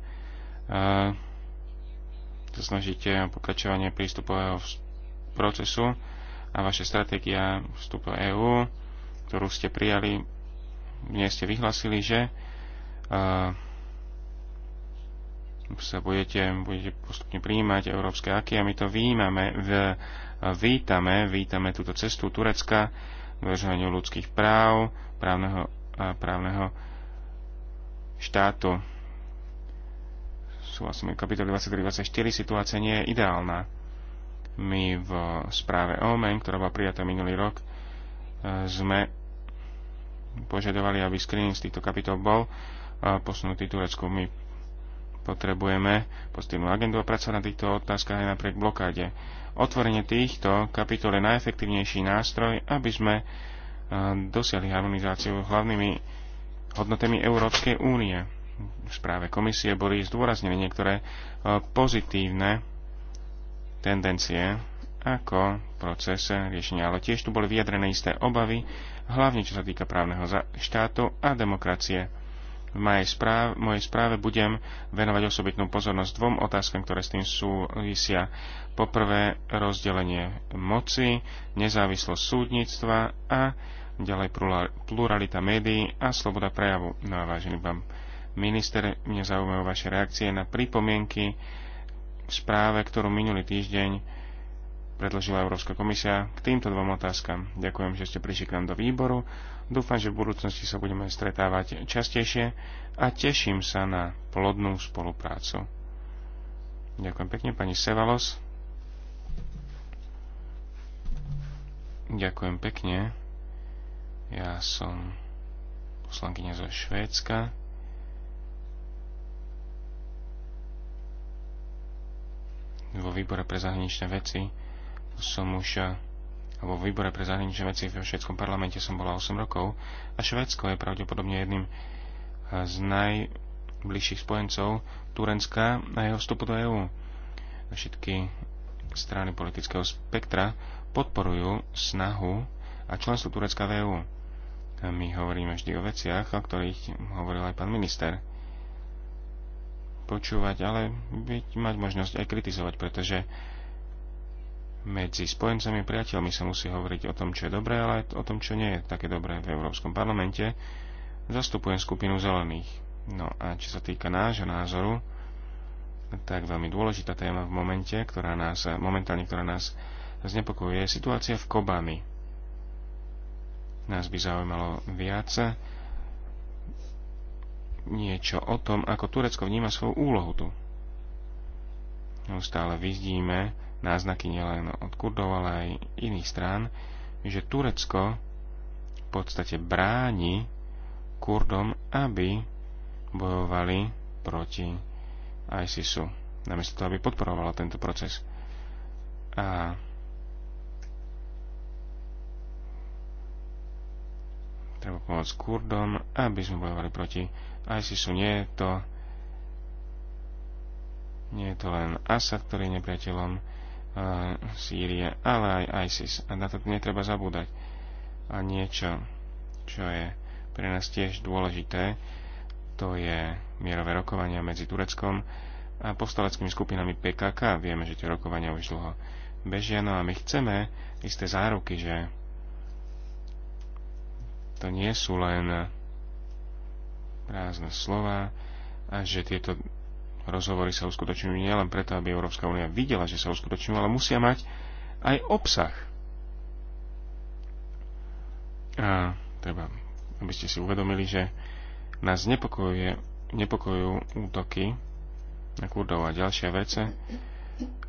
sa uh, snažíte o pokračovanie prístupového procesu a vaša stratégia vstupu EÚ, ktorú ste prijali, dnes ste vyhlasili, že uh, sa budete, budete postupne prijímať európske aky a my to výjimame, v, vítame, vítame túto cestu Turecka dodržovaniu ľudských práv, právneho, a právneho štátu. Súhlasím, kapitol 23-24 situácia nie je ideálna. My v správe OMEN, ktorá bola prijatá minulý rok, e, sme požadovali, aby screening z týchto kapitol bol e, posunutý Turecku. My Potrebujeme postupnú agendu a pracovať na týchto otázkach aj napriek blokáde. Otvorenie týchto kapitol je najefektívnejší nástroj, aby sme e, dosiahli harmonizáciu hlavnými hodnotami Európskej únie. V správe komisie boli zdôraznené niektoré e, pozitívne tendencie ako proces riešenia, ale tiež tu boli vyjadrené isté obavy, hlavne čo sa týka právneho štátu a demokracie. V mojej správe, mojej správe budem venovať osobitnú pozornosť dvom otázkam, ktoré s tým súvisia. Poprvé rozdelenie moci, nezávislosť súdnictva a ďalej pluralita médií a sloboda prejavu. No a vážený pán minister, mne zaujímajú vaše reakcie na pripomienky v správe, ktorú minulý týždeň predložila Európska komisia k týmto dvom otázkam. Ďakujem, že ste prišli k nám do výboru Dúfam, že v budúcnosti sa budeme stretávať častejšie a teším sa na plodnú spoluprácu. Ďakujem pekne, pani Sevalos. Ďakujem pekne. Ja som poslankyňa zo Švédska. Vo výbore pre zahraničné veci som už vo výbore pre zahraničné veci v švedskom parlamente som bola 8 rokov a Švedsko je pravdepodobne jedným eh, z najbližších spojencov Turenska a jeho vstupu do EÚ. Všetky strany politického spektra podporujú snahu a členstvo Turecka v EÚ. My hovoríme vždy o veciach, o ktorých hovoril aj pán minister. Počúvať, ale byť, mať možnosť aj kritizovať, pretože medzi spojencami a priateľmi sa musí hovoriť o tom, čo je dobré, ale aj o tom, čo nie je také dobré v Európskom parlamente. Zastupujem skupinu zelených. No a čo sa týka nášho názoru, tak veľmi dôležitá téma v momente, ktorá nás, momentálne, ktorá nás znepokojuje, je situácia v Kobami. Nás by zaujímalo viac niečo o tom, ako Turecko vníma svoju úlohu tu. Neustále vidíme, náznaky nielen od Kurdov, ale aj iných strán, že Turecko v podstate bráni Kurdom, aby bojovali proti ISISu. Namiesto toho, aby podporovala tento proces. A treba pomôcť Kurdom, aby sme bojovali proti ISISu. Nie je to, nie je to len Asad, ktorý je nepriateľom Sýrie, ale aj ISIS. A na to netreba zabúdať. A niečo, čo je pre nás tiež dôležité, to je mierové rokovania medzi Tureckom a povstaleckými skupinami PKK. Vieme, že tie rokovania už dlho bežia, no a my chceme isté záruky, že to nie sú len prázdne slova a že tieto rozhovory sa uskutočňujú nielen preto, aby Európska únia videla, že sa uskutočňujú, ale musia mať aj obsah. A treba, aby ste si uvedomili, že nás nepokojujú útoky na Kurdov a ďalšia vece,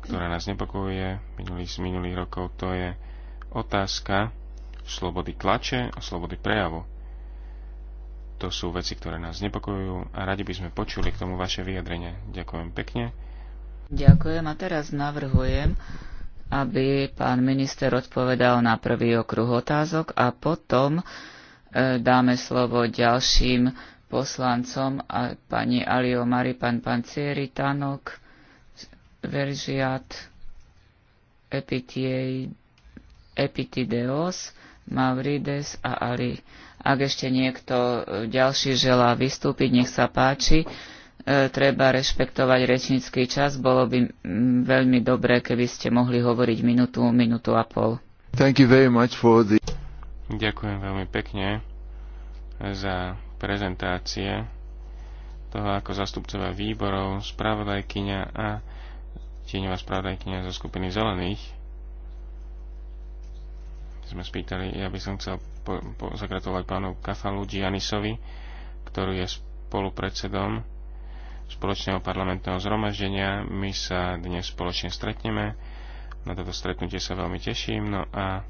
ktorá nás nepokojuje minulých, z minulých rokov, to je otázka slobody tlače a slobody prejavu to sú veci, ktoré nás nepokojujú a radi by sme počuli k tomu vaše vyjadrenie. Ďakujem pekne. Ďakujem a teraz navrhujem, aby pán minister odpovedal na prvý okruh otázok a potom e, dáme slovo ďalším poslancom a pani Alio Mari, pán Pancieri, Tanok, Veržiat, Epitiej, Epitideos, Maurides a Ali. Ak ešte niekto e, ďalší želá vystúpiť, nech sa páči. E, treba rešpektovať rečnícky čas. Bolo by veľmi dobré, keby ste mohli hovoriť minútu, minútu a pol. Thank you very much for the... Ďakujem veľmi pekne za prezentácie toho, ako zastupcova výborov, spravodajkyňa a tieňová spravodajkyňa zo skupiny zelených sme spýtali, ja by som chcel po, po, zagratulovať pánu Kafalu Gianisovi, ktorý je spolupredsedom spoločného parlamentného zhromaždenia. My sa dnes spoločne stretneme. Na toto stretnutie sa veľmi teším. No a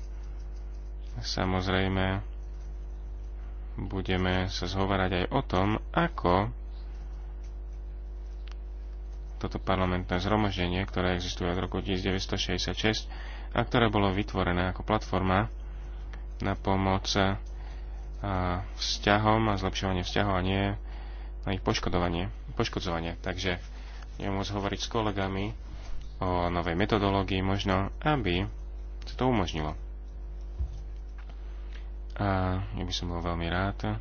samozrejme budeme sa zhovárať aj o tom, ako toto parlamentné zhromaždenie, ktoré existuje od roku 1966, a ktoré bolo vytvorené ako platforma na pomoc vzťahom a zlepšovanie vzťahov a nie na ich poškodovanie, poškodzovanie. Takže budem môcť hovoriť s kolegami o novej metodológii možno, aby sa to umožnilo. A ja by som bol veľmi rád,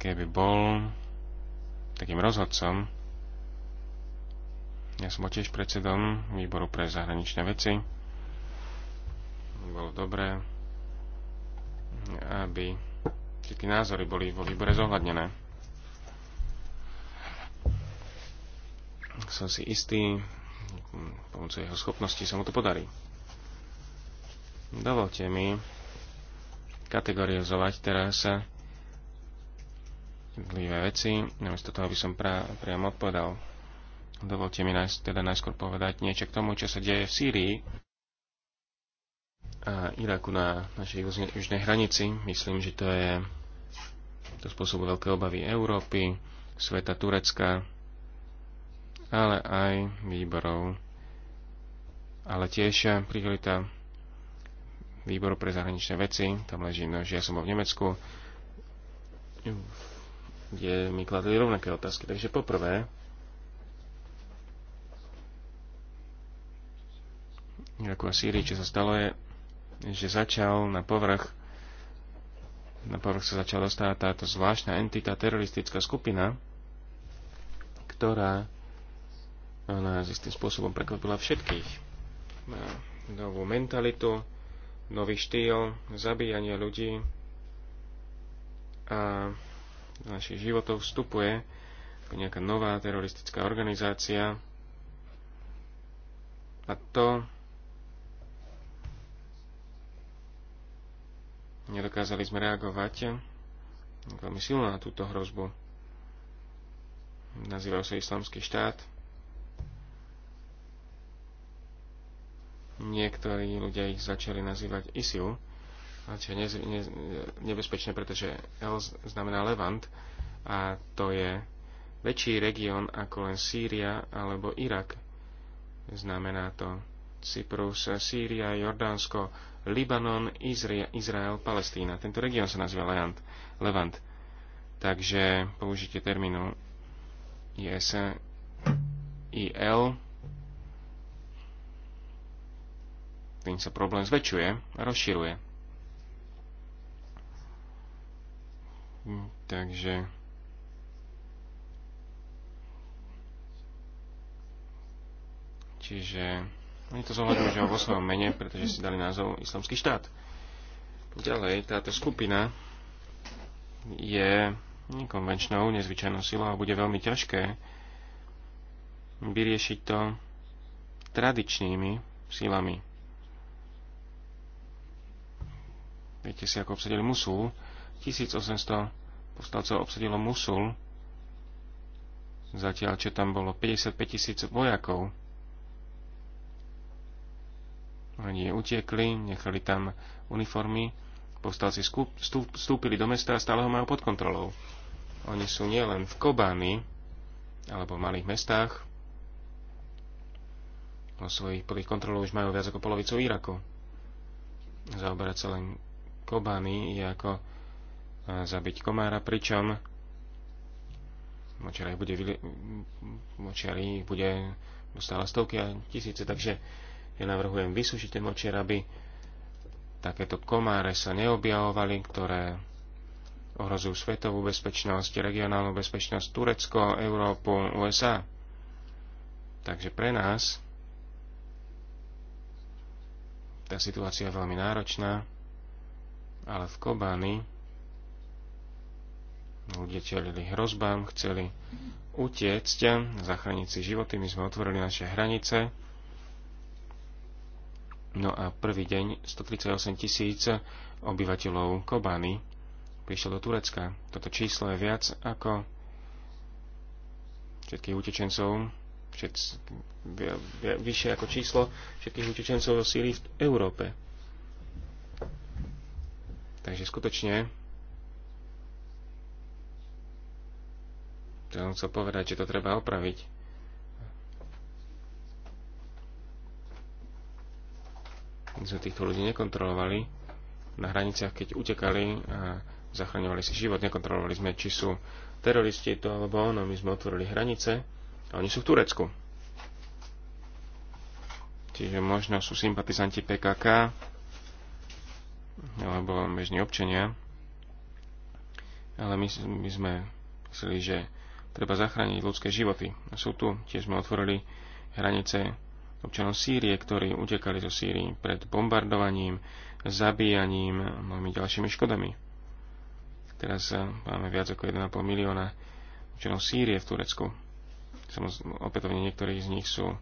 keby bol takým rozhodcom. Ja som tiež predsedom výboru pre zahraničné veci bolo dobré, aby všetky názory boli vo výbore zohľadnené. Som si istý, pomocou jeho schopností sa mu to podarí. Dovolte mi kategorizovať teraz jednotlivé veci, namiesto toho, aby som pra, priamo odpovedal. Dovolte mi nás, teda najskôr povedať niečo k tomu, čo sa deje v Sýrii. Iraku na našej južnej hranici. Myslím, že to je to spôsobu veľké obavy Európy, sveta Turecka, ale aj výborov. Ale tiež priorita výboru pre zahraničné veci, tam leží, no, že ja som bol v Nemecku, kde mi kladli rovnaké otázky. Takže poprvé, Iraku a Sýrii, čo sa stalo, je že začal na povrch na povrch sa začala dostávať táto zvláštna entita, teroristická skupina, ktorá z istým spôsobom prekvapila všetkých. Má novú mentalitu, nový štýl, zabíjanie ľudí a do našich životov vstupuje nejaká nová teroristická organizácia a to Nedokázali sme reagovať veľmi silno na túto hrozbu. Nazýval sa Islamský štát. Niektorí ľudia ich začali nazývať ISIL, čo je ne, ne, nebezpečné, pretože L znamená Levant a to je väčší región ako len Sýria alebo Irak. Znamená to Cyprus, Sýria, Jordánsko, Libanon, Izrael, Izrael Palestína. Tento región sa nazýva Levant. Levant. Takže použite termínu IS, IL, tým sa problém zväčšuje a rozširuje. Takže čiže oni to zohľadujú, že vo svojom mene, pretože si dali názov Islamský štát. Ďalej, táto skupina je nekonvenčnou, nezvyčajnou silou a bude veľmi ťažké vyriešiť to tradičnými silami. Viete si, ako obsadili Musul? 1800 povstalcov obsadilo Musul, zatiaľ čo tam bolo 55 tisíc vojakov. Oni utiekli, nechali tam uniformy, povstalci vstúpili do mesta a stále ho majú pod kontrolou. Oni sú nielen v Kobáni, alebo v malých mestách, o svojich, pod ich kontrolou už majú viac ako polovicu Iraku. Zaoberať sa len Kobány je ako zabiť komára, pričom močiari bude, močiari bude stále stovky a tisíce, takže ja navrhujem vysušite močiar, aby takéto komáre sa neobjavovali, ktoré ohrozujú svetovú bezpečnosť, regionálnu bezpečnosť, Turecko, Európu, USA. Takže pre nás tá situácia je veľmi náročná, ale v Kobáni ľudia čelili hrozbám, chceli utiecť, zachrániť si životy, my sme otvorili naše hranice, No a prvý deň 138 tisíc obyvateľov Kobany prišlo do Turecka. Toto číslo je viac ako všetkých utečencov, všet, vyššie ako číslo všetkých utečencov do Sýrii v Európe. Takže skutočne to som chcel povedať, že to treba opraviť. sme týchto ľudí nekontrolovali na hraniciach, keď utekali a zachraňovali si život. Nekontrolovali sme, či sú teroristi to alebo ono. My sme otvorili hranice a oni sú v Turecku. Čiže možno sú sympatizanti PKK alebo bežní občania. Ale my, my sme mysleli, že treba zachrániť ľudské životy. Sú tu, tiež sme otvorili hranice občanov Sýrie, ktorí utekali zo Sýrii pred bombardovaním, zabíjaním no a mnohými ďalšími škodami. Teraz eh, máme viac ako 1,5 milióna občanov Sýrie v Turecku. Samozrejme, opätovne niektorí z nich sú v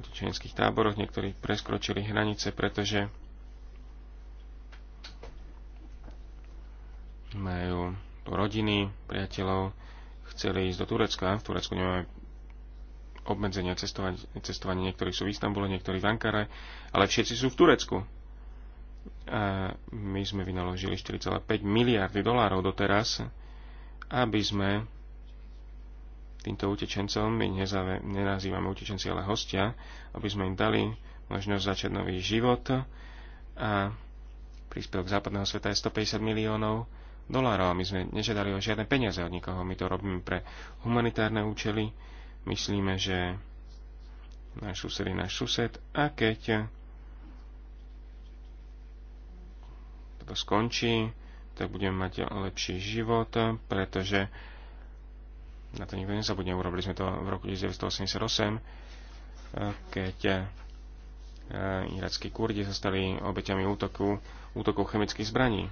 utečeneckých táboroch, niektorí preskročili hranice, pretože majú rodiny, priateľov, chceli ísť do Turecka. V Turecku nemáme obmedzenia cestovania, cestovania Niektorí sú v Istambule, niektorí v Ankare, ale všetci sú v Turecku. A my sme vynaložili 4,5 miliardy dolárov doteraz, aby sme týmto utečencom, my nezave, nenazývame utečenci, ale hostia, aby sme im dali možnosť začať nový život a príspevok západného sveta je 150 miliónov dolárov a my sme nežiadali o žiadne peniaze od nikoho. My to robíme pre humanitárne účely, myslíme, že náš sused je náš sused a keď toto skončí, tak budeme mať lepší život, pretože na to nikto nezabudne. Urobili sme to v roku 1988, keď eh, irackí kurdi sa stali obeťami útoku, útokov chemických zbraní.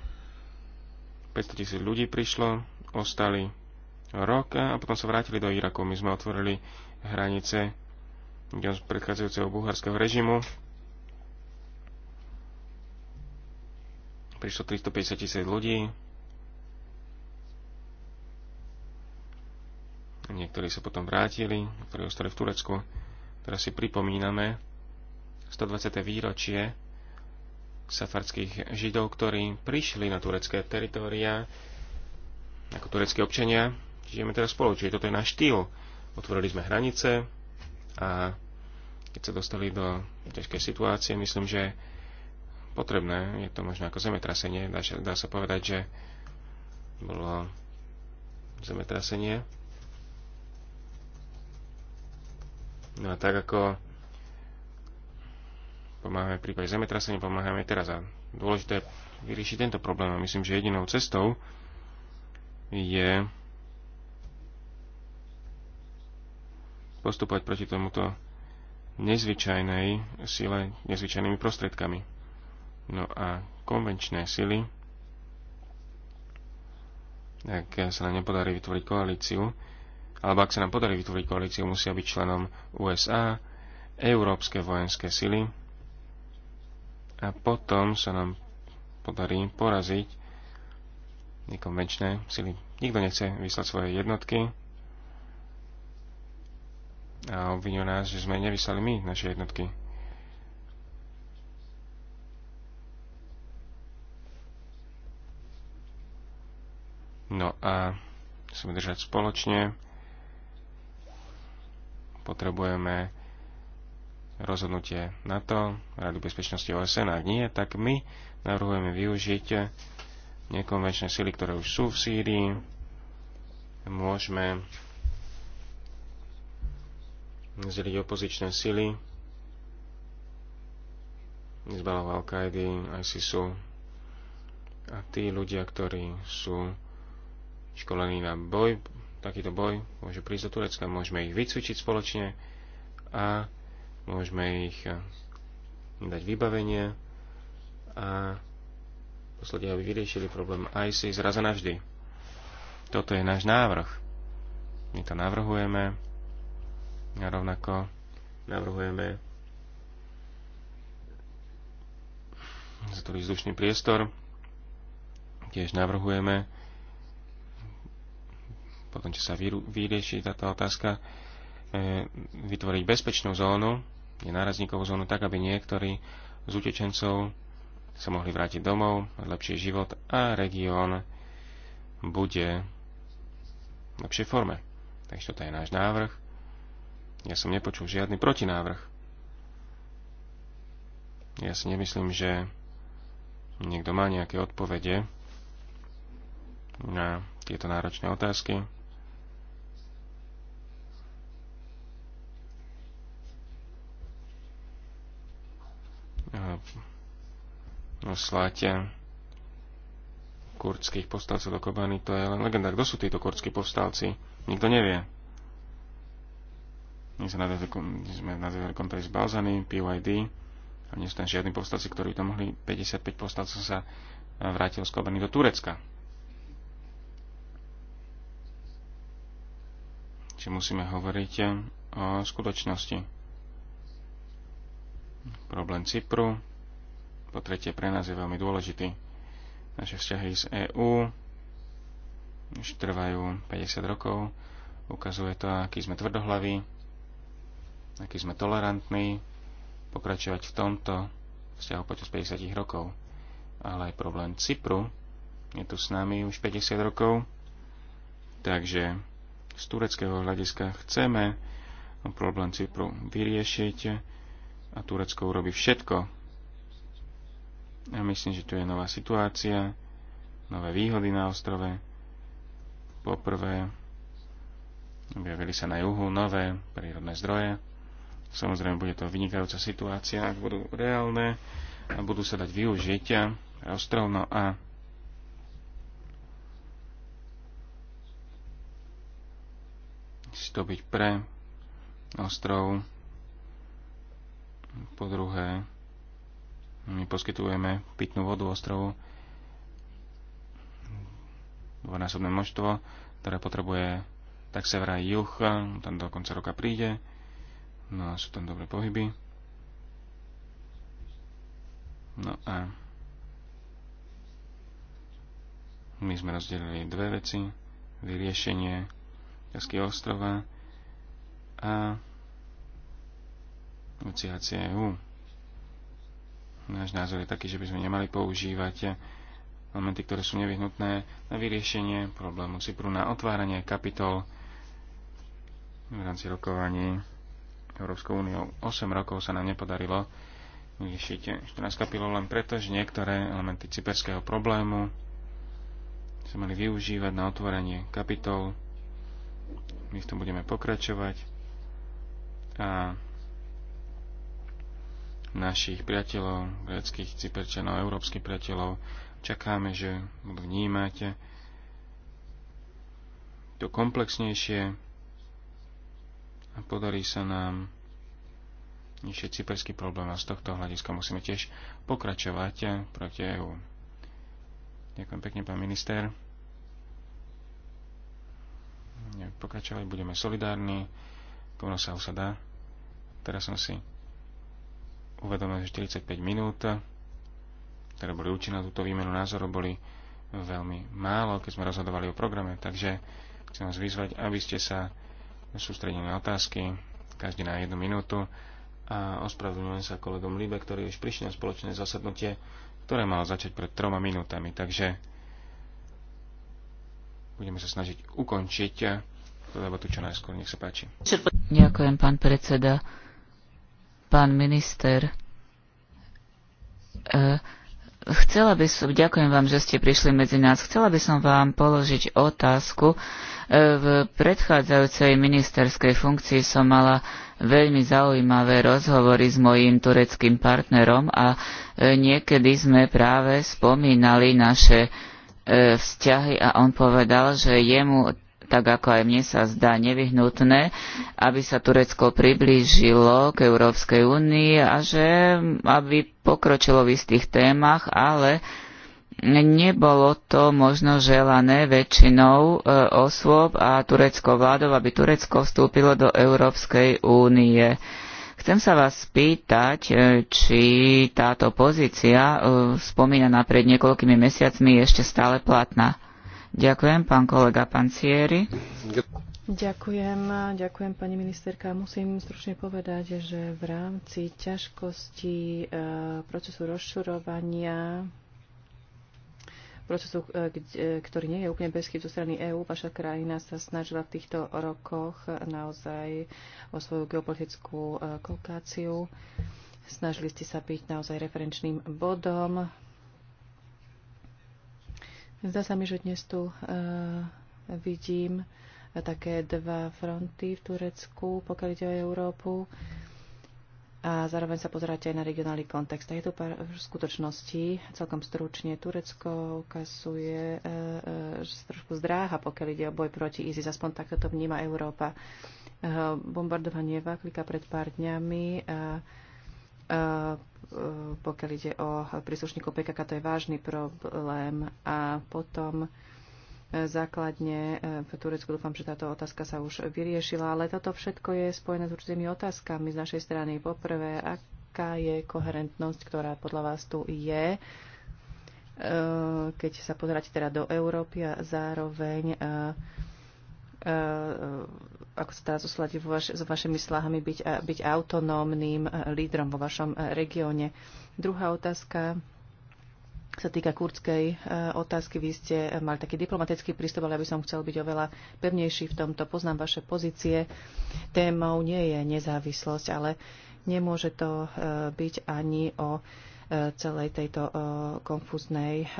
500 tisíc ľudí prišlo, ostali rok a potom sa vrátili do Iraku. My sme otvorili hranice z predchádzajúceho bulharského režimu. Prišlo 350 tisíc ľudí. Niektorí sa potom vrátili, ktorí ostali v Turecku. Teraz si pripomíname 120. výročie safarských židov, ktorí prišli na turecké teritória ako tureckí občania žijeme teraz spolu, čiže toto je náš štýl. Otvorili sme hranice a keď sa dostali do ťažkej situácie, myslím, že potrebné, je to možno ako zemetrasenie, dá, dá sa povedať, že bolo zemetrasenie. No a tak ako pomáhame v prípade zemetrasenia, pomáhame teraz a dôležité je vyriešiť tento problém a myslím, že jedinou cestou je postupovať proti tomuto nezvyčajnej sile nezvyčajnými prostriedkami. No a konvenčné sily, ak sa nám nepodarí vytvoriť koalíciu, alebo ak sa nám podarí vytvoriť koalíciu, musia byť členom USA, európske vojenské sily a potom sa nám podarí poraziť nekonvenčné sily. Nikto nechce vyslať svoje jednotky, a obvinil nás, že sme nevyslali my naše jednotky. No a musíme držať spoločne. Potrebujeme rozhodnutie na to, Rady bezpečnosti OSN. Ak nie, tak my navrhujeme využiť nekonvenčné sily, ktoré už sú v Sýrii. Môžeme zriť opozičné sily. Izbalov al qaidi ISISu a tí ľudia, ktorí sú školení na boj, takýto boj môže prísť do Turecka. Môžeme ich vycvičiť spoločne a môžeme ich eh, dať vybavenie a posledne, aby vyriešili problém ISIS raz a navždy. Toto je náš návrh. My to navrhujeme a rovnako navrhujeme zatvoriť vzdušný priestor. Tiež navrhujeme, potom čo sa vyrieši táto otázka, e, vytvoriť bezpečnú zónu, nárazníkovú zónu, tak aby niektorí z utečencov sa mohli vrátiť domov, lepší život a región bude v lepšej forme. Takže toto je náš návrh. Ja som nepočul žiadny protinávrh. Ja si nemyslím, že niekto má nejaké odpovede na tieto náročné otázky. No, Sláťa kurdských povstalcov do Kobany, to je len legenda. Kto sú títo kurdskí povstalci? Nikto nevie my sme nazvali kontakt s Balzany, PYD, a nie sú tam žiadni povstalci, ktorí tam mohli, 55 povstalcov sa e, vrátilo z Kobany do Turecka. Čiže musíme hovoriť e, o skutočnosti. Problém Cypru, po tretie pre nás je veľmi dôležitý. Naše vzťahy z EÚ už trvajú 50 rokov, ukazuje to, aký sme tvrdohlaví, aký sme tolerantní, pokračovať v tomto vzťahu počas 50 rokov. Ale aj problém Cypru je tu s nami už 50 rokov, takže z tureckého hľadiska chceme problém Cypru vyriešiť a Turecko urobí všetko. Ja myslím, že tu je nová situácia, nové výhody na ostrove. Poprvé, objavili sa na juhu nové prírodné zdroje, Samozrejme, bude to vynikajúca situácia, ak budú reálne a budú sa dať využiť ostrovno a si to byť pre ostrov. Po druhé, my poskytujeme pitnú vodu ostrovu dvojnásobné množstvo, ktoré potrebuje tak severa aj juh, tam do konca roka príde. No a sú tam dobré pohyby. No a my sme rozdelili dve veci. Vyriešenie Jasky ostrova a asociácie EU. Náš názor je taký, že by sme nemali používať momenty, ktoré sú nevyhnutné na vyriešenie problému Cypru, na otváranie kapitol v rámci rokovaní Európskou úniou. 8 rokov sa nám nepodarilo vyriešiť 14 kapilov len preto, že niektoré elementy cyperského problému sa mali využívať na otvorenie kapitol. My v tom budeme pokračovať a našich priateľov, greckých cyperčanov, európskych priateľov čakáme, že budú vnímať to komplexnejšie a podarí sa nám nižšie cyperský problém a z tohto hľadiska musíme tiež pokračovať proti EU. Ďakujem pekne, pán minister. Pokračovať budeme solidárni, Kono sa usadá. Teraz som si uvedomil, že 45 minút, ktoré boli účinné na túto výmenu názorov, boli veľmi málo, keď sme rozhodovali o programe, takže chcem vás vyzvať, aby ste sa sústredené otázky, každý na jednu minútu a ospravedlňujem sa kolegom Libe, ktorý už prišiel na spoločné zasadnutie, ktoré malo začať pred troma minútami, takže budeme sa snažiť ukončiť lebo tu čo najskôr, nech sa páči. Ďakujem, pán predseda. Pán minister, Uh... Chcela by som, ďakujem vám, že ste prišli medzi nás. Chcela by som vám položiť otázku. E, v predchádzajúcej ministerskej funkcii som mala veľmi zaujímavé rozhovory s mojím tureckým partnerom a e, niekedy sme práve spomínali naše e, vzťahy a on povedal, že jemu tak ako aj mne sa zdá nevyhnutné, aby sa Turecko priblížilo k Európskej únii a že aby pokročilo v istých témach, ale nebolo to možno želané väčšinou e, osôb a tureckou vládou, aby Turecko vstúpilo do Európskej únie. Chcem sa vás spýtať, e, či táto pozícia, e, spomínaná pred niekoľkými mesiacmi, je ešte stále platná. Ďakujem, pán kolega Pancieri. Ďakujem, ďakujem pani ministerka. Musím stručne povedať, že v rámci ťažkosti eh, procesu rozšurovania procesu, eh, eh, ktorý nie je úplne bezchyb zo strany EÚ. Vaša krajina sa snažila v týchto rokoch naozaj o svoju geopolitickú kolkáciu. Snažili ste sa byť naozaj referenčným bodom Zdá sa mi, že dnes tu uh, vidím také dva fronty v Turecku, pokiaľ ide o Európu. A zároveň sa pozeráte aj na regionálny kontext. A je to pár v skutočnosti, celkom stručne, Turecko ukazuje, e, e, že sa trošku zdráha, pokiaľ ide o boj proti ISIS. Aspoň takto to vníma Európa. bombardovanie Vaklika pred pár dňami. A, Eh, eh, pokiaľ ide o príslušníkov PKK, to je vážny problém. A potom eh, základne v Turecku dúfam, že táto otázka sa už vyriešila, ale toto všetko je spojené s určitými otázkami z našej strany. Poprvé, aká je koherentnosť, ktorá podľa vás tu je, keď sa pozeráte teda do Európy a zároveň ako sa dá zosladiť vaš, s vašimi slahami byť, byť autonómnym eh, lídrom vo vašom eh, regióne. Druhá otázka sa týka kurdskej eh, otázky. Vy ste mali taký diplomatický prístup, ale by som chcel byť oveľa pevnejší v tomto. Poznám vaše pozície. Témou nie je nezávislosť, ale nemôže to byť ani o celej tejto konfúznej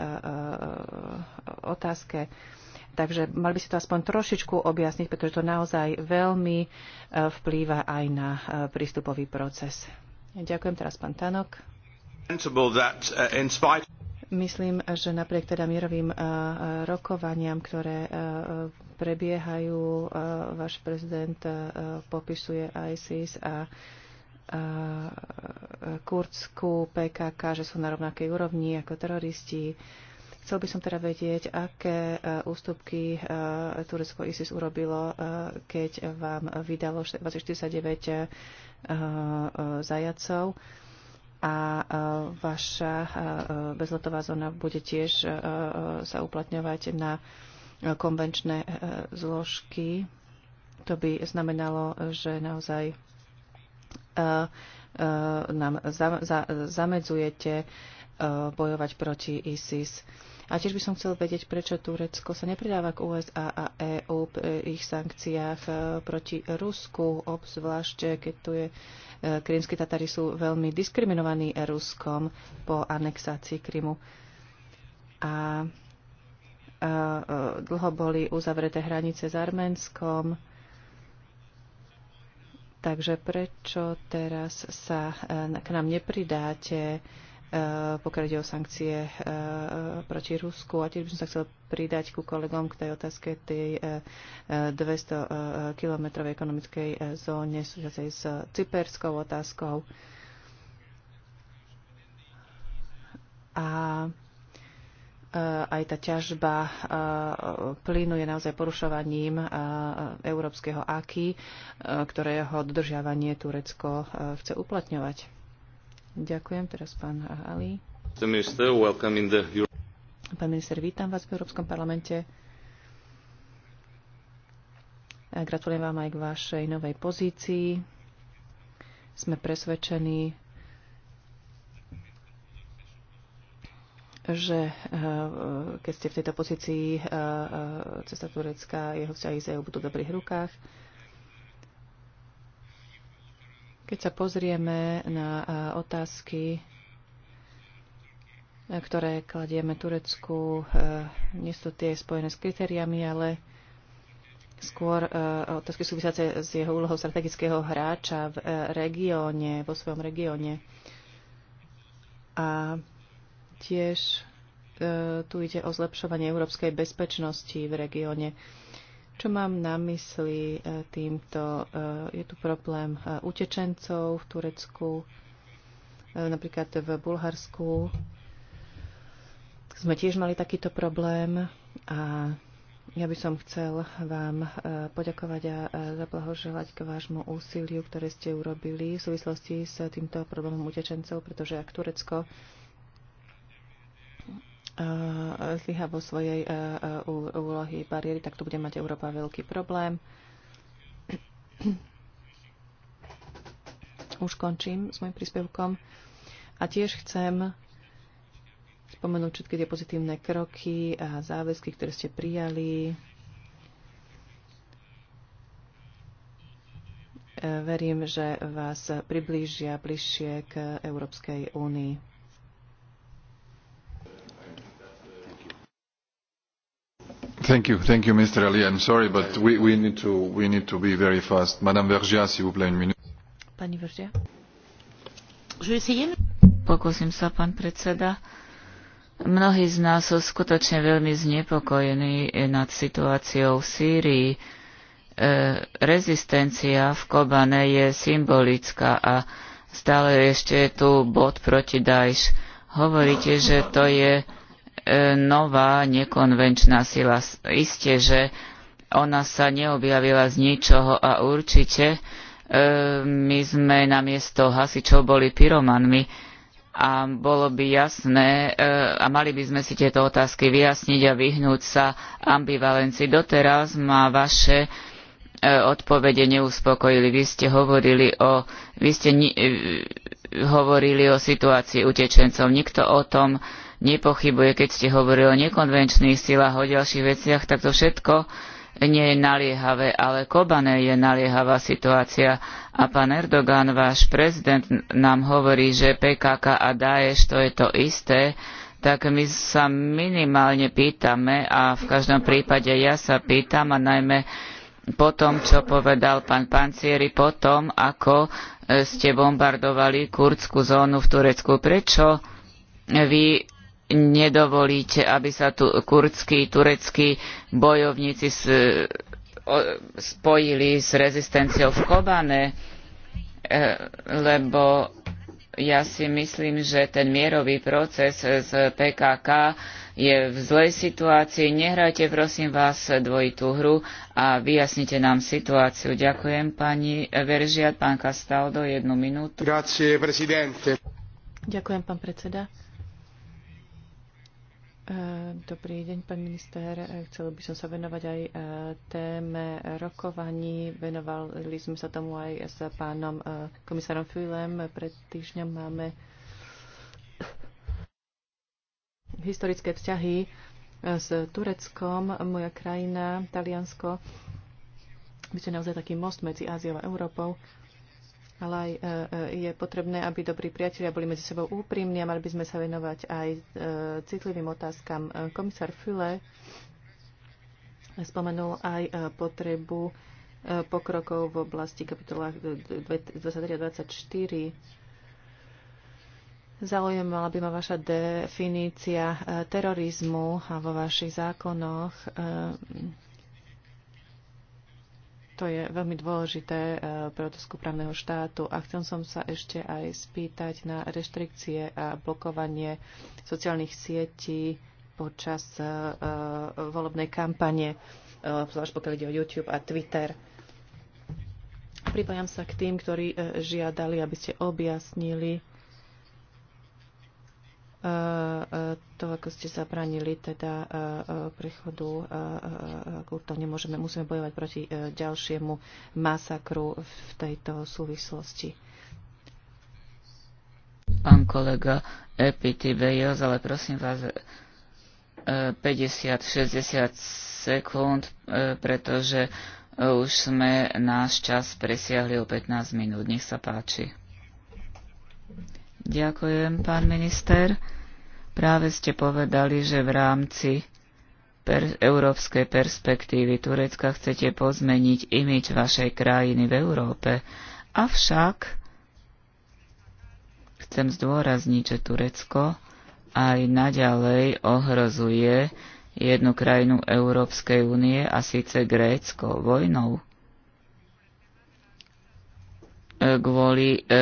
otázke. Takže mali by si to aspoň trošičku objasniť, pretože to naozaj veľmi e, vplýva aj na e, prístupový proces. Ďakujem teraz, pán Tanok. Uh, Myslím, že napriek teda mierovým e, rokovaniam, ktoré prebiehajú, váš prezident popisuje ISIS a Kurdskú PKK, že sú na rovnakej úrovni ako teroristi Chcel by som teda vedieť, aké eh, ústupky eh, Turecko ISIS urobilo, eh, keď vám vydalo 49 zajacov a vaša bezletová zóna bude tiež sa uplatňovať na konvenčné zložky. To by znamenalo, že naozaj nám zamedzujete bojovať proti ISIS. A tiež by som chcel vedieť, prečo Turecko sa nepridáva k USA a EU v ich sankciách e, proti Rusku, obzvlášť keď tu je e, krímsky Tatári sú veľmi diskriminovaní Ruskom po anexácii Krymu. A e, dlho boli uzavreté hranice s Arménskom. Takže prečo teraz sa k nám nepridáte? Eh, pokiaľ ide o sankcie eh, proti Rusku. A tiež by som sa chcel pridať ku kolegom k tej otázke tej 200-kilometrovej eh, ekonomickej zóne súvisiacej s cyperskou otázkou. A aj tá ťažba plynu je naozaj porušovaním európskeho AKI, ktorého dodržiavanie Turecko chce uplatňovať. Ďakujem. Teraz pán Ali. Pán minister, vítam vás v Európskom parlamente. Gratulujem vám aj k vašej novej pozícii. Sme presvedčení, že eh, keď ste v tejto pozícii eh, eh, cesta Turecka jeho vzťahy s EU budú v dobrých rukách. Keď sa pozrieme na otázky, ktoré kladieme Turecku, nie sú tie spojené s kritériami, ale skôr otázky súvisiace s jeho úlohou strategického hráča v regióne, vo svojom regióne. A tiež e, tu ide o zlepšovanie európskej bezpečnosti v regióne. Čo mám na mysli e, týmto? E, je tu problém e, utečencov v Turecku, napríklad v Bulharsku. Sme tiež mali takýto problém a ja by som chcel vám poďakovať a zablahoželať k vášmu úsiliu, ktoré ste urobili v súvislosti s týmto problémom utečencov, pretože ak Turecko Eh, zlyha vo svojej eh, eh, úlohy bariéry, tak tu bude mať Európa veľký problém. Už končím s môjim príspevkom. A tiež chcem spomenúť všetky tie pozitívne kroky a záväzky, ktoré ste prijali. Verím, že vás priblížia bližšie k Európskej únii. Pokúsim sa, pán predseda. Mnohí z nás sú skutočne veľmi znepokojení nad situáciou v Sýrii. E, rezistencia v Kobane je symbolická a stále ešte je tu bod proti Dajš. Hovoríte, že to je E, nová nekonvenčná sila. Isté, že ona sa neobjavila z ničoho a určite e, my sme namiesto hasičov boli pyromanmi a bolo by jasné e, a mali by sme si tieto otázky vyjasniť a vyhnúť sa ambivalencii. Doteraz má vaše odpovede neuspokojili. Vy ste hovorili o, vy ste ni, hovorili o situácii utečencov. Nikto o tom nepochybuje, keď ste hovorili o nekonvenčných silách, o ďalších veciach, tak to všetko nie je naliehavé, ale Kobane je naliehavá situácia a pán Erdogan, váš prezident, nám hovorí, že PKK a Daesh to je to isté, tak my sa minimálne pýtame a v každom prípade ja sa pýtam a najmä po tom, čo povedal pán Pancieri, po tom, ako e, ste bombardovali kurdskú zónu v Turecku. Prečo vy nedovolíte, aby sa tu kurdskí, tureckí bojovníci s, e, o, spojili s rezistenciou v Kobane, e, lebo ja si myslím, že ten mierový proces z PKK je v zlej situácii. Nehrajte prosím vás dvojitú hru a vyjasnite nám situáciu. Ďakujem pani Veržiat, pán Castaldo, jednu minútu. Grazie, Ďakujem, pán predseda. Ehm, dobrý deň, pán minister. Ehm, chcel by som sa venovať aj ehm, téme rokovaní. Venovali sme sa tomu aj s pánom komisárom Fülem. Pred týždňom máme historické vzťahy s Tureckom. Moja krajina, Taliansko, by ste naozaj taký most medzi Áziou a Európou ale aj e, e, je potrebné, aby dobrí priatelia boli medzi sebou úprimní a mali by sme sa venovať aj e, citlivým otázkam. Komisár Füle spomenul aj potrebu pokrokov v oblasti kapitolách 23 24. Zaujímala by ma vaša definícia terorizmu a vo vašich zákonoch to je veľmi dôležité e, pre otázku právneho štátu a chcel som sa ešte aj spýtať na reštrikcie a blokovanie sociálnych sietí počas e, e, volebnej kampane, zvlášť pokiaľ ide o YouTube a Twitter. Pripájam sa k tým, ktorí žiadali, aby ste objasnili E, e, to, ako ste zabranili teda e, prechodu kultov. Nemôžeme, musíme bojovať proti ďalšiemu masakru v tejto súvislosti. Pán kolega Epitibejos, ale prosím vás, 50-60 sekúnd, pretože už sme náš čas presiahli o 15 minút. Nech sa páči. Ďakujem, pán minister. Práve ste povedali, že v rámci per- európskej perspektívy Turecka chcete pozmeniť imič vašej krajiny v Európe. Avšak chcem zdôrazniť, že Turecko aj naďalej ohrozuje jednu krajinu Európskej únie a síce Grécko vojnou kvôli e,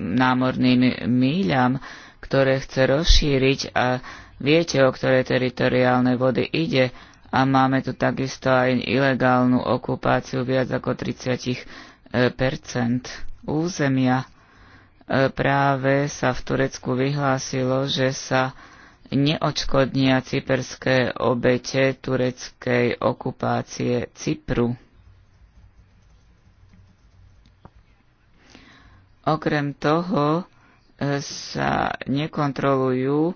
námorným míľam, ktoré chce rozšíriť a viete, o ktoré teritoriálne vody ide a máme tu takisto aj ilegálnu okupáciu viac ako 30 e, územia. E, práve sa v Turecku vyhlásilo, že sa neočkodnia cyperské obete tureckej okupácie Cypru. Okrem toho e, sa nekontrolujú e,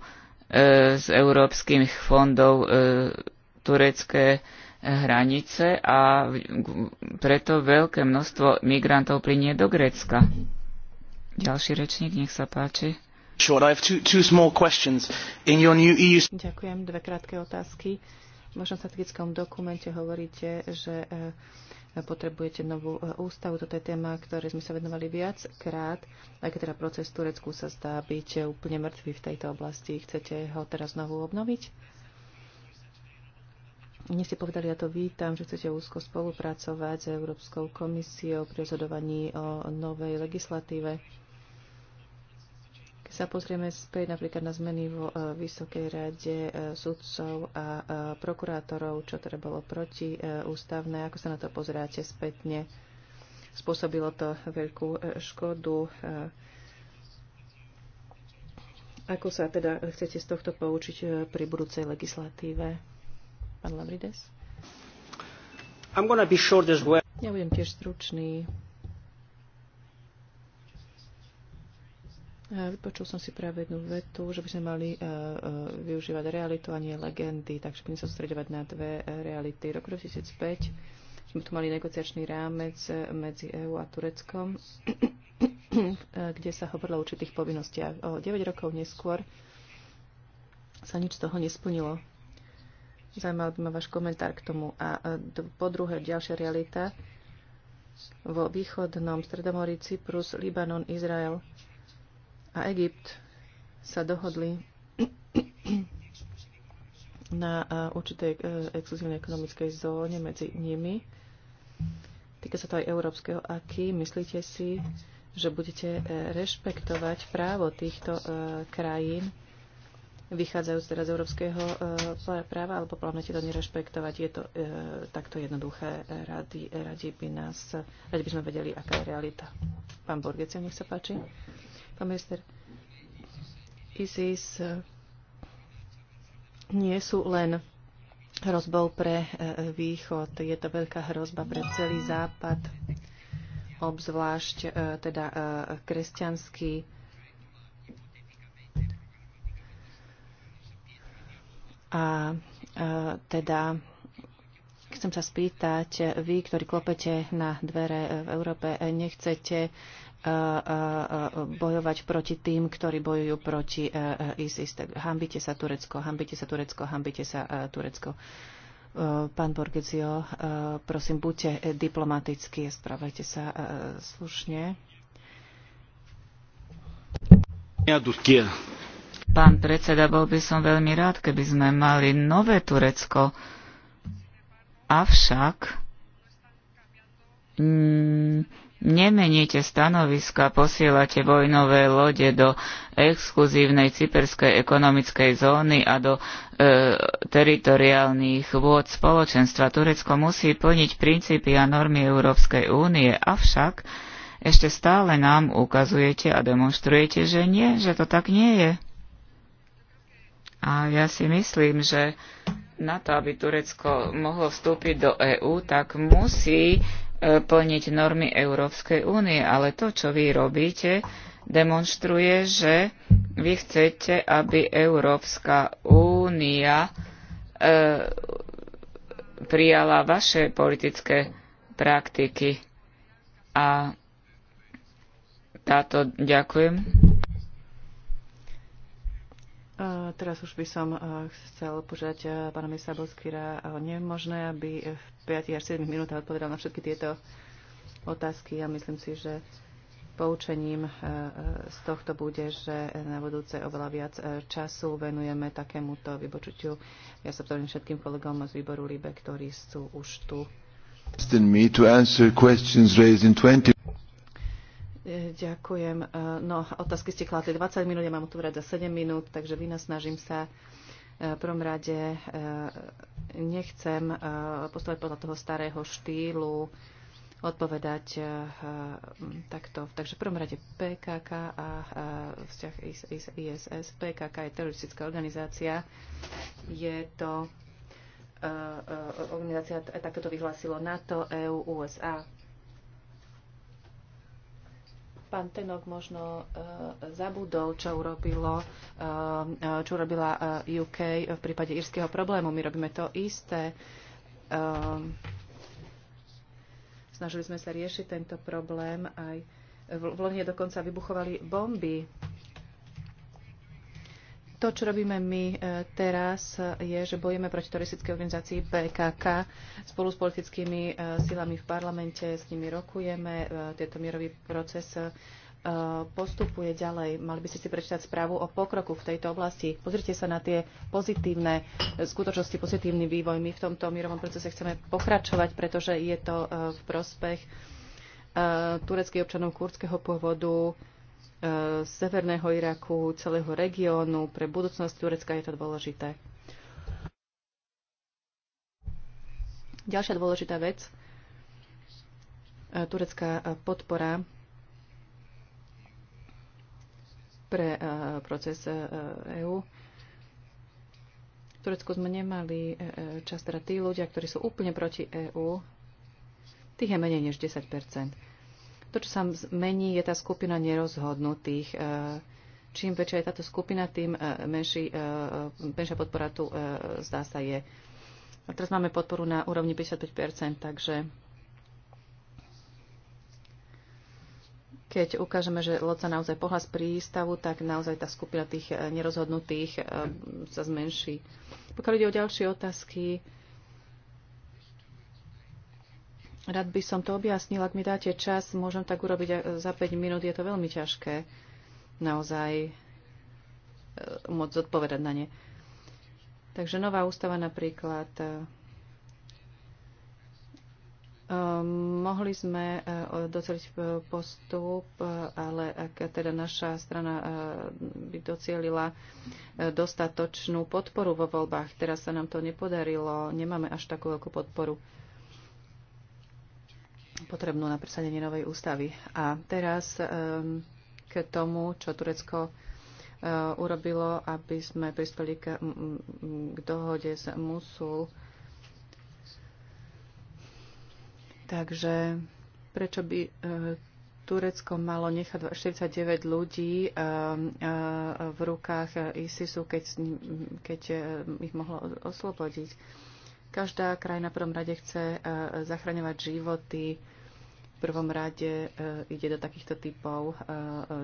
z európskych fondov e, turecké hranice a preto veľké množstvo migrantov plinie do Grécka. Ďalší rečník, nech sa páči. Ďakujem, dve krátke otázky. V vašom strategickom dokumente hovoríte, že potrebujete novú e, ústavu. Toto je téma, ktoré sme sa venovali viackrát, aj keď teda proces v Turecku sa zdá byť úplne mŕtvy v tejto oblasti. Chcete ho teraz znovu obnoviť? Mne ste povedali, ja to vítam, že chcete úzko spolupracovať s Európskou komisiou pri rozhodovaní o novej legislatíve. Keď sa pozrieme späť napríklad na zmeny v e, Vysokej rade e, sudcov a e, prokurátorov, čo teda bolo protiústavné, ako sa na to pozeráte spätne? Spôsobilo to veľkú škodu. Ako sa teda chcete z tohto poučiť pri budúcej legislatíve? Pán Lavrides? I'm gonna be short as well. Ja budem tiež stručný. Vypočul som si práve jednu vetu, že by sme mali uh, využívať realitu a nie legendy, takže sme sa sústredovať na dve e, reality. Rok 2005 sme tu mali negociačný rámec medzi EÚ a Tureckom, kde sa hovorilo o určitých povinnostiach. O 9 rokov neskôr sa nič z toho nesplnilo. Zajímal by ma váš komentár k tomu. A po druhé, ďalšia realita vo východnom Stredomorí Cyprus, Libanon, Izrael – a Egypt sa dohodli na eh, určitej eh, exkluzívnej ekonomickej zóne medzi nimi. Týka sa to aj európskeho aký. Myslíte si, že budete eh, rešpektovať právo týchto krajín, vychádzajúc teraz z európskeho práva, alebo plánujete to nerešpektovať? Je to takto jednoduché. Radi, radi, by nás, radi by sme vedeli, aká je realita. Pán Borgecio, nech sa páči. Pán minister, ISIS eh, nie sú len hrozbou pre eh, východ. Je to veľká hrozba pre celý západ, obzvlášť eh, teda kresťanský. A teda chcem sa spýtať, vy, ktorí klopete na dvere v Európe, nechcete bojovať proti tým, ktorí bojujú proti e, e, ISIS. Tak hambite sa Turecko, hambite sa Turecko, hambite sa e, Turecko. Pán Borgezio, prosím, buďte diplomatickí a správajte sa slušne. Pán predseda, bol by som veľmi rád, keby sme mali nové Turecko. Avšak... Mm, Nemeníte stanoviska, posielate vojnové lode do exkluzívnej cyperskej ekonomickej zóny a do e, teritoriálnych vôd spoločenstva. Turecko musí plniť princípy a normy Európskej únie, avšak ešte stále nám ukazujete a demonstrujete, že nie, že to tak nie je. A ja si myslím, že na to, aby Turecko mohlo vstúpiť do EÚ, tak musí plniť normy Európskej únie, ale to, čo vy robíte, demonstruje, že vy chcete, aby Európska únia e, prijala vaše politické praktiky. A táto, ďakujem. Teraz už by som chcel požiadať pána ministra Boskvira o nemožné, aby v 5 až 7 minútach odpovedal na všetky tieto otázky a myslím si, že poučením z tohto bude, že na budúce oveľa viac času venujeme takémuto vybočutiu. Ja sa ptorím všetkým kolegom z výboru LIBE, ktorí sú už tu. Ďakujem. E, no, otázky ste kladli 20 minút, ja mám otvorať za 7 minút, takže snažím sa. E, v prvom rade e, nechcem postavať podľa toho starého štýlu, odpovedať takto. Takže v prvom rade PKK a vzťah ISS. PKK je teroristická organizácia. Je to organizácia, takto to vyhlásilo NATO, EU, USA. Pán Tenok možno eh, zabudol, čo, urobilo, eh, čo urobila eh, UK v prípade írskeho problému. My robíme to isté. Snažili sme sa riešiť tento problém. Aj v Londýne dokonca vybuchovali bomby to, čo robíme my e, teraz, je, že bojujeme proti teroristickej organizácii PKK spolu s politickými e, silami v parlamente, s nimi rokujeme, e, tieto mierový proces postupuje ďalej. Mali by ste si prečítať správu o pokroku v tejto oblasti. Pozrite sa na tie pozitívne skutočnosti, pozitívny vývoj. My v tomto mierovom procese chceme pokračovať, pretože je to v prospech tureckých občanov kurdského pôvodu, severného Iraku, celého regiónu. Pre budúcnosť Turecka je to dôležité. Ďalšia dôležitá vec. Turecká podpora pre eh, proces EÚ. Eh, e v Turecku sme nemali eh, často teda tí ľudia, ktorí sú úplne proti EÚ, tých je menej než 10 to, čo sa mení, je tá skupina nerozhodnutých. E, čím väčšia je táto skupina, tým e, menší, e, menšia podpora tu zdá sa je. A teraz máme podporu na úrovni 55%, takže keď ukážeme, že loď sa naozaj pohľad z prístavu, tak naozaj tá skupina tých nerozhodnutých sa zmenší. Pokiaľ ide o ďalšie otázky, Rád by som to objasnil, ak mi dáte čas, môžem tak urobiť za 5 minút, je to veľmi ťažké naozaj e, môcť zodpovedať na ne. Takže nová ústava napríklad. E, mohli sme e, doceliť postup, ale ak teda naša strana by docielila dostatočnú podporu vo voľbách, teraz sa nám to nepodarilo, nemáme až takú veľkú podporu potrebnú na presadenie novej ústavy. A teraz ehm, k tomu, čo Turecko eh, urobilo, aby sme prispeli k, k dohode s Musul. Takže prečo by eh, Turecko malo nechať 49 ľudí ehm, eh, v rukách ISISu, keď, keď ich mohlo oslobodiť? Každá krajina v prvom rade chce e, zachraňovať životy, v prvom rade e, ide do takýchto typov e,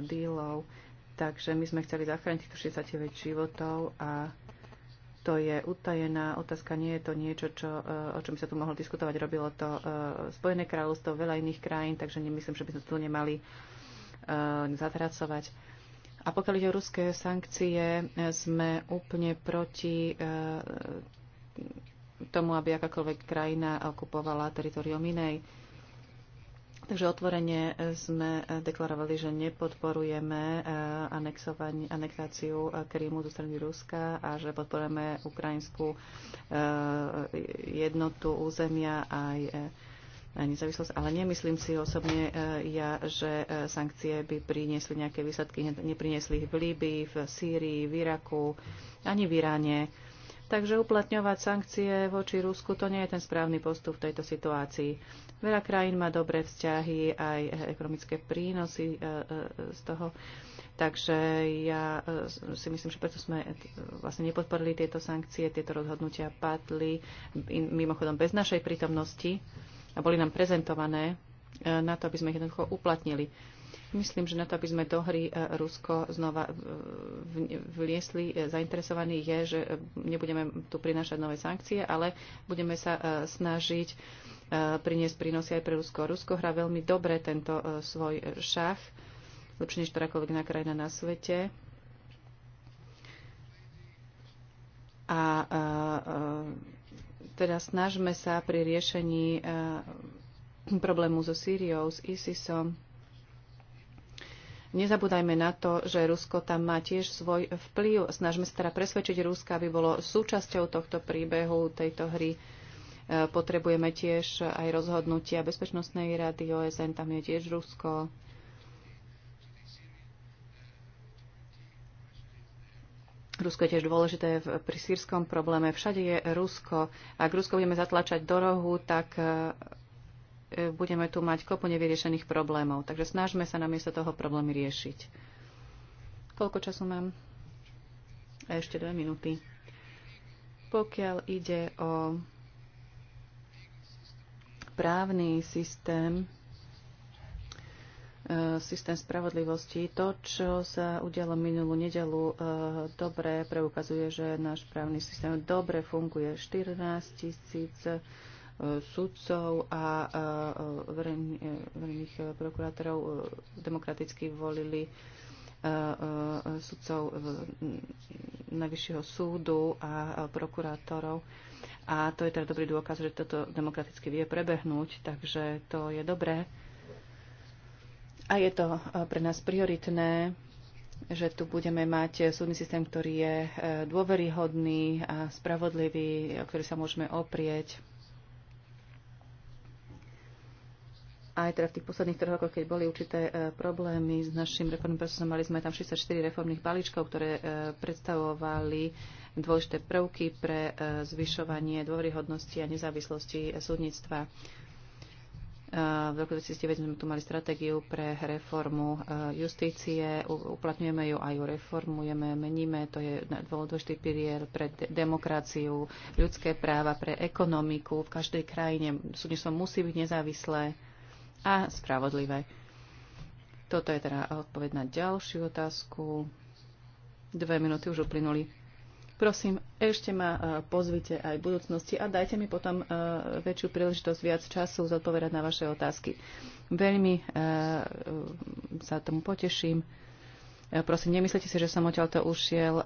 dílov, takže my sme chceli zachrániť týchto 69 životov a to je utajená otázka, nie je to niečo, čo, o čom by sa tu mohlo diskutovať. Robilo to Spojené kráľovstvo, veľa iných krajín, takže nemyslím, že by sme tu nemali zatracovať. A pokiaľ ide o ruské sankcie, sme úplne proti tomu, aby akákoľvek krajina okupovala teritorium inej. Takže otvorene sme deklarovali, že nepodporujeme eh, anexáciu eh, Krímu zo strany Ruska a že podporujeme ukrajinskú eh, jednotu územia aj nezávislosť, ale nemyslím si osobne ja, že sankcie by priniesli nejaké výsledky, nepriniesli ich v Líbii, v Sýrii, v Iraku, ani v Iráne. Takže uplatňovať sankcie voči Rusku to nie je ten správny postup v tejto situácii. Veľa krajín má dobré vzťahy, aj ekonomické prínosy e, e, z toho. Takže ja e, si myslím, že preto sme vlastne nepodporili tieto sankcie, tieto rozhodnutia padli mimochodom bez našej prítomnosti a boli nám prezentované na to, aby sme ich jednoducho uplatnili. Myslím, že na to, aby sme do hry e, Rusko znova e, vliesli e, zainteresovaní, je, že nebudeme tu prinášať nové sankcie, ale budeme sa snažiť priniesť prínosy aj pre Rusko. Rusko hrá veľmi dobre tento svoj šach, lepšie než ktorákoľvek iná krajina na svete. A, teda snažme sa pri riešení problému so Sýriou, s ISISom, Nezabúdajme na to, že Rusko tam má tiež svoj vplyv. Snažme sa teda presvedčiť Ruska, aby bolo súčasťou tohto príbehu, tejto hry. E, potrebujeme tiež aj rozhodnutia Bezpečnostnej rady OSN, tam je tiež Rusko. Rusko je tiež dôležité pri sírskom probléme. Všade je Rusko. Ak Rusko budeme zatlačať do rohu, tak budeme tu mať kopu nevyriešených problémov. Takže snažme sa namiesto toho problémy riešiť. Koľko času mám? Ešte dve minúty. Pokiaľ ide o právny systém, e, systém spravodlivosti. To, čo sa udialo minulú nedelu, e, dobre preukazuje, že náš právny systém dobre funguje. 14 tisíc 000 sudcov a e, verejných prokurátorov e, demokraticky volili e, sudcov Najvyššieho súdu a prokurátorov. A to je teda dobrý dôkaz, že toto demokraticky vie prebehnúť, takže to je dobré. A je to pre nás prioritné, že tu budeme mať súdny systém, ktorý je dôveryhodný a spravodlivý, o ktorý sa môžeme oprieť aj teda v tých posledných troch rokoch, keď boli určité e, problémy s našim reformným procesom, mali sme tam 64 reformných balíčkov, ktoré e, predstavovali dôležité prvky pre e, zvyšovanie dôveryhodnosti a nezávislosti súdnictva. V roku 2009 sme tu mali stratégiu pre reformu justície, uplatňujeme ju a ju reformujeme, meníme, to je dôležitý pilier pre demokraciu, ľudské práva, pre ekonomiku v každej krajine. Súdnictvo musí byť nezávislé a spravodlivé. Toto je teda odpoveď na ďalšiu otázku. Dve minúty už uplynuli. Prosím, ešte ma e, pozvite aj v budúcnosti a dajte mi potom e, väčšiu príležitosť, viac času zodpovedať na vaše otázky. Veľmi e, sa tomu poteším. Prosím, nemyslite si, že som odtiaľto ušiel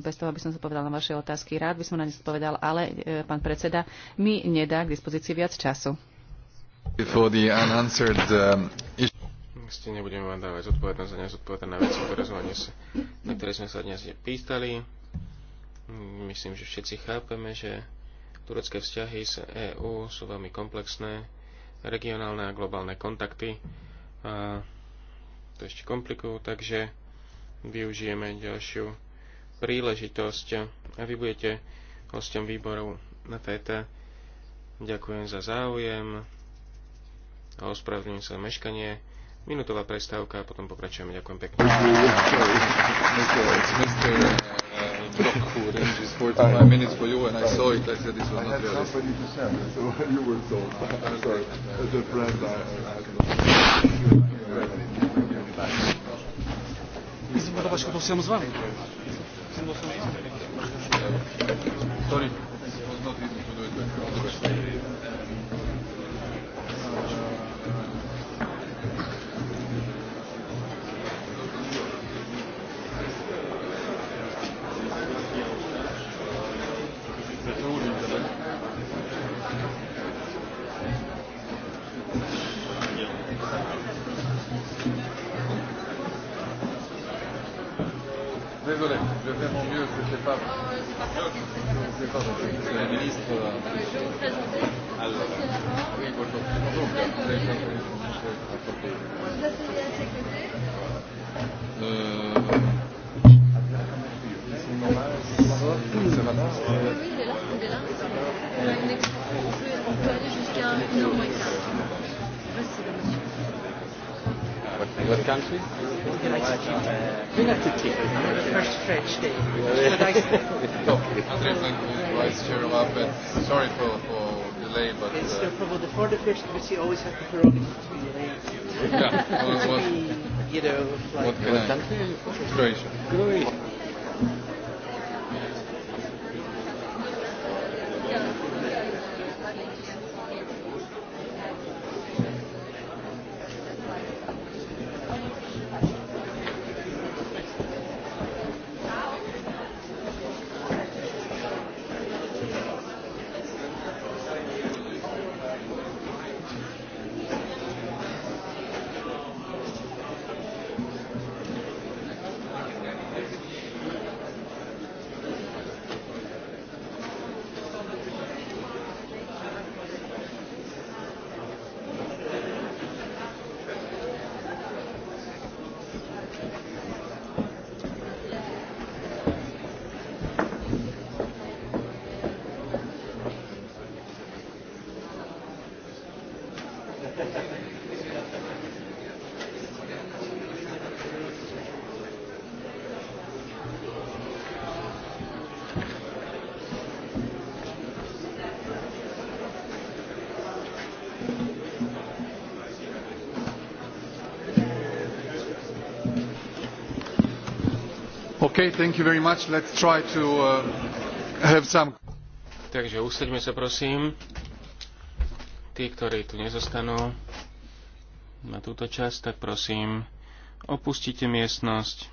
bez toho, aby som zodpovedal na vaše otázky. Rád by som na ne zodpovedal, ale pán predseda mi nedá k dispozícii viac času. Um, Ste nebudeme vám dávať zodpovednosť za nezodpovedané veci, ktoré sme dnes, na ktoré sme sa dnes pýtali. Myslím, že všetci chápeme, že turecké vzťahy s EÚ sú veľmi komplexné, regionálne a globálne kontakty a to ešte komplikujú, takže využijeme ďalšiu príležitosť a vy budete hostom výboru na TT. Ďakujem za záujem a ospravedlňujem sa meškanie. Minútová prestávka a potom pokračujeme. Ďakujem pekne. Zobacz, to się z was not easy to do it back. recovery. for the fish because you always have the prerogative to be late. yeah. Well, what, to be, you know, like what can what country? Croatia. Croatia. Uh, Takže usaďme sa prosím. Tí, ktorí tu nezostanú na túto časť, tak prosím, opustite miestnosť.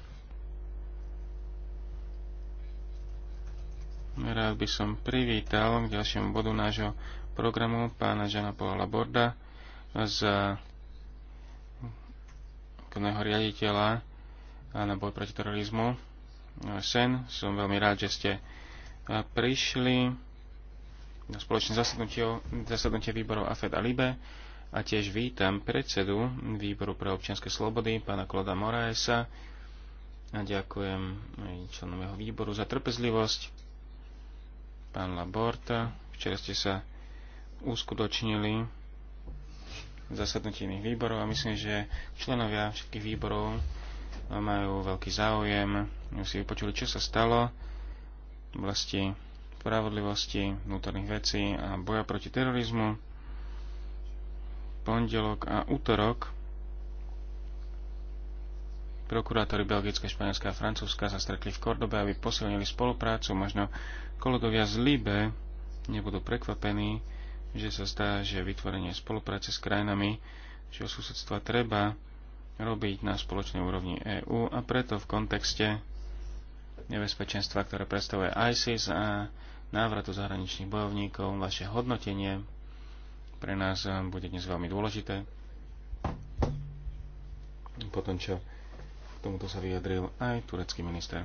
Rád by som privítal k ďalšiemu bodu nášho programu pána Žana Paula Borda z koného riaditeľa na boj proti terorizmu sen. Som veľmi rád, že ste e, prišli na spoločné zasadnutie výborov AFED a LIBE a tiež vítam predsedu výboru pre občianske slobody, pána Kloda Moraesa a ďakujem aj členom jeho výboru za trpezlivosť. Pán Laborta, včera ste sa uskutočnili zasadnutí iných výborov a myslím, že členovia všetkých výborov majú veľký záujem. Už si vypočuli, čo sa stalo v oblasti spravodlivosti, vnútorných vecí a boja proti terorizmu. Pondelok a útorok prokurátori Belgické, Španielska a Francúzska sa stretli v Kordobe, aby posilnili spoluprácu. Možno kolegovia z Líbe nebudú prekvapení, že sa zdá, že vytvorenie spolupráce s krajinami, čo susedstva treba robiť na spoločnej úrovni EÚ a preto v kontexte nebezpečenstva, ktoré predstavuje ISIS a návratu zahraničných bojovníkov, vaše hodnotenie pre nás eh, bude dnes veľmi dôležité. Potom čo k tomuto sa vyjadril aj turecký minister.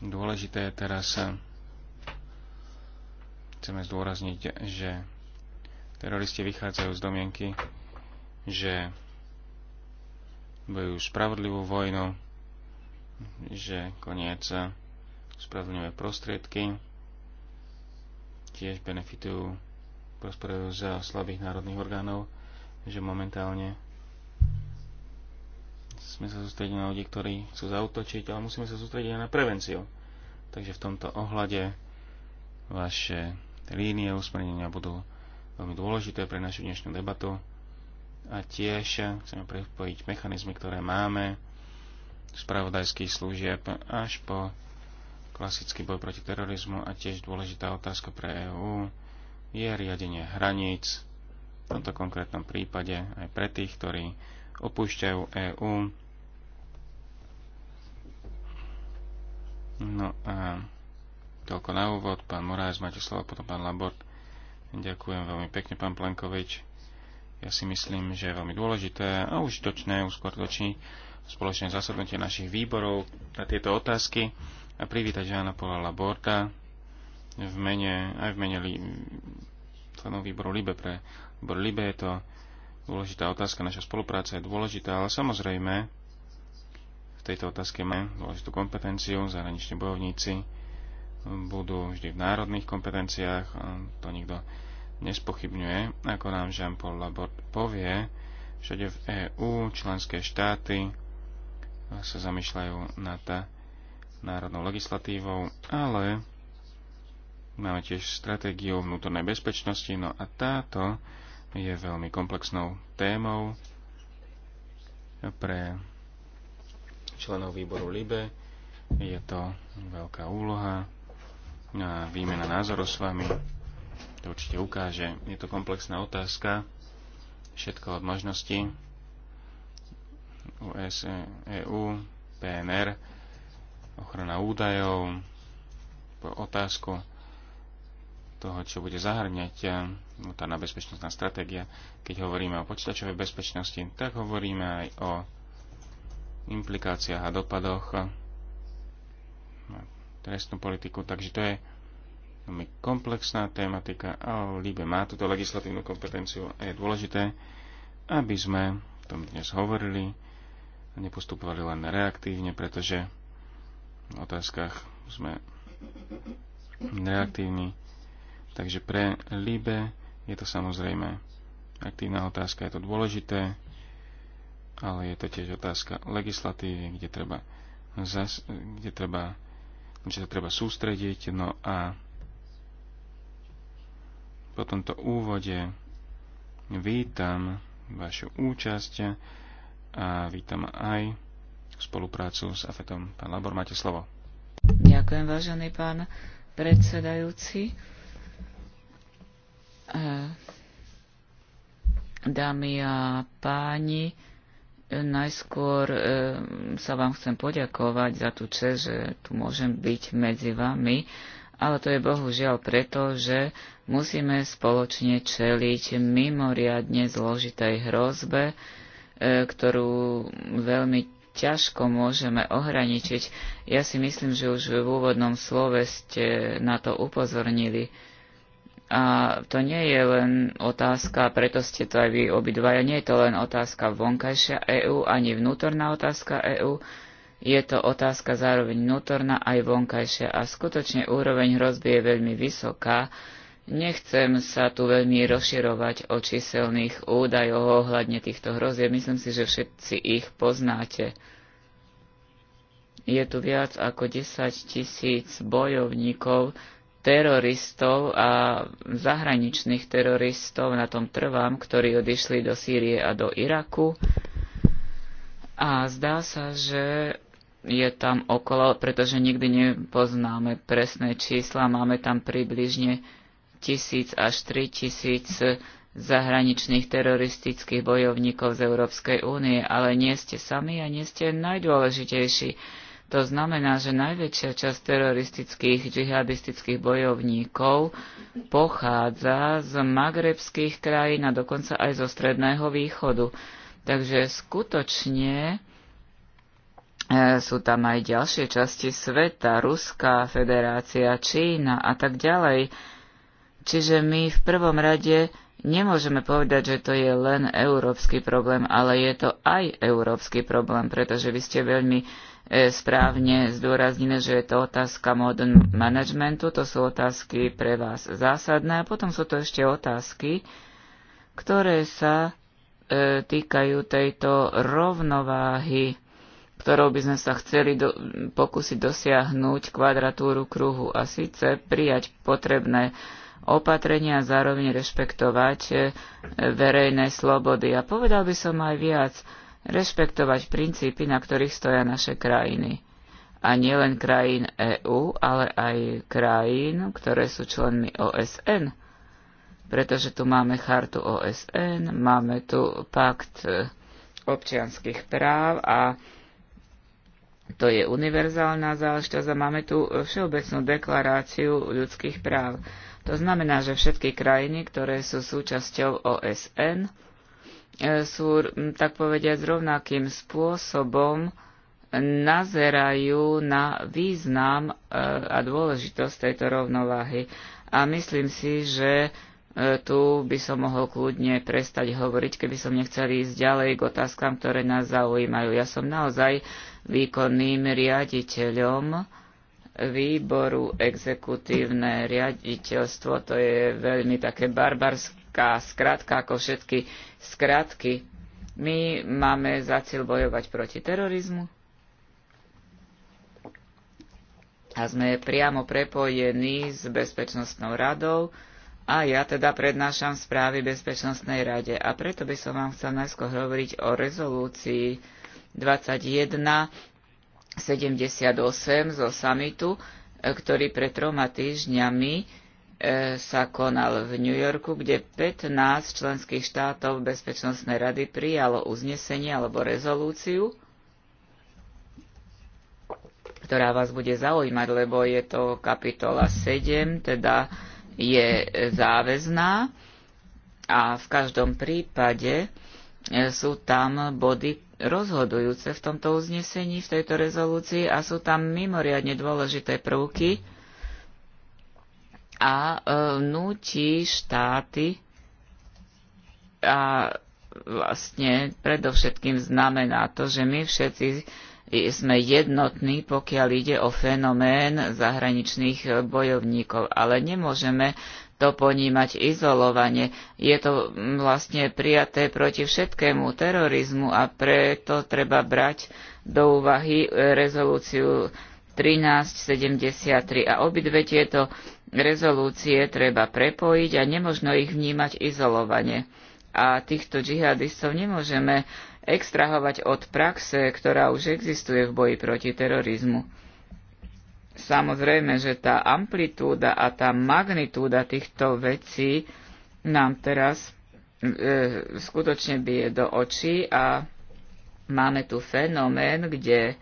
Dôležité je teraz eh, chceme zdôrazniť, že teroristi vychádzajú z domienky, že bojujú spravodlivú vojnu, že koniec spravodlivé prostriedky tiež benefitujú prosperujú z slabých národných orgánov, že momentálne sme sa sústredili na ľudí, ktorí chcú zautočiť, ale musíme sa sústrediť aj na prevenciu. Takže v tomto ohľade vaše línie usmernenia budú veľmi dôležité pre našu dnešnú debatu a tiež chceme pripojiť mechanizmy, ktoré máme spravodajských služieb až po klasický boj proti terorizmu a tiež dôležitá otázka pre EÚ je riadenie hraníc, v tomto konkrétnom prípade aj pre tých, ktorí opúšťajú EÚ. No a toľko na úvod. Pán Moráez, máte slovo, potom pán Labort. Ďakujem veľmi pekne, pán Plenkovič ja si myslím, že je veľmi dôležité a užitočné uskutočniť spoločné zasadnutie našich výborov na tieto otázky a privítať Žána Pola Laborta v mene, aj v mene členov výboru LIBE pre výbor LIBE je to dôležitá otázka, naša spolupráca je dôležitá, ale samozrejme v tejto otázke máme dôležitú kompetenciu, zahraniční bojovníci budú vždy v národných kompetenciách, to nikto nespochybňuje, ako nám Jean-Paul Labor povie, všade v EÚ členské štáty sa zamýšľajú nad národnou legislatívou, ale máme tiež stratégiu vnútornej bezpečnosti, no a táto je veľmi komplexnou témou pre členov výboru LIBE. Je to veľká úloha a výmena názorov s vami to určite ukáže. Je to komplexná otázka, všetko od možností US, EU, e PNR, ochrana údajov, otázku toho, čo bude zahrňať vnútorná eh, no, bezpečnostná stratégia. Keď hovoríme o počítačovej bezpečnosti, tak hovoríme aj o implikáciách a dopadoch na trestnú politiku. Takže to je veľmi komplexná tematika a Líbe má túto legislatívnu kompetenciu a je dôležité, aby sme o tom dnes hovorili a nepostupovali len reaktívne, pretože v otázkach sme reaktívni. Takže pre Líbe je to samozrejme aktívna otázka, je to dôležité, ale je to tiež otázka legislatívy, kde treba, zas, kde treba, kde sa treba sústrediť, no a po tomto úvode vítam vašu účasť a vítam aj spoluprácu s AFETom. Pán Labor, máte slovo. Ďakujem, vážený pán predsedajúci. E, dámy a páni, najskôr e, sa vám chcem poďakovať za tú čest, že tu môžem byť medzi vami ale to je bohužiaľ preto, že musíme spoločne čeliť mimoriadne zložitej hrozbe, e, ktorú veľmi ťažko môžeme ohraničiť. Ja si myslím, že už v úvodnom slove ste na to upozornili. A to nie je len otázka, preto ste to aj vy obidvaja, nie je to len otázka vonkajšia EÚ, ani vnútorná otázka EÚ, je to otázka zároveň vnútorná aj vonkajšia a skutočne úroveň hrozby je veľmi vysoká. Nechcem sa tu veľmi rozširovať o číselných údajoch ohľadne týchto hrozieb. Myslím si, že všetci ich poznáte. Je tu viac ako 10 tisíc bojovníkov, teroristov a zahraničných teroristov, na tom trvám, ktorí odišli do Sýrie a do Iraku. A zdá sa, že je tam okolo, pretože nikdy nepoznáme presné čísla, máme tam približne tisíc až tri tisíc zahraničných teroristických bojovníkov z Európskej únie, ale nie ste sami a nie ste najdôležitejší. To znamená, že najväčšia časť teroristických džihadistických bojovníkov pochádza z magrebských krajín a dokonca aj zo Stredného východu. Takže skutočne E, sú tam aj ďalšie časti sveta, Ruská federácia, Čína a tak ďalej. Čiže my v prvom rade nemôžeme povedať, že to je len európsky problém, ale je to aj európsky problém, pretože vy ste veľmi e, správne zdôraznili, že je to otázka modern managementu, to sú otázky pre vás zásadné a potom sú to ešte otázky, ktoré sa e, týkajú tejto rovnováhy ktorou by sme sa chceli do, pokúsiť dosiahnuť kvadratúru kruhu a síce prijať potrebné opatrenia a zároveň rešpektovať e, verejné slobody. A povedal by som aj viac, rešpektovať princípy, na ktorých stoja naše krajiny. A nielen krajín EÚ, ale aj krajín, ktoré sú členmi OSN pretože tu máme chartu OSN, máme tu pakt e, občianských práv a to je univerzálna záležitosť a máme tu Všeobecnú deklaráciu ľudských práv. To znamená, že všetky krajiny, ktoré sú súčasťou OSN, e, sú, tak povediať, rovnakým spôsobom nazerajú na význam e, a dôležitosť tejto rovnováhy. A myslím si, že e, tu by som mohol kľudne prestať hovoriť, keby som nechcel ísť ďalej k otázkam, ktoré nás zaujímajú. Ja som naozaj výkonným riaditeľom výboru exekutívne riaditeľstvo. To je veľmi také barbarská skratka, ako všetky skratky. My máme za cieľ bojovať proti terorizmu a sme priamo prepojení s Bezpečnostnou radou a ja teda prednášam správy Bezpečnostnej rade. A preto by som vám chcel najskôr hovoriť o rezolúcii 2178 zo samitu, e, ktorý pred troma týždňami e, sa konal v New Yorku, kde 15 členských štátov Bezpečnostnej rady prijalo uznesenie alebo rezolúciu, ktorá vás bude zaujímať, lebo je to kapitola 7, teda je záväzná a v každom prípade e, sú tam body, rozhodujúce v tomto uznesení, v tejto rezolúcii a sú tam mimoriadne dôležité prvky a e, nutí štáty a vlastne predovšetkým znamená to, že my všetci sme jednotní, pokiaľ ide o fenomén zahraničných bojovníkov, ale nemôžeme to ponímať izolovane. Je to vlastne prijaté proti všetkému terorizmu a preto treba brať do úvahy e, rezolúciu 1373 a obidve tieto rezolúcie treba prepojiť a nemožno ich vnímať izolovane. A týchto džihadistov nemôžeme extrahovať od praxe, ktorá už existuje v boji proti terorizmu. Samozrejme, že tá amplitúda a tá magnitúda týchto vecí nám teraz e, skutočne bije do očí a máme tu fenomén, kde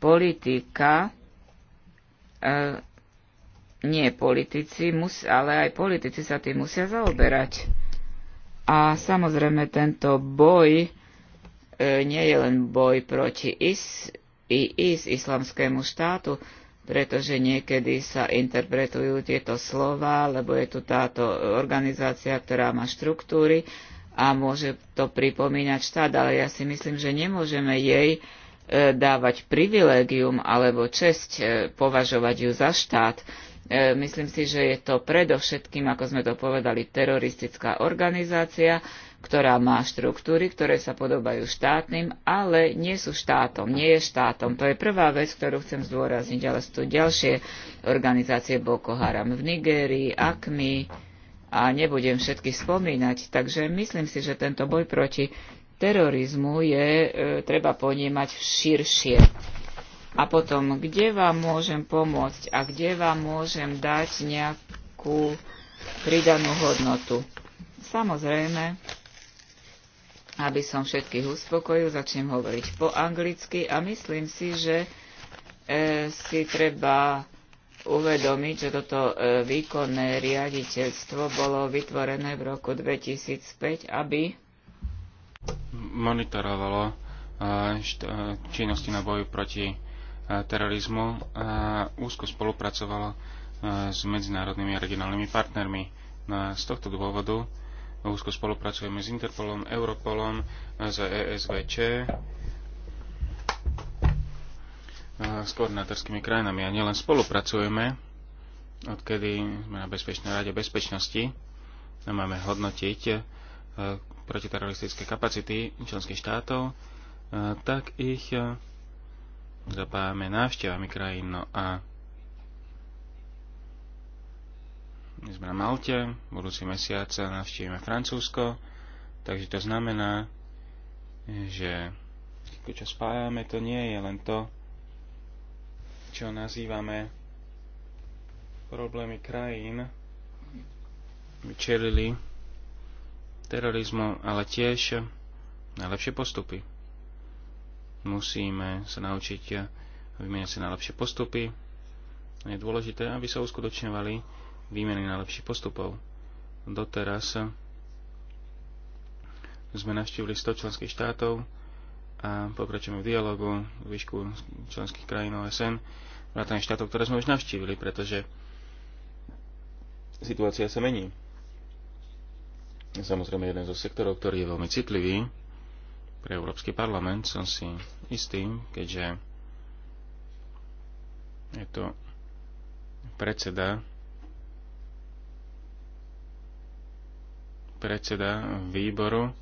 politika, e, nie politici, mus, ale aj politici sa tým musia zaoberať. A samozrejme tento boj e, nie je len boj proti IS, IS islamskému štátu, pretože niekedy sa interpretujú tieto slova, lebo je tu táto organizácia, ktorá má štruktúry a môže to pripomínať štát, ale ja si myslím, že nemôžeme jej e, dávať privilégium alebo česť, e, považovať ju za štát. E, myslím si, že je to predovšetkým, ako sme to povedali, teroristická organizácia, ktorá má štruktúry, ktoré sa podobajú štátnym, ale nie sú štátom, nie je štátom. To je prvá vec, ktorú chcem zdôrazniť, ale sú tu ďalšie organizácie Boko Haram v Nigérii, AKMI a nebudem všetky spomínať. Takže myslím si, že tento boj proti terorizmu je e, treba ponímať širšie. A potom, kde vám môžem pomôcť a kde vám môžem dať nejakú pridanú hodnotu. Samozrejme, aby som všetkých uspokojil, začnem hovoriť po anglicky a myslím si, že e, si treba uvedomiť, že toto e, výkonné riaditeľstvo bolo vytvorené v roku 2005, aby monitorovalo e, e, činnosti na boju proti e, terorizmu a úzko spolupracovalo s medzinárodnými a regionálnymi partnermi. No a z tohto dôvodu Úzko spolupracujeme s Interpolom, Europolom, s ESVČ, s koordinátorskými krajinami a nielen spolupracujeme, odkedy sme na Bezpečnej rade bezpečnosti a máme hodnotiť e, protiteroristické kapacity členských štátov, e, tak ich e, zapájame návštevami krajín. No a My sme na Malte, budúci mesiac navštívime Francúzsko, takže to znamená, že čo spájame, to nie je len to, čo nazývame problémy krajín, čelili terorizmu, ale tiež najlepšie postupy. Musíme sa naučiť vymeniať si najlepšie postupy. Je dôležité, aby sa uskutočňovali výmeny najlepších postupov. Doteraz sme navštívili 100 členských štátov a pokračujeme v dialogu v výšku členských krajín OSN, vrátane štátov, ktoré sme už navštívili, pretože situácia sa mení. Samozrejme, jeden zo sektorov, ktorý je veľmi citlivý pre Európsky parlament, som si istý, keďže je to predseda predseda výboru.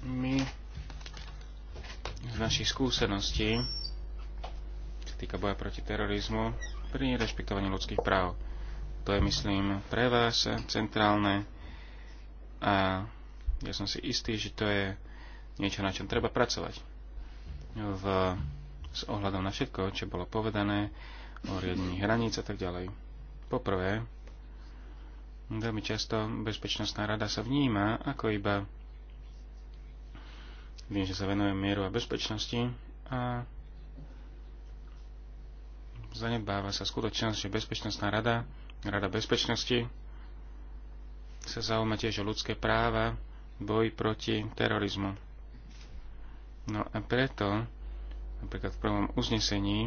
My z našich skúseností, čo týka boja proti terorizmu, pri rešpektovaní ľudských práv. To je, myslím, pre vás centrálne a ja som si istý, že to je niečo, na čom treba pracovať. V, s ohľadom na všetko, čo bolo povedané, o riadení hraníc a tak ďalej. Poprvé, veľmi často Bezpečnostná rada sa vníma ako iba viem, že sa venujem mieru a bezpečnosti a zanedbáva sa skutočnosť, že Bezpečnostná rada, Rada bezpečnosti, sa zaujíma tiež o ľudské práva, boj proti terorizmu. No a preto, napríklad v prvom uznesení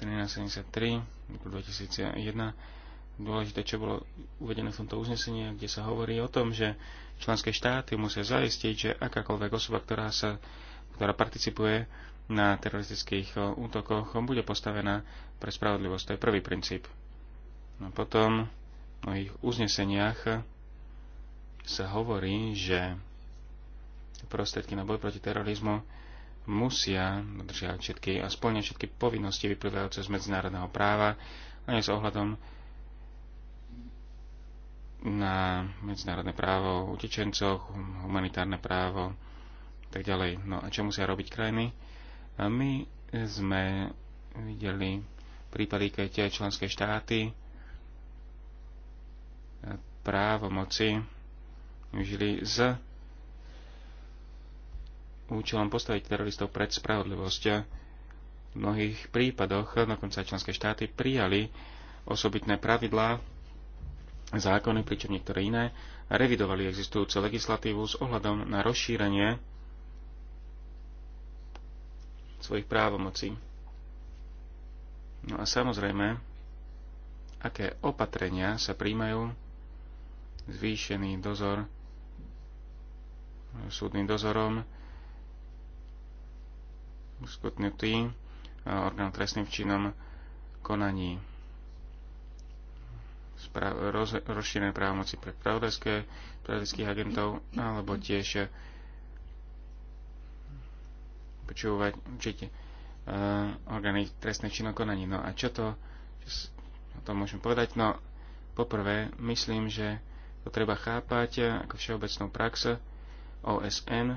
1373 2001 dôležité, čo bolo uvedené v tomto uznesení, kde sa hovorí o tom, že členské štáty musia zaistiť, že akákoľvek osoba, ktorá, sa, ktorá participuje na teroristických eh, útokoch, bude postavená pre spravodlivosť. To je prvý princíp. No potom v mnohých uzneseniach sa hovorí, že prostriedky na boj proti terorizmu musia dodržiavať všetky a splňať všetky povinnosti vyplývajúce z medzinárodného práva a s ohľadom na medzinárodné právo utečencoch, humanitárne právo a tak ďalej. No a čo musia robiť krajiny? A my sme videli prípady, keď tie členské štáty moci využili z účelom postaviť teroristov pred spravodlivosť. V mnohých prípadoch dokonca členské štáty prijali osobitné pravidlá, zákony, pričom niektoré iné, a revidovali existujúcu legislatívu s ohľadom na rozšírenie svojich právomocí. No a samozrejme, aké opatrenia sa príjmajú, zvýšený dozor súdnym dozorom, uskutnutý eh, orgán trestným činom konaní. rozšírené právomoci pre pravodajské, pravodajských agentov alebo tiež eh, počúvať určite uh, orgány trestné činokonaní. konaní. No a čo to, čo o tom môžem povedať? No, poprvé, myslím, že to treba chápať eh, ako všeobecnú prax OSN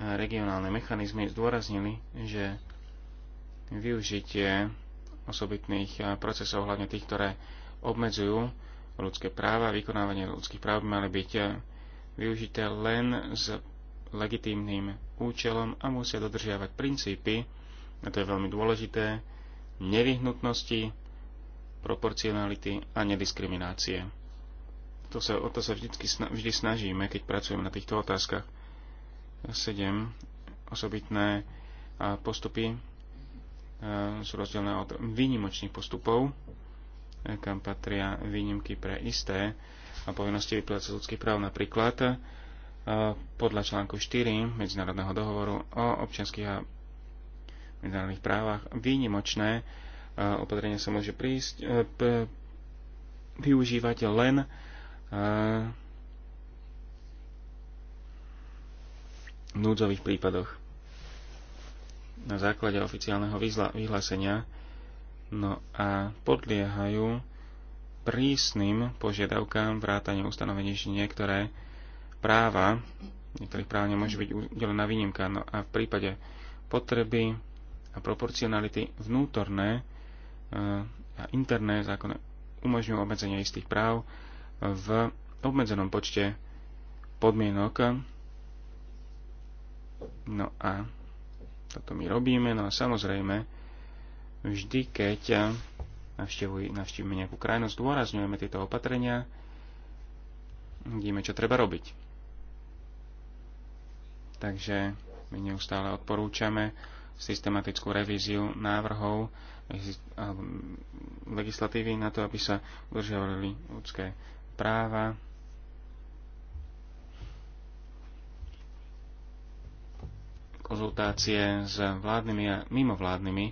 regionálne mechanizmy zdôraznili, že využitie osobitných procesov, hlavne tých, ktoré obmedzujú ľudské práva, vykonávanie ľudských práv by mali byť využité len s legitímnym účelom a musia dodržiavať princípy, a to je veľmi dôležité, nevyhnutnosti, proporcionality a nediskriminácie. To sa, o to sa vždy, vždy snažíme, keď pracujeme na týchto otázkach sedem osobitné postupy e, sú rozdielne od výnimočných postupov, e, kam patria výnimky pre isté a povinnosti vyplývať z ľudských práv napríklad e, podľa článku 4 Medzinárodného dohovoru o občianských a medzinárodných právach výnimočné opatrenie sa môže prísť, využívať len núdzových prípadoch. Na základe oficiálneho vyhlásenia no a podliehajú prísnym požiadavkám vrátane ustanovení, že niektoré práva, niektorých práv nemôže byť udelená výnimka. No a v prípade potreby a proporcionality vnútorné eh, a interné zákony umožňujú obmedzenie istých práv v obmedzenom počte podmienok No a toto my robíme, no a samozrejme, vždy keď navštívime nejakú krajinu, zdôrazňujeme tieto opatrenia, vidíme, čo treba robiť. Takže my neustále odporúčame systematickú revíziu návrhov legislatívy na to, aby sa udržiavali ľudské práva, konzultácie s vládnymi a mimovládnymi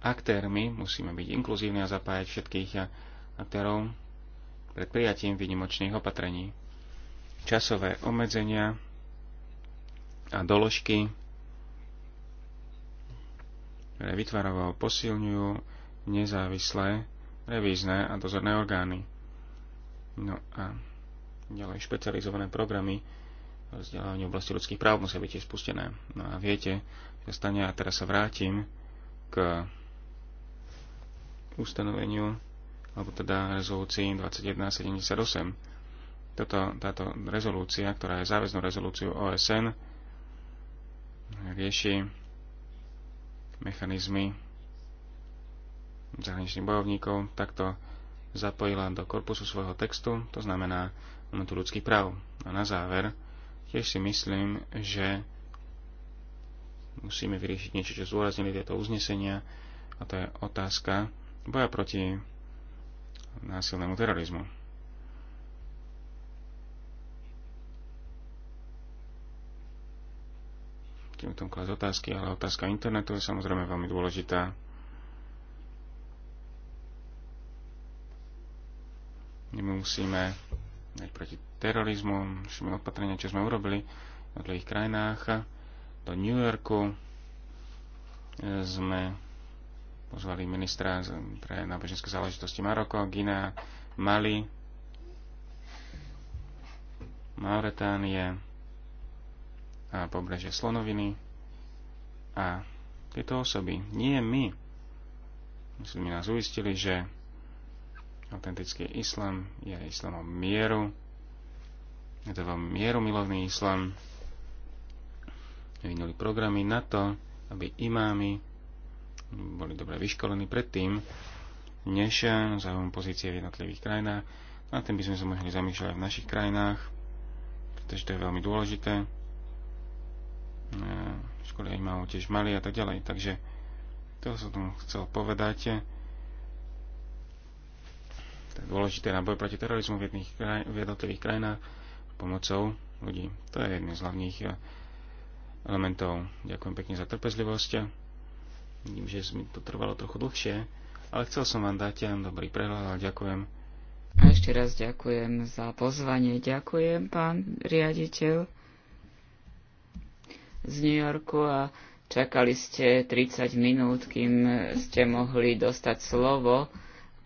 aktérmi. Musíme byť inkluzívni a zapájať všetkých aktérov pred prijatím výnimočných opatrení. Časové obmedzenia a doložky, ktoré vytvarovo posilňujú nezávislé revízne a dozorné orgány. No a ďalej špecializované programy vzdelávanie v oblasti ľudských práv musia byť tiež spustené. No a viete, že stane, a teraz sa vrátim k ustanoveniu, alebo teda rezolúcii 2178. Toto, táto rezolúcia, ktorá je záväznou rezolúciu OSN, rieši mechanizmy zahraničných bojovníkov, takto zapojila do korpusu svojho textu, to znamená momentu ľudských práv. A na záver Tiež si myslím, že musíme vyriešiť niečo, čo zúraznili tieto uznesenia, a to je otázka boja proti násilnému terorizmu. Tým tom klas otázky, ale otázka internetu je samozrejme veľmi dôležitá. My musíme aj proti terorizmu, všetkými opatrenia, čo sme urobili v dlhých krajinách. Do New Yorku e, sme pozvali ministra pre náboženské záležitosti Maroko, Gina, Mali, Mauretánie a pobrežie Slonoviny. A tieto osoby, nie my, myslím, nás uistili, že Autentický islam je islamom mieru. Je to veľmi mierumilovný islam. Vynuli programy na to, aby imámi boli dobre vyškolení predtým, než zaujmu pozície v jednotlivých krajinách. Na tým by sme sa mohli zamýšľať aj v našich krajinách, pretože to je veľmi dôležité. Školy imámov tiež mali a tak ďalej. Takže to som tomu chcel povedať dôležité na boj proti terorizmu v, jedných kraj, v jednotlivých krajinách pomocou ľudí. To je jedným z hlavných eh, elementov. Ďakujem pekne za trpezlivosť. Vidím, že mi to trvalo trochu dlhšie, ale chcel som vám dať eh, dobrý prehľad a ďakujem. A ešte raz ďakujem za pozvanie. Ďakujem, pán riaditeľ z New Yorku a čakali ste 30 minút, kým ste mohli dostať slovo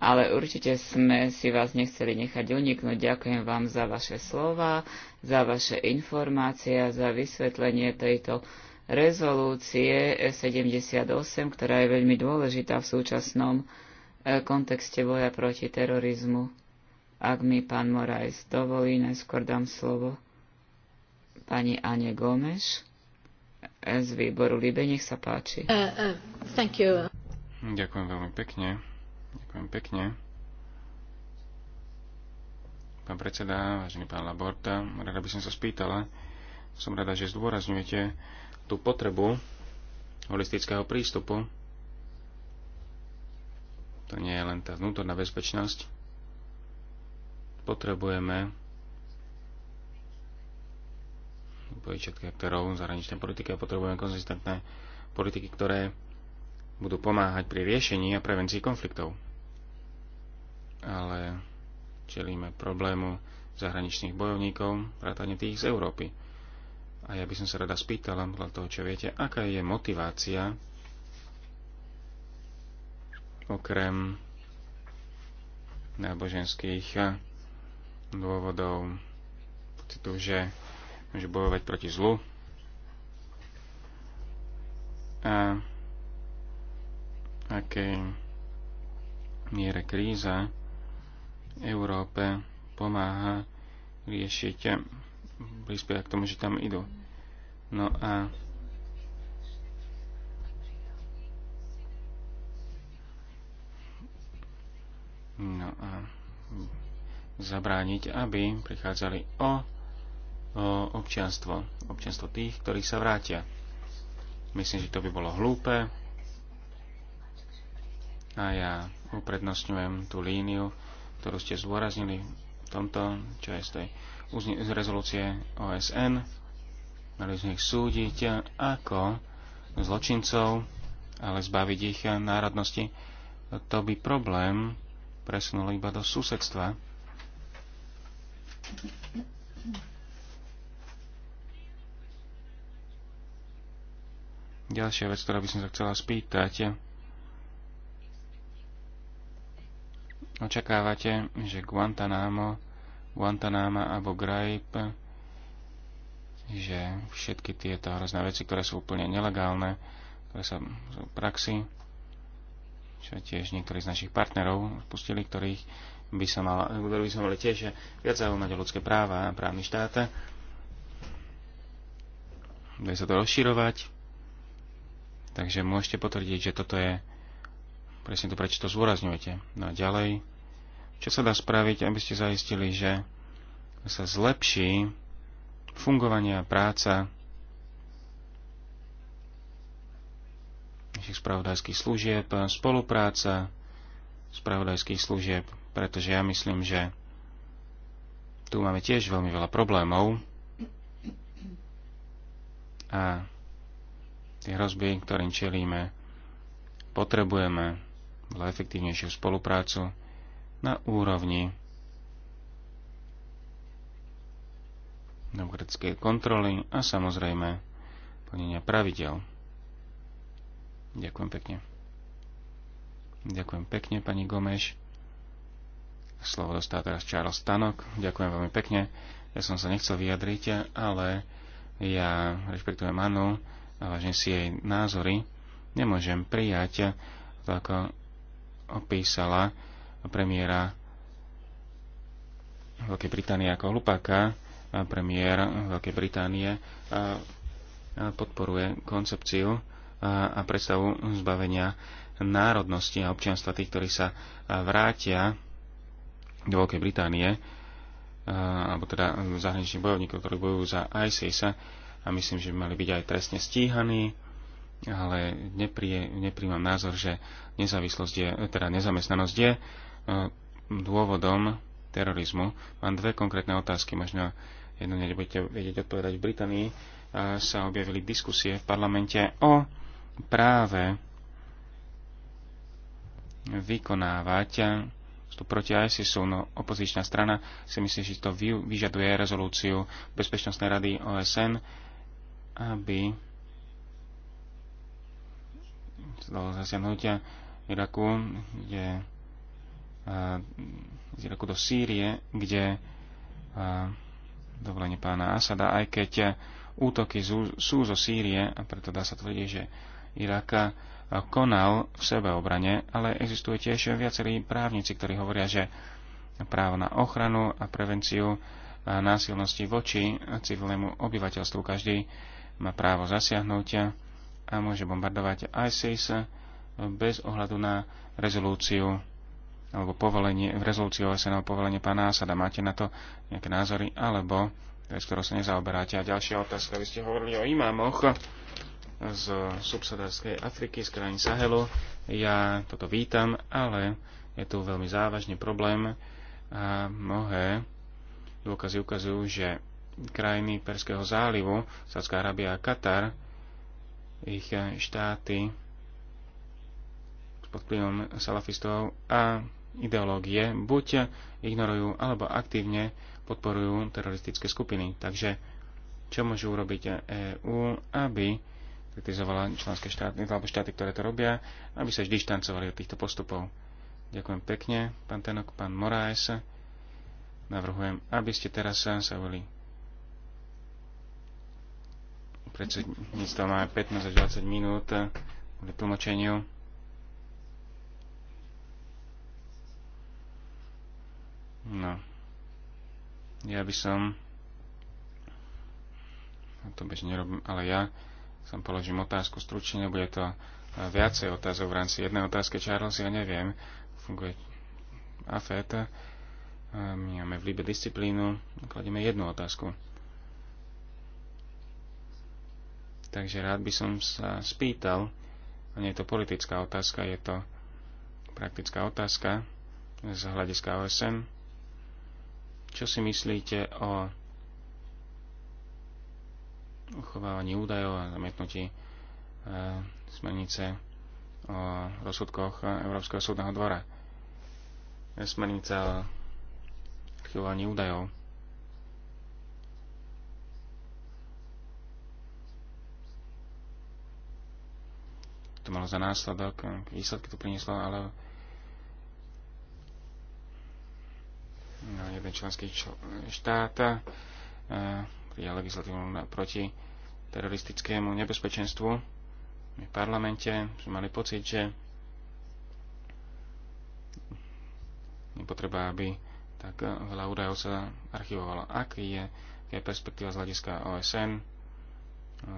ale určite sme si vás nechceli nechať uniknúť. Ďakujem vám za vaše slova, za vaše informácie a za vysvetlenie tejto rezolúcie 78, ktorá je veľmi dôležitá v súčasnom e, kontexte boja proti terorizmu. Ak mi pán Morajs dovolí, najskôr dám slovo pani Ane Gomeš z výboru Libe. Nech sa páči. Uh, uh, Ďakujem veľmi pekne. Ďakujem pekne. Pán predseda, vážený pán Laborta, rada by som sa spýtala, som rada, že zdôrazňujete tú potrebu holistického prístupu. To nie je len tá vnútorná bezpečnosť. Potrebujeme pojičiatky aktérov zahraničnej politiky a potrebujeme konzistentné politiky, ktoré budú pomáhať pri riešení a prevencii konfliktov. Ale čelíme problému zahraničných bojovníkov, vrátane tých z Európy. A ja by som sa rada spýtala, podľa toho, čo viete, aká je motivácia okrem náboženských dôvodov pocitu, že môže bojovať proti zlu. A akej miere kríza Európe pomáha riešiť prispieva k tomu, že tam idú. No a No a zabrániť, aby prichádzali o, o občianstvo. Občianstvo tých, ktorí sa vrátia. Myslím, že to by bolo hlúpe, a ja uprednostňujem tú líniu, ktorú ste zdôraznili v tomto, čo je z tej z rezolúcie OSN. Mali z nich súdiť ako zločincov, ale zbaviť ich národnosti. To by problém presunul iba do susedstva. Ďalšia vec, ktorá by som sa chcela spýtať, Očakávate, že Guantanamo, Guantanama alebo Grape, že všetky tieto hrozné veci, ktoré sú úplne nelegálne, ktoré sa sú v praxi, čo tiež niektorí z našich partnerov pustili, ktorých by sa, mala, by sa mali tiež viac zaujímať o ľudské práva a právny štát. Bude sa to rozširovať. Takže môžete potvrdiť, že toto je presne to prečo to zúrazňujete. No a ďalej, čo sa dá spraviť, aby ste zaistili, že sa zlepší fungovanie a práca našich spravodajských služieb, spolupráca spravodajských služieb, pretože ja myslím, že tu máme tiež veľmi veľa problémov a tie hrozby, ktorým čelíme, potrebujeme oveľa efektívnejšiu spoluprácu na úrovni demokratickej kontroly a samozrejme plnenia pravidel. Ďakujem pekne. Ďakujem pekne, pani Gomeš. Slovo dostá teraz Charles Stanok. Ďakujem veľmi pekne. Ja som sa nechcel vyjadriť, ale ja rešpektujem Anu a vážim si jej názory. Nemôžem prijať to, ako opísala premiéra Veľkej Británie ako hlupáka. Premiér Veľkej Británie podporuje koncepciu a predstavu zbavenia národnosti a občianstva tých, ktorí sa vrátia do Veľkej Británie, alebo teda zahraničných bojovníkov, ktorí bojujú za ISIS a myslím, že by mali byť aj trestne stíhaní ale nepríjmam názor, že nezávislosť je, teda nezamestnanosť je eh, dôvodom terorizmu. Mám dve konkrétne otázky, možno jednu nebudete vedieť odpovedať. V Británii eh, sa objavili diskusie v parlamente o práve vykonávať eh, tu proti ISISu, no opozičná strana si myslí, že to vyžaduje rezolúciu Bezpečnostnej rady OSN, aby do zasiahnutia Iraku, kde, z Iraku do Sýrie, kde dovolenie pána Asada, aj keď útoky sú zo Sýrie, a preto dá sa tvrdiť, že Iraka konal v sebeobrane, ale existuje tiež viacerí právnici, ktorí hovoria, že právo na ochranu a prevenciu násilnosti voči civilnému obyvateľstvu každý má právo zasiahnutia a môže bombardovať ISIS bez ohľadu na rezolúciu alebo povolenie, v rezolúciu OSN povolenie pána Asada. Máte na to nejaké názory? Alebo s ktorou sa nezaoberáte. A ďalšia otázka, vy ste hovorili o imámoch z subsadárskej Afriky, z krajín Sahelu. Ja toto vítam, ale je tu veľmi závažný problém a mnohé dôkazy ukazujú, že krajiny Perského zálivu, Sádzka Arábia a Katar ich eh, štáty pod vplyvom salafistov a ideológie buď ignorujú alebo aktívne podporujú teroristické skupiny. Takže čo môžu urobiť EÚ, aby kritizovala členské štáty, alebo štáty, ktoré to robia, aby sa vždy od týchto postupov. Ďakujem pekne, pán Tenok, pán Moraes. Navrhujem, aby ste teraz sa volili predsedníctva máme 15 až 20 minút k tlmočeniu. No. Ja by som... No, to bežne nerobím, ale ja som položím otázku stručne, bude to e, viacej otázov v rámci jednej otázky. Charles, ja neviem, funguje AFET, e, my máme v líbe disciplínu, kladieme jednu otázku. Takže rád by som sa spýtal, a nie je to politická otázka, je to praktická otázka z hľadiska OSM. Čo si myslíte o uchovávaní údajov a zamietnutí e, smernice o rozsudkoch Európskeho súdneho dvora? Smernica o archivovaní údajov to malo za následok, výsledky to prinieslo, ale no, jeden členský čl- štát prijal eh, legislatívu proti teroristickému nebezpečenstvu. My v parlamente sme mali pocit, že nepotreba, aby tak eh, veľa údajov sa archivovalo. Aký je, je perspektíva z hľadiska OSN? No,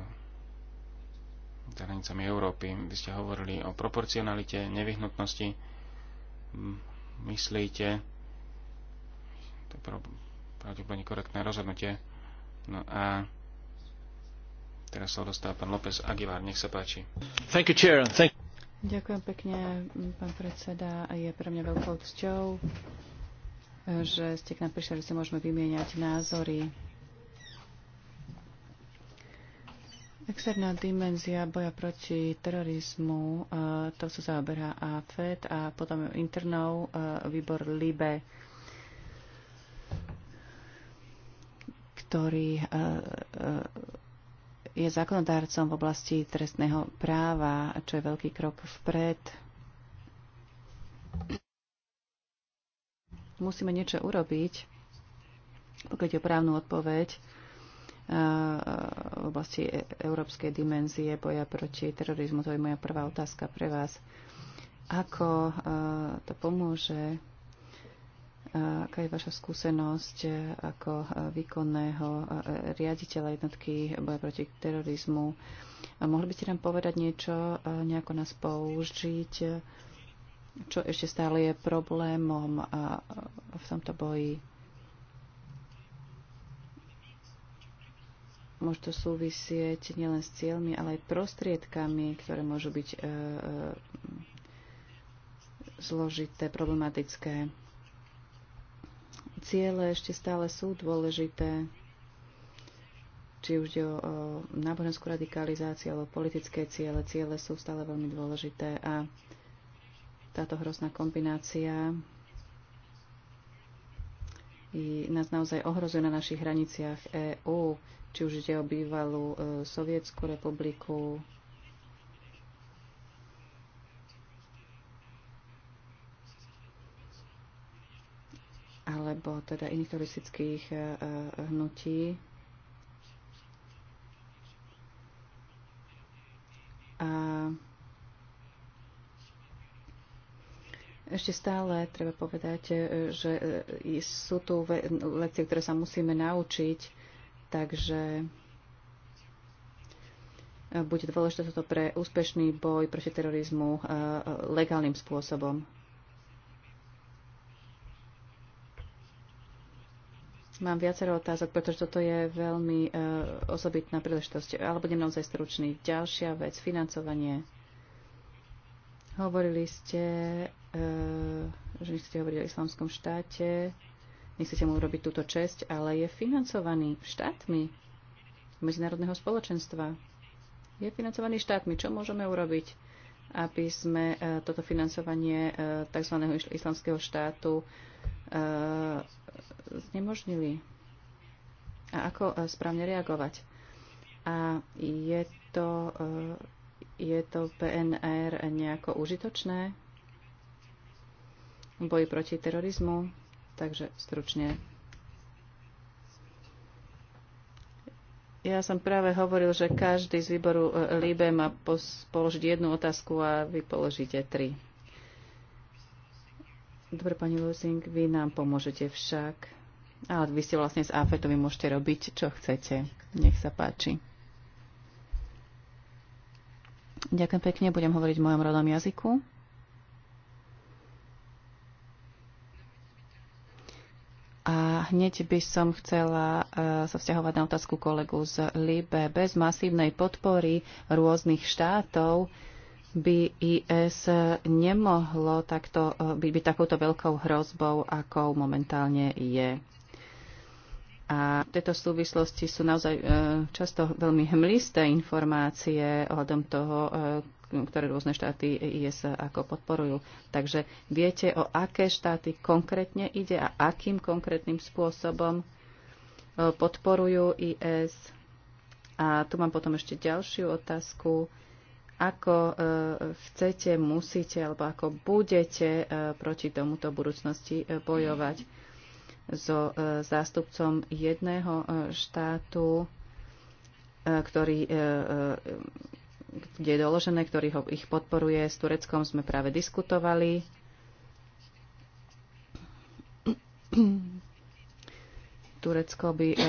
nad hranicami Európy. Vy ste hovorili o proporcionalite, nevyhnutnosti. Myslíte, to je pravdepodobne korektné rozhodnutie. No a teraz sa dostáva pán López Aguilar, nech sa páči. Thank you, chair. Thank... Ďakujem pekne, pán predseda. Je pre mňa veľkou cťou, e, že ste k nám prišli, že si môžeme vymieňať názory Externá dimenzia boja proti terorizmu, e, to sa zaoberá AFED a potom internou e, výbor LIBE, ktorý e, je zákonodárcom v oblasti trestného práva, čo je veľký krok vpred. Musíme niečo urobiť, pokiaľ je právnu odpoveď v oblasti e, európskej dimenzie boja proti terorizmu. To je moja prvá otázka pre vás. Ako to pomôže? Aká je vaša skúsenosť e, ako výkonného e, riaditeľa jednotky boja proti terorizmu? A mohli by ste nám povedať niečo, nejako nás použiť, čo ešte stále je problémom v tomto boji? Môže to súvisieť nielen s cieľmi, ale aj prostriedkami, ktoré môžu byť e, e, zložité, problematické. Ciele ešte stále sú dôležité, či už ide o, o náboženskú radikalizáciu alebo politické ciele. Ciele sú stále veľmi dôležité a táto hrozná kombinácia nás naozaj ohrozuje na našich hraniciach EÚ, či už ide o bývalú e, Sovietskú republiku, alebo teda iných turistických e, e, hnutí. A Ešte stále treba povedať, e, že e, sú tu lekcie, ktoré sa musíme naučiť, takže e, bude dôležité toto pre úspešný boj proti terorizmu legálnym spôsobom. Mám viacero otázok, pretože toto je veľmi osobitná príležitosť, ale budem naozaj stručný. Ďalšia vec, financovanie. Hovorili ste E, že nechcete hovoriť o islamskom štáte, nechcete mu urobiť túto česť, ale je financovaný štátmi medzinárodného spoločenstva. Je financovaný štátmi. Čo môžeme urobiť, aby sme e, toto financovanie e, tzv. islamského štátu znemožnili? A ako správne reagovať? A je to, je to PNR nejako užitočné? v boji proti terorizmu. Takže stručne. Ja som práve hovoril, že každý z výboru e, LIBE má položiť jednu otázku a vy položíte tri. Dobre, pani Lusing, vy nám pomôžete však. Ale vy ste vlastne z AFETu, vy môžete robiť, čo chcete. Nech sa páči. Ďakujem pekne, budem hovoriť v mojom rodnom jazyku. A hneď by som chcela e, sa vzťahovať na otázku kolegu z Libe. Bez masívnej podpory rôznych štátov by IS nemohlo takto, byť, e, byť takouto veľkou hrozbou, akou momentálne je. A v tejto súvislosti sú naozaj e, často veľmi hmlisté informácie tom toho, ktoré rôzne štáty IS ako podporujú. Takže viete, o aké štáty konkrétne ide a akým konkrétnym spôsobom e, podporujú IS. A tu mám potom ešte ďalšiu otázku ako e, chcete, musíte alebo ako budete e, proti tomuto budúcnosti bojovať so zástupcom jedného štátu, ktorý kde je doložené, ktorý ho, ich podporuje. S Tureckom sme práve diskutovali. Turecko by, eh, eh,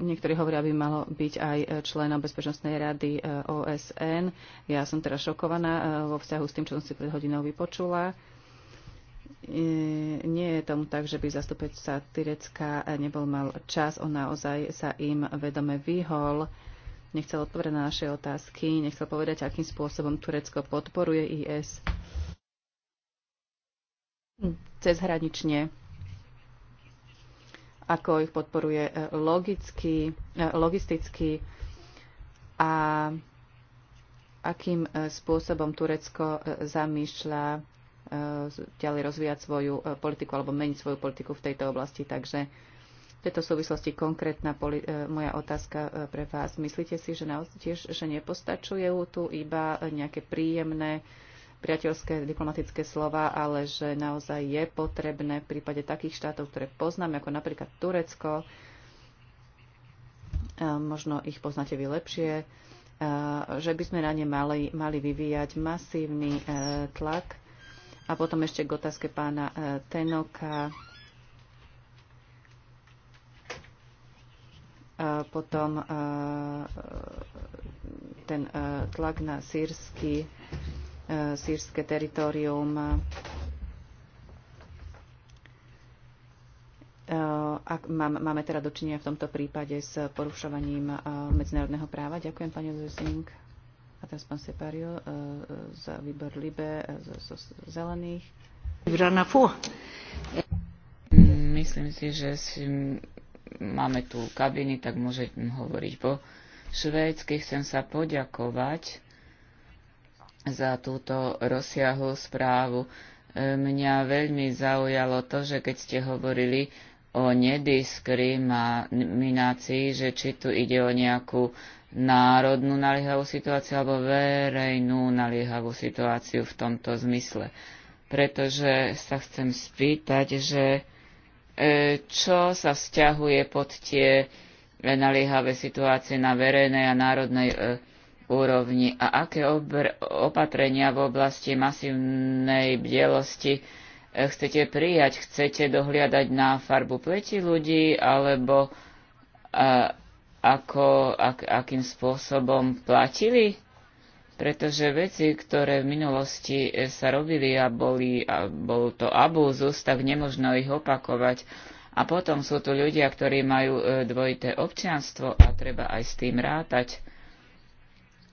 niektorí hovoria, by malo byť aj členom Bezpečnostnej rady eh, OSN. Ja som teraz šokovaná vo vzťahu s tým, čo som si pred hodinou vypočula. Nie je tomu tak, že by zastupec sa Turecka nebol mal čas, on naozaj sa im vedome vyhol nechcel odpovedať na naše otázky, nechcel povedať, akým spôsobom Turecko podporuje IS cezhranične, ako ich podporuje e, logicky, e, logisticky a akým e, spôsobom Turecko zamýšľa ďalej rozvíjať svoju politiku alebo meniť svoju politiku v tejto oblasti. Takže v tejto súvislosti konkrétna e, moja otázka e, pre vás. Myslíte si, že naozaj tiež, že nepostačujú tu iba nejaké príjemné priateľské diplomatické slova, ale že naozaj je potrebné v prípade takých štátov, ktoré poznáme, ako napríklad Turecko, e, možno ich poznáte vy lepšie, že by sme na ne mali, mali vyvíjať masívny tlak. A potom ešte k otázke pána Tenoka potom e, ten e, tlak na sírsky, e, sírske teritorium. Ak máme teda dočinenia v tomto prípade s porušovaním medzinárodného práva. Ďakujem, pani Zuzink. A teraz pán Separio za výbor Libe zo zelených. Myslím si, že máme tu kabiny, tak môžem hovoriť po švédsky. Chcem sa poďakovať za túto rozsiahlú správu. E, mňa veľmi zaujalo to, že keď ste hovorili o nediskriminácii, že či tu ide o nejakú národnú naliehavú situáciu alebo verejnú naliehavú situáciu v tomto zmysle. Pretože sa chcem spýtať, že E, čo sa vzťahuje pod tie naliehavé situácie na verejnej a národnej e, úrovni a aké opatrenia v oblasti masívnej bdelosti e, chcete prijať? Chcete dohliadať na farbu pleti ľudí alebo a, ako, ak, akým spôsobom platili? pretože veci, ktoré v minulosti e, sa robili a, boli, a bol to abúzus, tak nemožno ich opakovať. A potom sú tu ľudia, ktorí majú e, dvojité občianstvo a treba aj s tým rátať.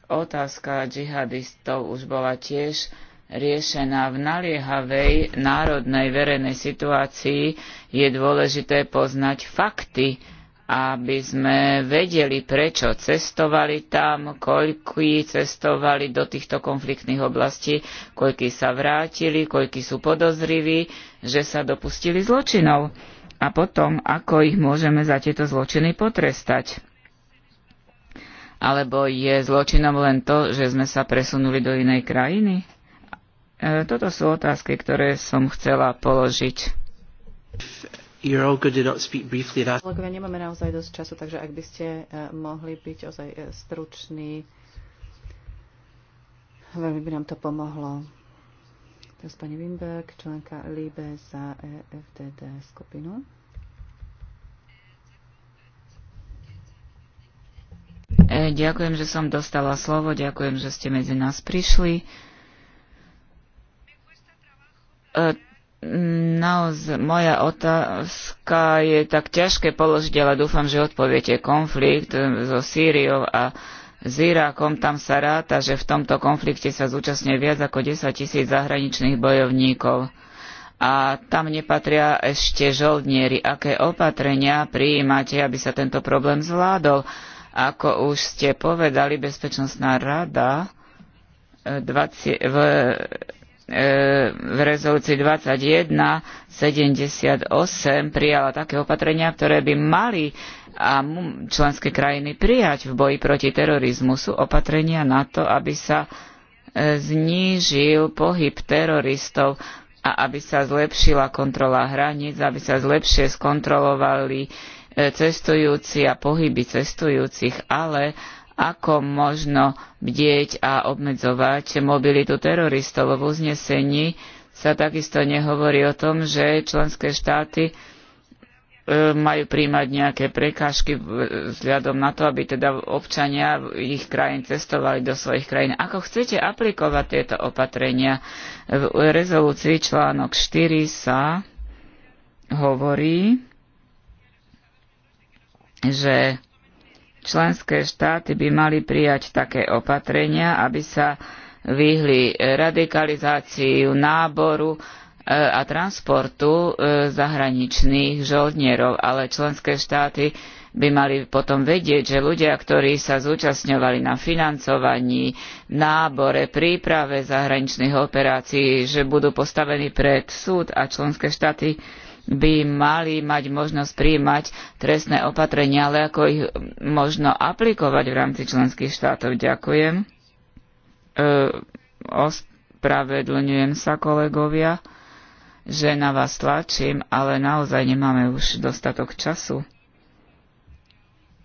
Otázka džihadistov už bola tiež riešená v naliehavej národnej verejnej situácii. Je dôležité poznať fakty, aby sme vedeli, prečo cestovali tam, koľkí cestovali do týchto konfliktných oblastí, koľkí sa vrátili, koľkí sú podozriví, že sa dopustili zločinov a potom, ako ich môžeme za tieto zločiny potrestať. Alebo je zločinom len to, že sme sa presunuli do inej krajiny? E, toto sú otázky, ktoré som chcela položiť. Kolegovia, nemáme naozaj dosť času, takže ak by ste e, mohli byť ozaj e, struční, veľmi by nám to pomohlo. Teraz pani Wimberg, členka Líbe za EFDD skupinu. E, ďakujem, že som dostala slovo, ďakujem, že ste medzi nás prišli Naozaj, moja otázka je tak ťažké položiť, ale dúfam, že odpoviete konflikt so Sýriou a s Irakom. Tam sa ráta, že v tomto konflikte sa zúčastňuje viac ako 10 tisíc zahraničných bojovníkov. A tam nepatria ešte žoldnieri. Aké opatrenia prijímate, aby sa tento problém zvládol? Ako už ste povedali, Bezpečnostná rada 20, eh, v E, v rezolúcii 2178 prijala také opatrenia, ktoré by mali a členské krajiny prijať v boji proti terorizmu. Sú opatrenia na to, aby sa e, znížil pohyb teroristov a aby sa zlepšila kontrola hraníc, aby sa zlepšie skontrolovali e, cestujúci a pohyby cestujúcich, ale ako možno bdieť a obmedzovať mobilitu teroristov. V uznesení sa takisto nehovorí o tom, že členské štáty e, majú príjmať nejaké prekážky vzhľadom na to, aby teda občania ich krajín cestovali do svojich krajín. Ako chcete aplikovať tieto opatrenia? V rezolúcii článok 4 sa hovorí, že Členské štáty by mali prijať také opatrenia, aby sa vyhli radikalizáciu náboru e, a transportu e, zahraničných žoldnierov, ale členské štáty by mali potom vedieť, že ľudia, ktorí sa zúčastňovali na financovaní, nábore, príprave zahraničných operácií, že budú postavení pred súd a členské štáty by mali mať možnosť príjmať trestné opatrenia, ale ako ich možno aplikovať v rámci členských štátov. Ďakujem. E, ospravedlňujem sa, kolegovia, že na vás tlačím, ale naozaj nemáme už dostatok času.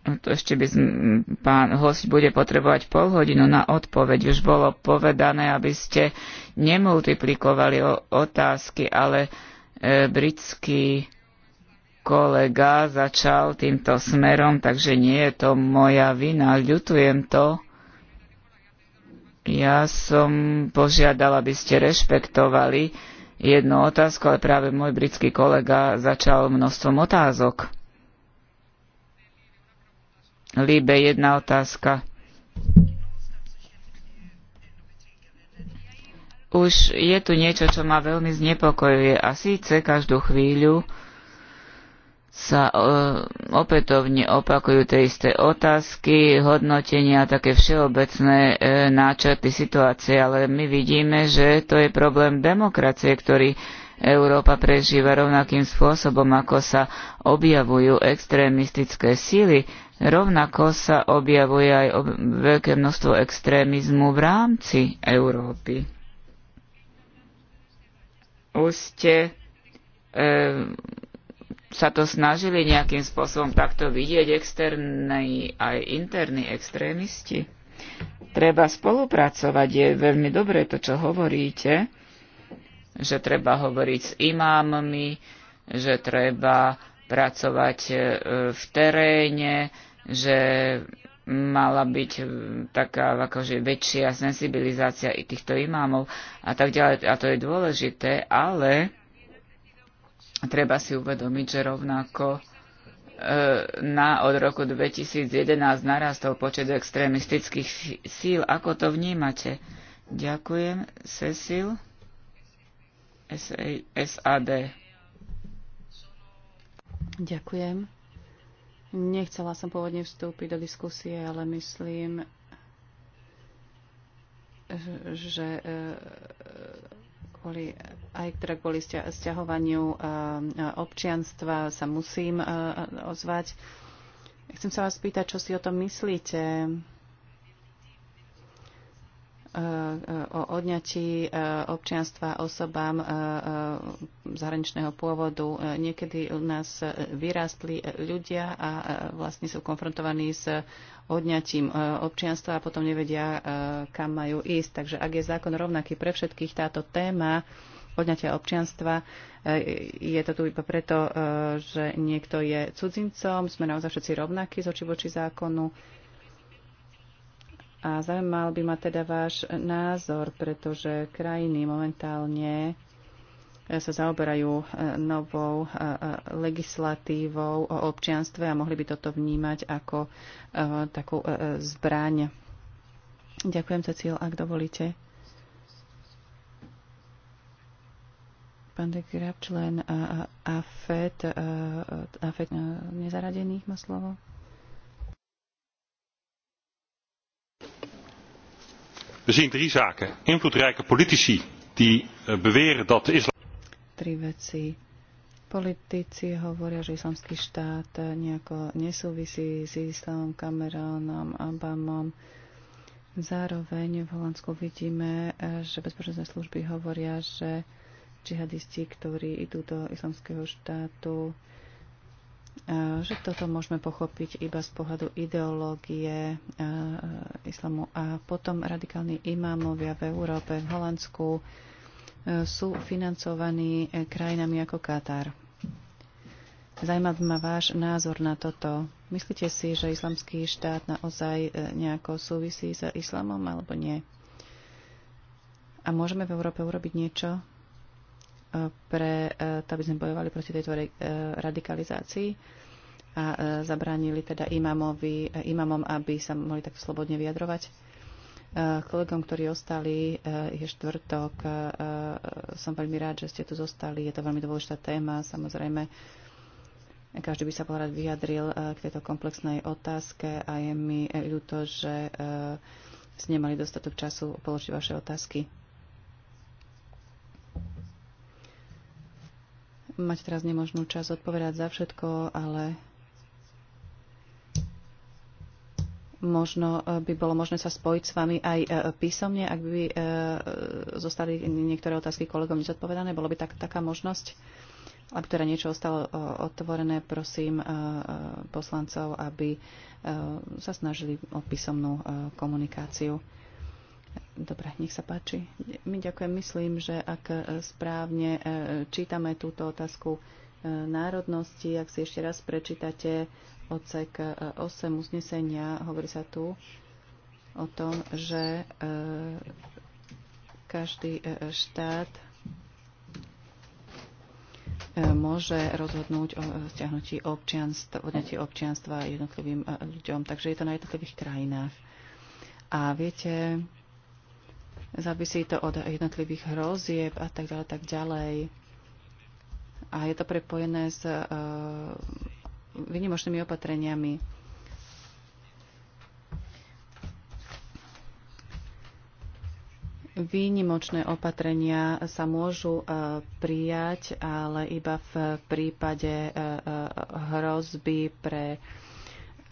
To ešte by pán host bude potrebovať pol hodinu na odpoveď. Už bolo povedané, aby ste nemultiplikovali otázky, ale britský kolega začal týmto smerom, takže nie je to moja vina, ľutujem to. Ja som požiadala, aby ste rešpektovali jednu otázku, ale práve môj britský kolega začal množstvom otázok. Líbe jedna otázka. už je tu niečo, čo ma veľmi znepokojuje a síce každú chvíľu sa uh, opätovne opakujú tie isté otázky, hodnotenia, také všeobecné uh, náčrty situácie, ale my vidíme, že to je problém demokracie, ktorý Európa prežíva rovnakým spôsobom, ako sa objavujú extrémistické síly, rovnako sa objavuje aj ob- veľké množstvo extrémizmu v rámci Európy ste e, sa to snažili nejakým spôsobom takto vidieť externí aj interní extrémisti. Treba spolupracovať, je veľmi dobré to, čo hovoríte, že treba hovoriť s imámmi, že treba pracovať e, v teréne, že mala byť mm, taká akože väčšia sensibilizácia i týchto imámov a tak ďalej. A to je dôležité, ale treba si uvedomiť, že rovnako e, na, od roku 2011 narastol počet extrémistických síl. Ako to vnímate? Ďakujem, Cecil. SAD. Ďakujem. Nechcela som pôvodne vstúpiť do diskusie, ale myslím, že e, kvôli, aj teda kvôli stiahovaniu e, občianstva sa musím e, ozvať. Chcem sa vás pýtať, čo si o tom myslíte o odňatí e, občianstva osobám e, e, zahraničného pôvodu. Niekedy u nás vyrástli ľudia a vlastne sú konfrontovaní s odňatím občianstva a potom nevedia, kam majú ísť. Takže ak je zákon rovnaký pre všetkých, táto téma odňatia občianstva. Je to tu iba preto, že niekto je cudzincom, sme naozaj všetci rovnakí z očivoči voči zákonu a zaujímal by ma teda váš názor, pretože krajiny momentálne eh, sa zaoberajú eh, novou eh, legislatívou o občianstve a mohli by toto vnímať ako takú zbraň. Ďakujem za ak dovolíte. Pán de Grab, člen AFET, AFET nezaradených má slovo. We zien drie zaken. Invloedrijke politici die eh, beweren dat de islam... Tri veci. Politici hovoria, že islamský štát eh, nejako nesúvisí s islamom, Cameronom, Obamom. Zároveň v Holandsku vidíme, eh, že bezpečnostné služby hovoria, že džihadisti, ktorí idú do islamského štátu, že toto môžeme pochopiť iba z pohľadu ideológie islamu. A potom radikálni imámovia v Európe, v Holandsku sú financovaní e, krajinami ako Katar. Zajímavý ma váš názor na toto. Myslíte si, že islamský štát naozaj e, nejako súvisí s islamom alebo nie? A môžeme v Európe urobiť niečo pre e, to, aby sme bojovali proti tejto e, radikalizácii a e, zabránili teda imamovi, imamom, aby sa mohli tak slobodne vyjadrovať. Kolegom, ktorí ostali, je štvrtok. Som veľmi rád, že ste tu zostali. Je to veľmi dôležitá téma. Samozrejme, každý by sa pohľad vyjadril k tejto komplexnej otázke a je mi ľúto, že ste nemali dostatok času položiť vaše otázky. mať teraz nemožnú čas odpovedať za všetko, ale možno eh, by bolo možné sa spojiť s vami aj eh, písomne, ak by eh, zostali niektoré otázky kolegom nezodpovedané. Bolo by tak, taká možnosť, aby teda niečo ostalo otvorené. Prosím poslancov, aby sa snažili o písomnú komunikáciu. Dobre, nech sa páči. My ďakujem. Myslím, že ak správne e, čítame túto otázku e, národnosti, ak si ešte raz prečítate odsek 8 e, uznesenia, hovorí sa tu o tom, že každý štát môže rozhodnúť o stiahnutí občianstva, odňatí občianstva jednotlivým ľuďom. Takže je to na jednotlivých krajinách. A viete, Závisí to od jednotlivých hrozieb a tak ďalej, tak ďalej. A je to prepojené s uh, e, vynimočnými opatreniami. Výnimočné opatrenia sa môžu e, prijať, ale iba v prípade e, hrozby pre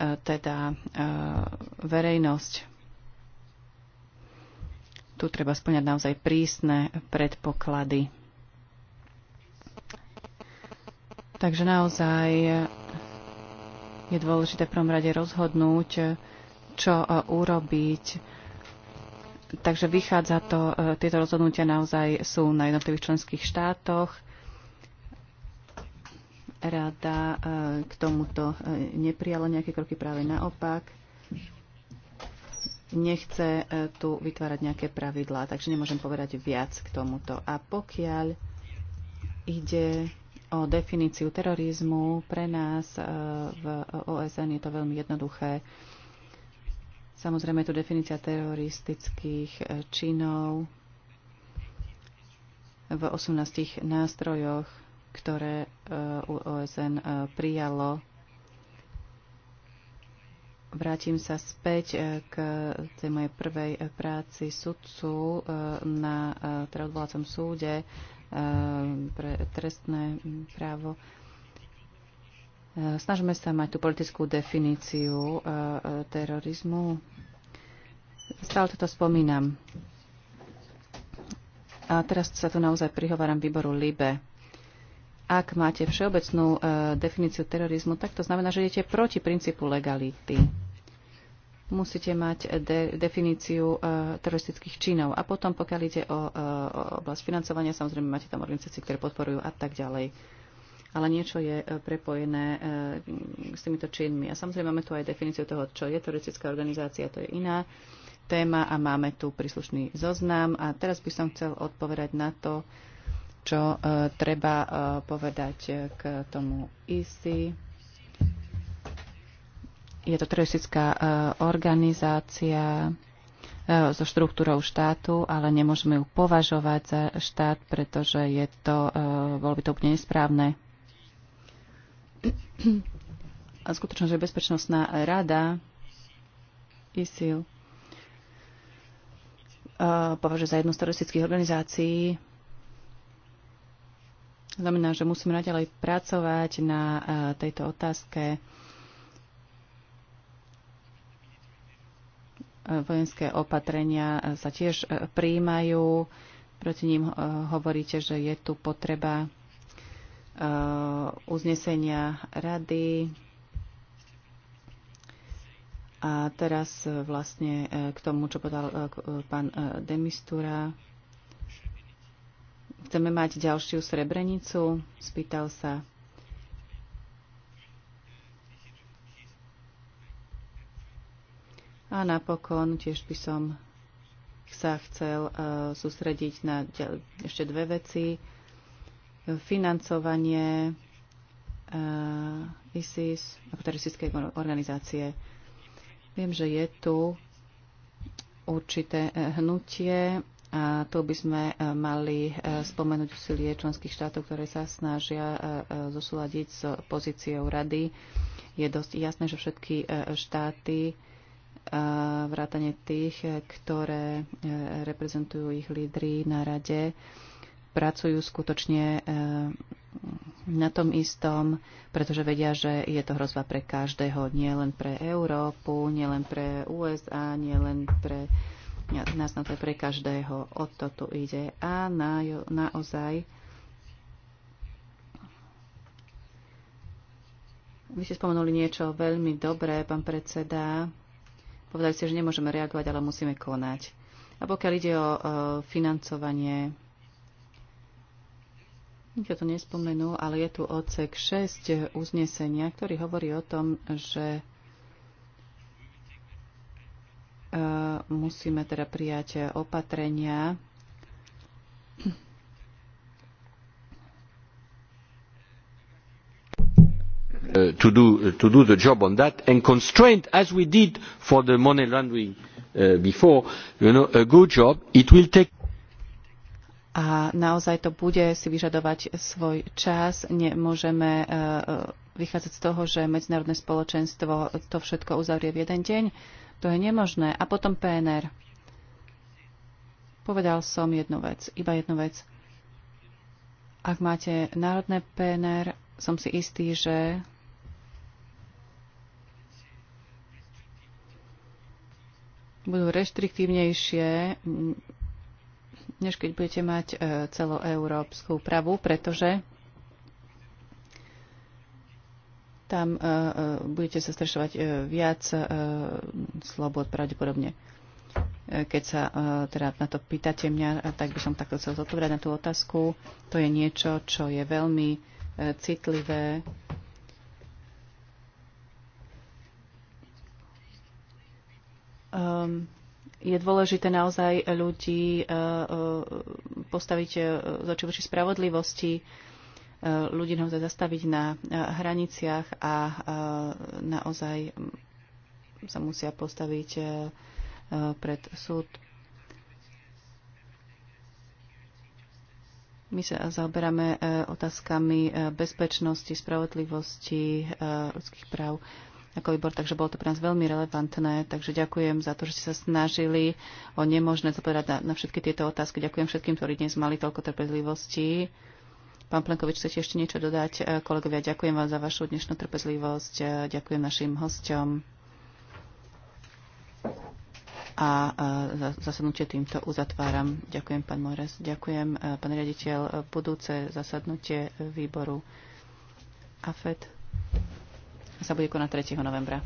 teda verejnosť. Tu treba splňať naozaj prísne predpoklady. Takže naozaj je dôležité v prvom rade rozhodnúť, čo e, urobiť. Takže vychádza to, e, tieto rozhodnutia naozaj sú na jednotlivých členských štátoch. Rada e, k tomuto neprijala nejaké kroky práve naopak nechce e, tu vytvárať nejaké pravidlá, takže nemôžem povedať viac k tomuto. A pokiaľ ide o definíciu terorizmu, pre nás e, v OSN je to veľmi jednoduché. Samozrejme, tu definícia teroristických e, činov v 18 nástrojoch, ktoré OSN prijalo Vrátim sa späť e, k tej mojej prvej e, práci sudcu e, na teda odvolacom súde pre trestné právo. Snažíme sa mať tú politickú definíciu terorizmu. Stále toto spomínam. A teraz sa tu naozaj prihováram výboru LIBE ak máte všeobecnú definíciu terorizmu, tak to znamená, že idete proti princípu legality musíte mať de- definíciu e, teroristických činov. A potom, pokiaľ ide o, e, o oblasť financovania, samozrejme máte tam organizácie, ktoré podporujú a tak ďalej. Ale niečo je e, prepojené e, s týmito činmi. A samozrejme máme tu aj definíciu toho, čo je teroristická organizácia, to je iná téma a máme tu príslušný zoznam. A teraz by som chcel odpovedať na to, čo e, treba e, povedať e, k tomu ISI je to teroristická e, organizácia e, so štruktúrou štátu, ale nemôžeme ju považovať za štát, pretože je to, bolo e, by to úplne nesprávne. A skutočno, že Bezpečnostná rada ISIL považuje za jednu z teroristických organizácií. Znamená, že musíme naďalej pracovať na tejto otázke vojenské opatrenia sa tiež e, prijímajú. Proti ním e, hovoríte, že je tu potreba e, uznesenia rady. A teraz vlastne k tomu, čo povedal pán Demistúra. Chceme mať ďalšiu srebrenicu? Spýtal sa A napokon tiež by som sa chcel e, sústrediť na ešte dve veci. Financovanie e, ISIS a teroristické organizácie. Viem, že je tu určité e, hnutie a tu by sme mali spomenúť úsilie členských štátov, ktoré sa snažia zosúľadiť s pozíciou rady. Je dosť jasné, že všetky štáty a vrátane tých, ktoré e, reprezentujú ich lídry na rade, pracujú skutočne e, na tom istom, pretože vedia, že je to hrozba pre každého, nie len pre Európu, nie len pre USA, nie len pre nás, no to je pre každého. O to tu ide. A na, naozaj Vy ste spomenuli niečo veľmi dobré, pán predseda, Povedali ste, že nemôžeme reagovať, ale musíme konať. A pokiaľ ide o e, financovanie, nikto to nespomenul, ale je tu odsek 6 uznesenia, ktorý hovorí o tom, že e, musíme teda prijať opatrenia, Uh, uh, to, do, the job on that and constrained as we did for the money laundering uh, before you know, a good job it will take a naozaj to bude si vyžadovať svoj čas. Nemôžeme vychádzať z toho, že medzinárodné spoločenstvo to všetko uzavrie v jeden deň. To je nemožné. A potom PNR. Povedal som jednu vec, iba jednu vec. Ak máte národné PNR, som si istý, že budú reštriktívnejšie, než keď budete mať e, celoeurópsku pravu, pretože tam e, e, budete sa strešovať viac slobod pravdepodobne. Keď sa teda na to pýtate mňa, tak by som takto chcel zodpovedať na tú otázku. To je niečo, čo je veľmi citlivé um, je dôležité naozaj ľudí eh, eh, postaviť eh, zoči voči spravodlivosti, ľudí naozaj zastaviť na hraniciach a naozaj mm, sa musia postaviť pred súd. My sa zaoberáme otázkami bezpečnosti, spravodlivosti, ľudských práv ako výbor, takže bolo to pre nás veľmi relevantné. Takže ďakujem za to, že ste sa snažili o nemožné zapovedať na, na všetky tieto otázky. Ďakujem všetkým, ktorí dnes mali toľko trpezlivosti. Pán Plenkovič, chcete ešte niečo dodať? E, kolegovia, ďakujem vám za vašu dnešnú trpezlivosť. E, ďakujem našim hostom. A e, zasadnutie týmto uzatváram. Ďakujem, pán Mores. Ďakujem, pán riaditeľ. Budúce zasadnutie výboru AFED sa bude konať 3. novembra.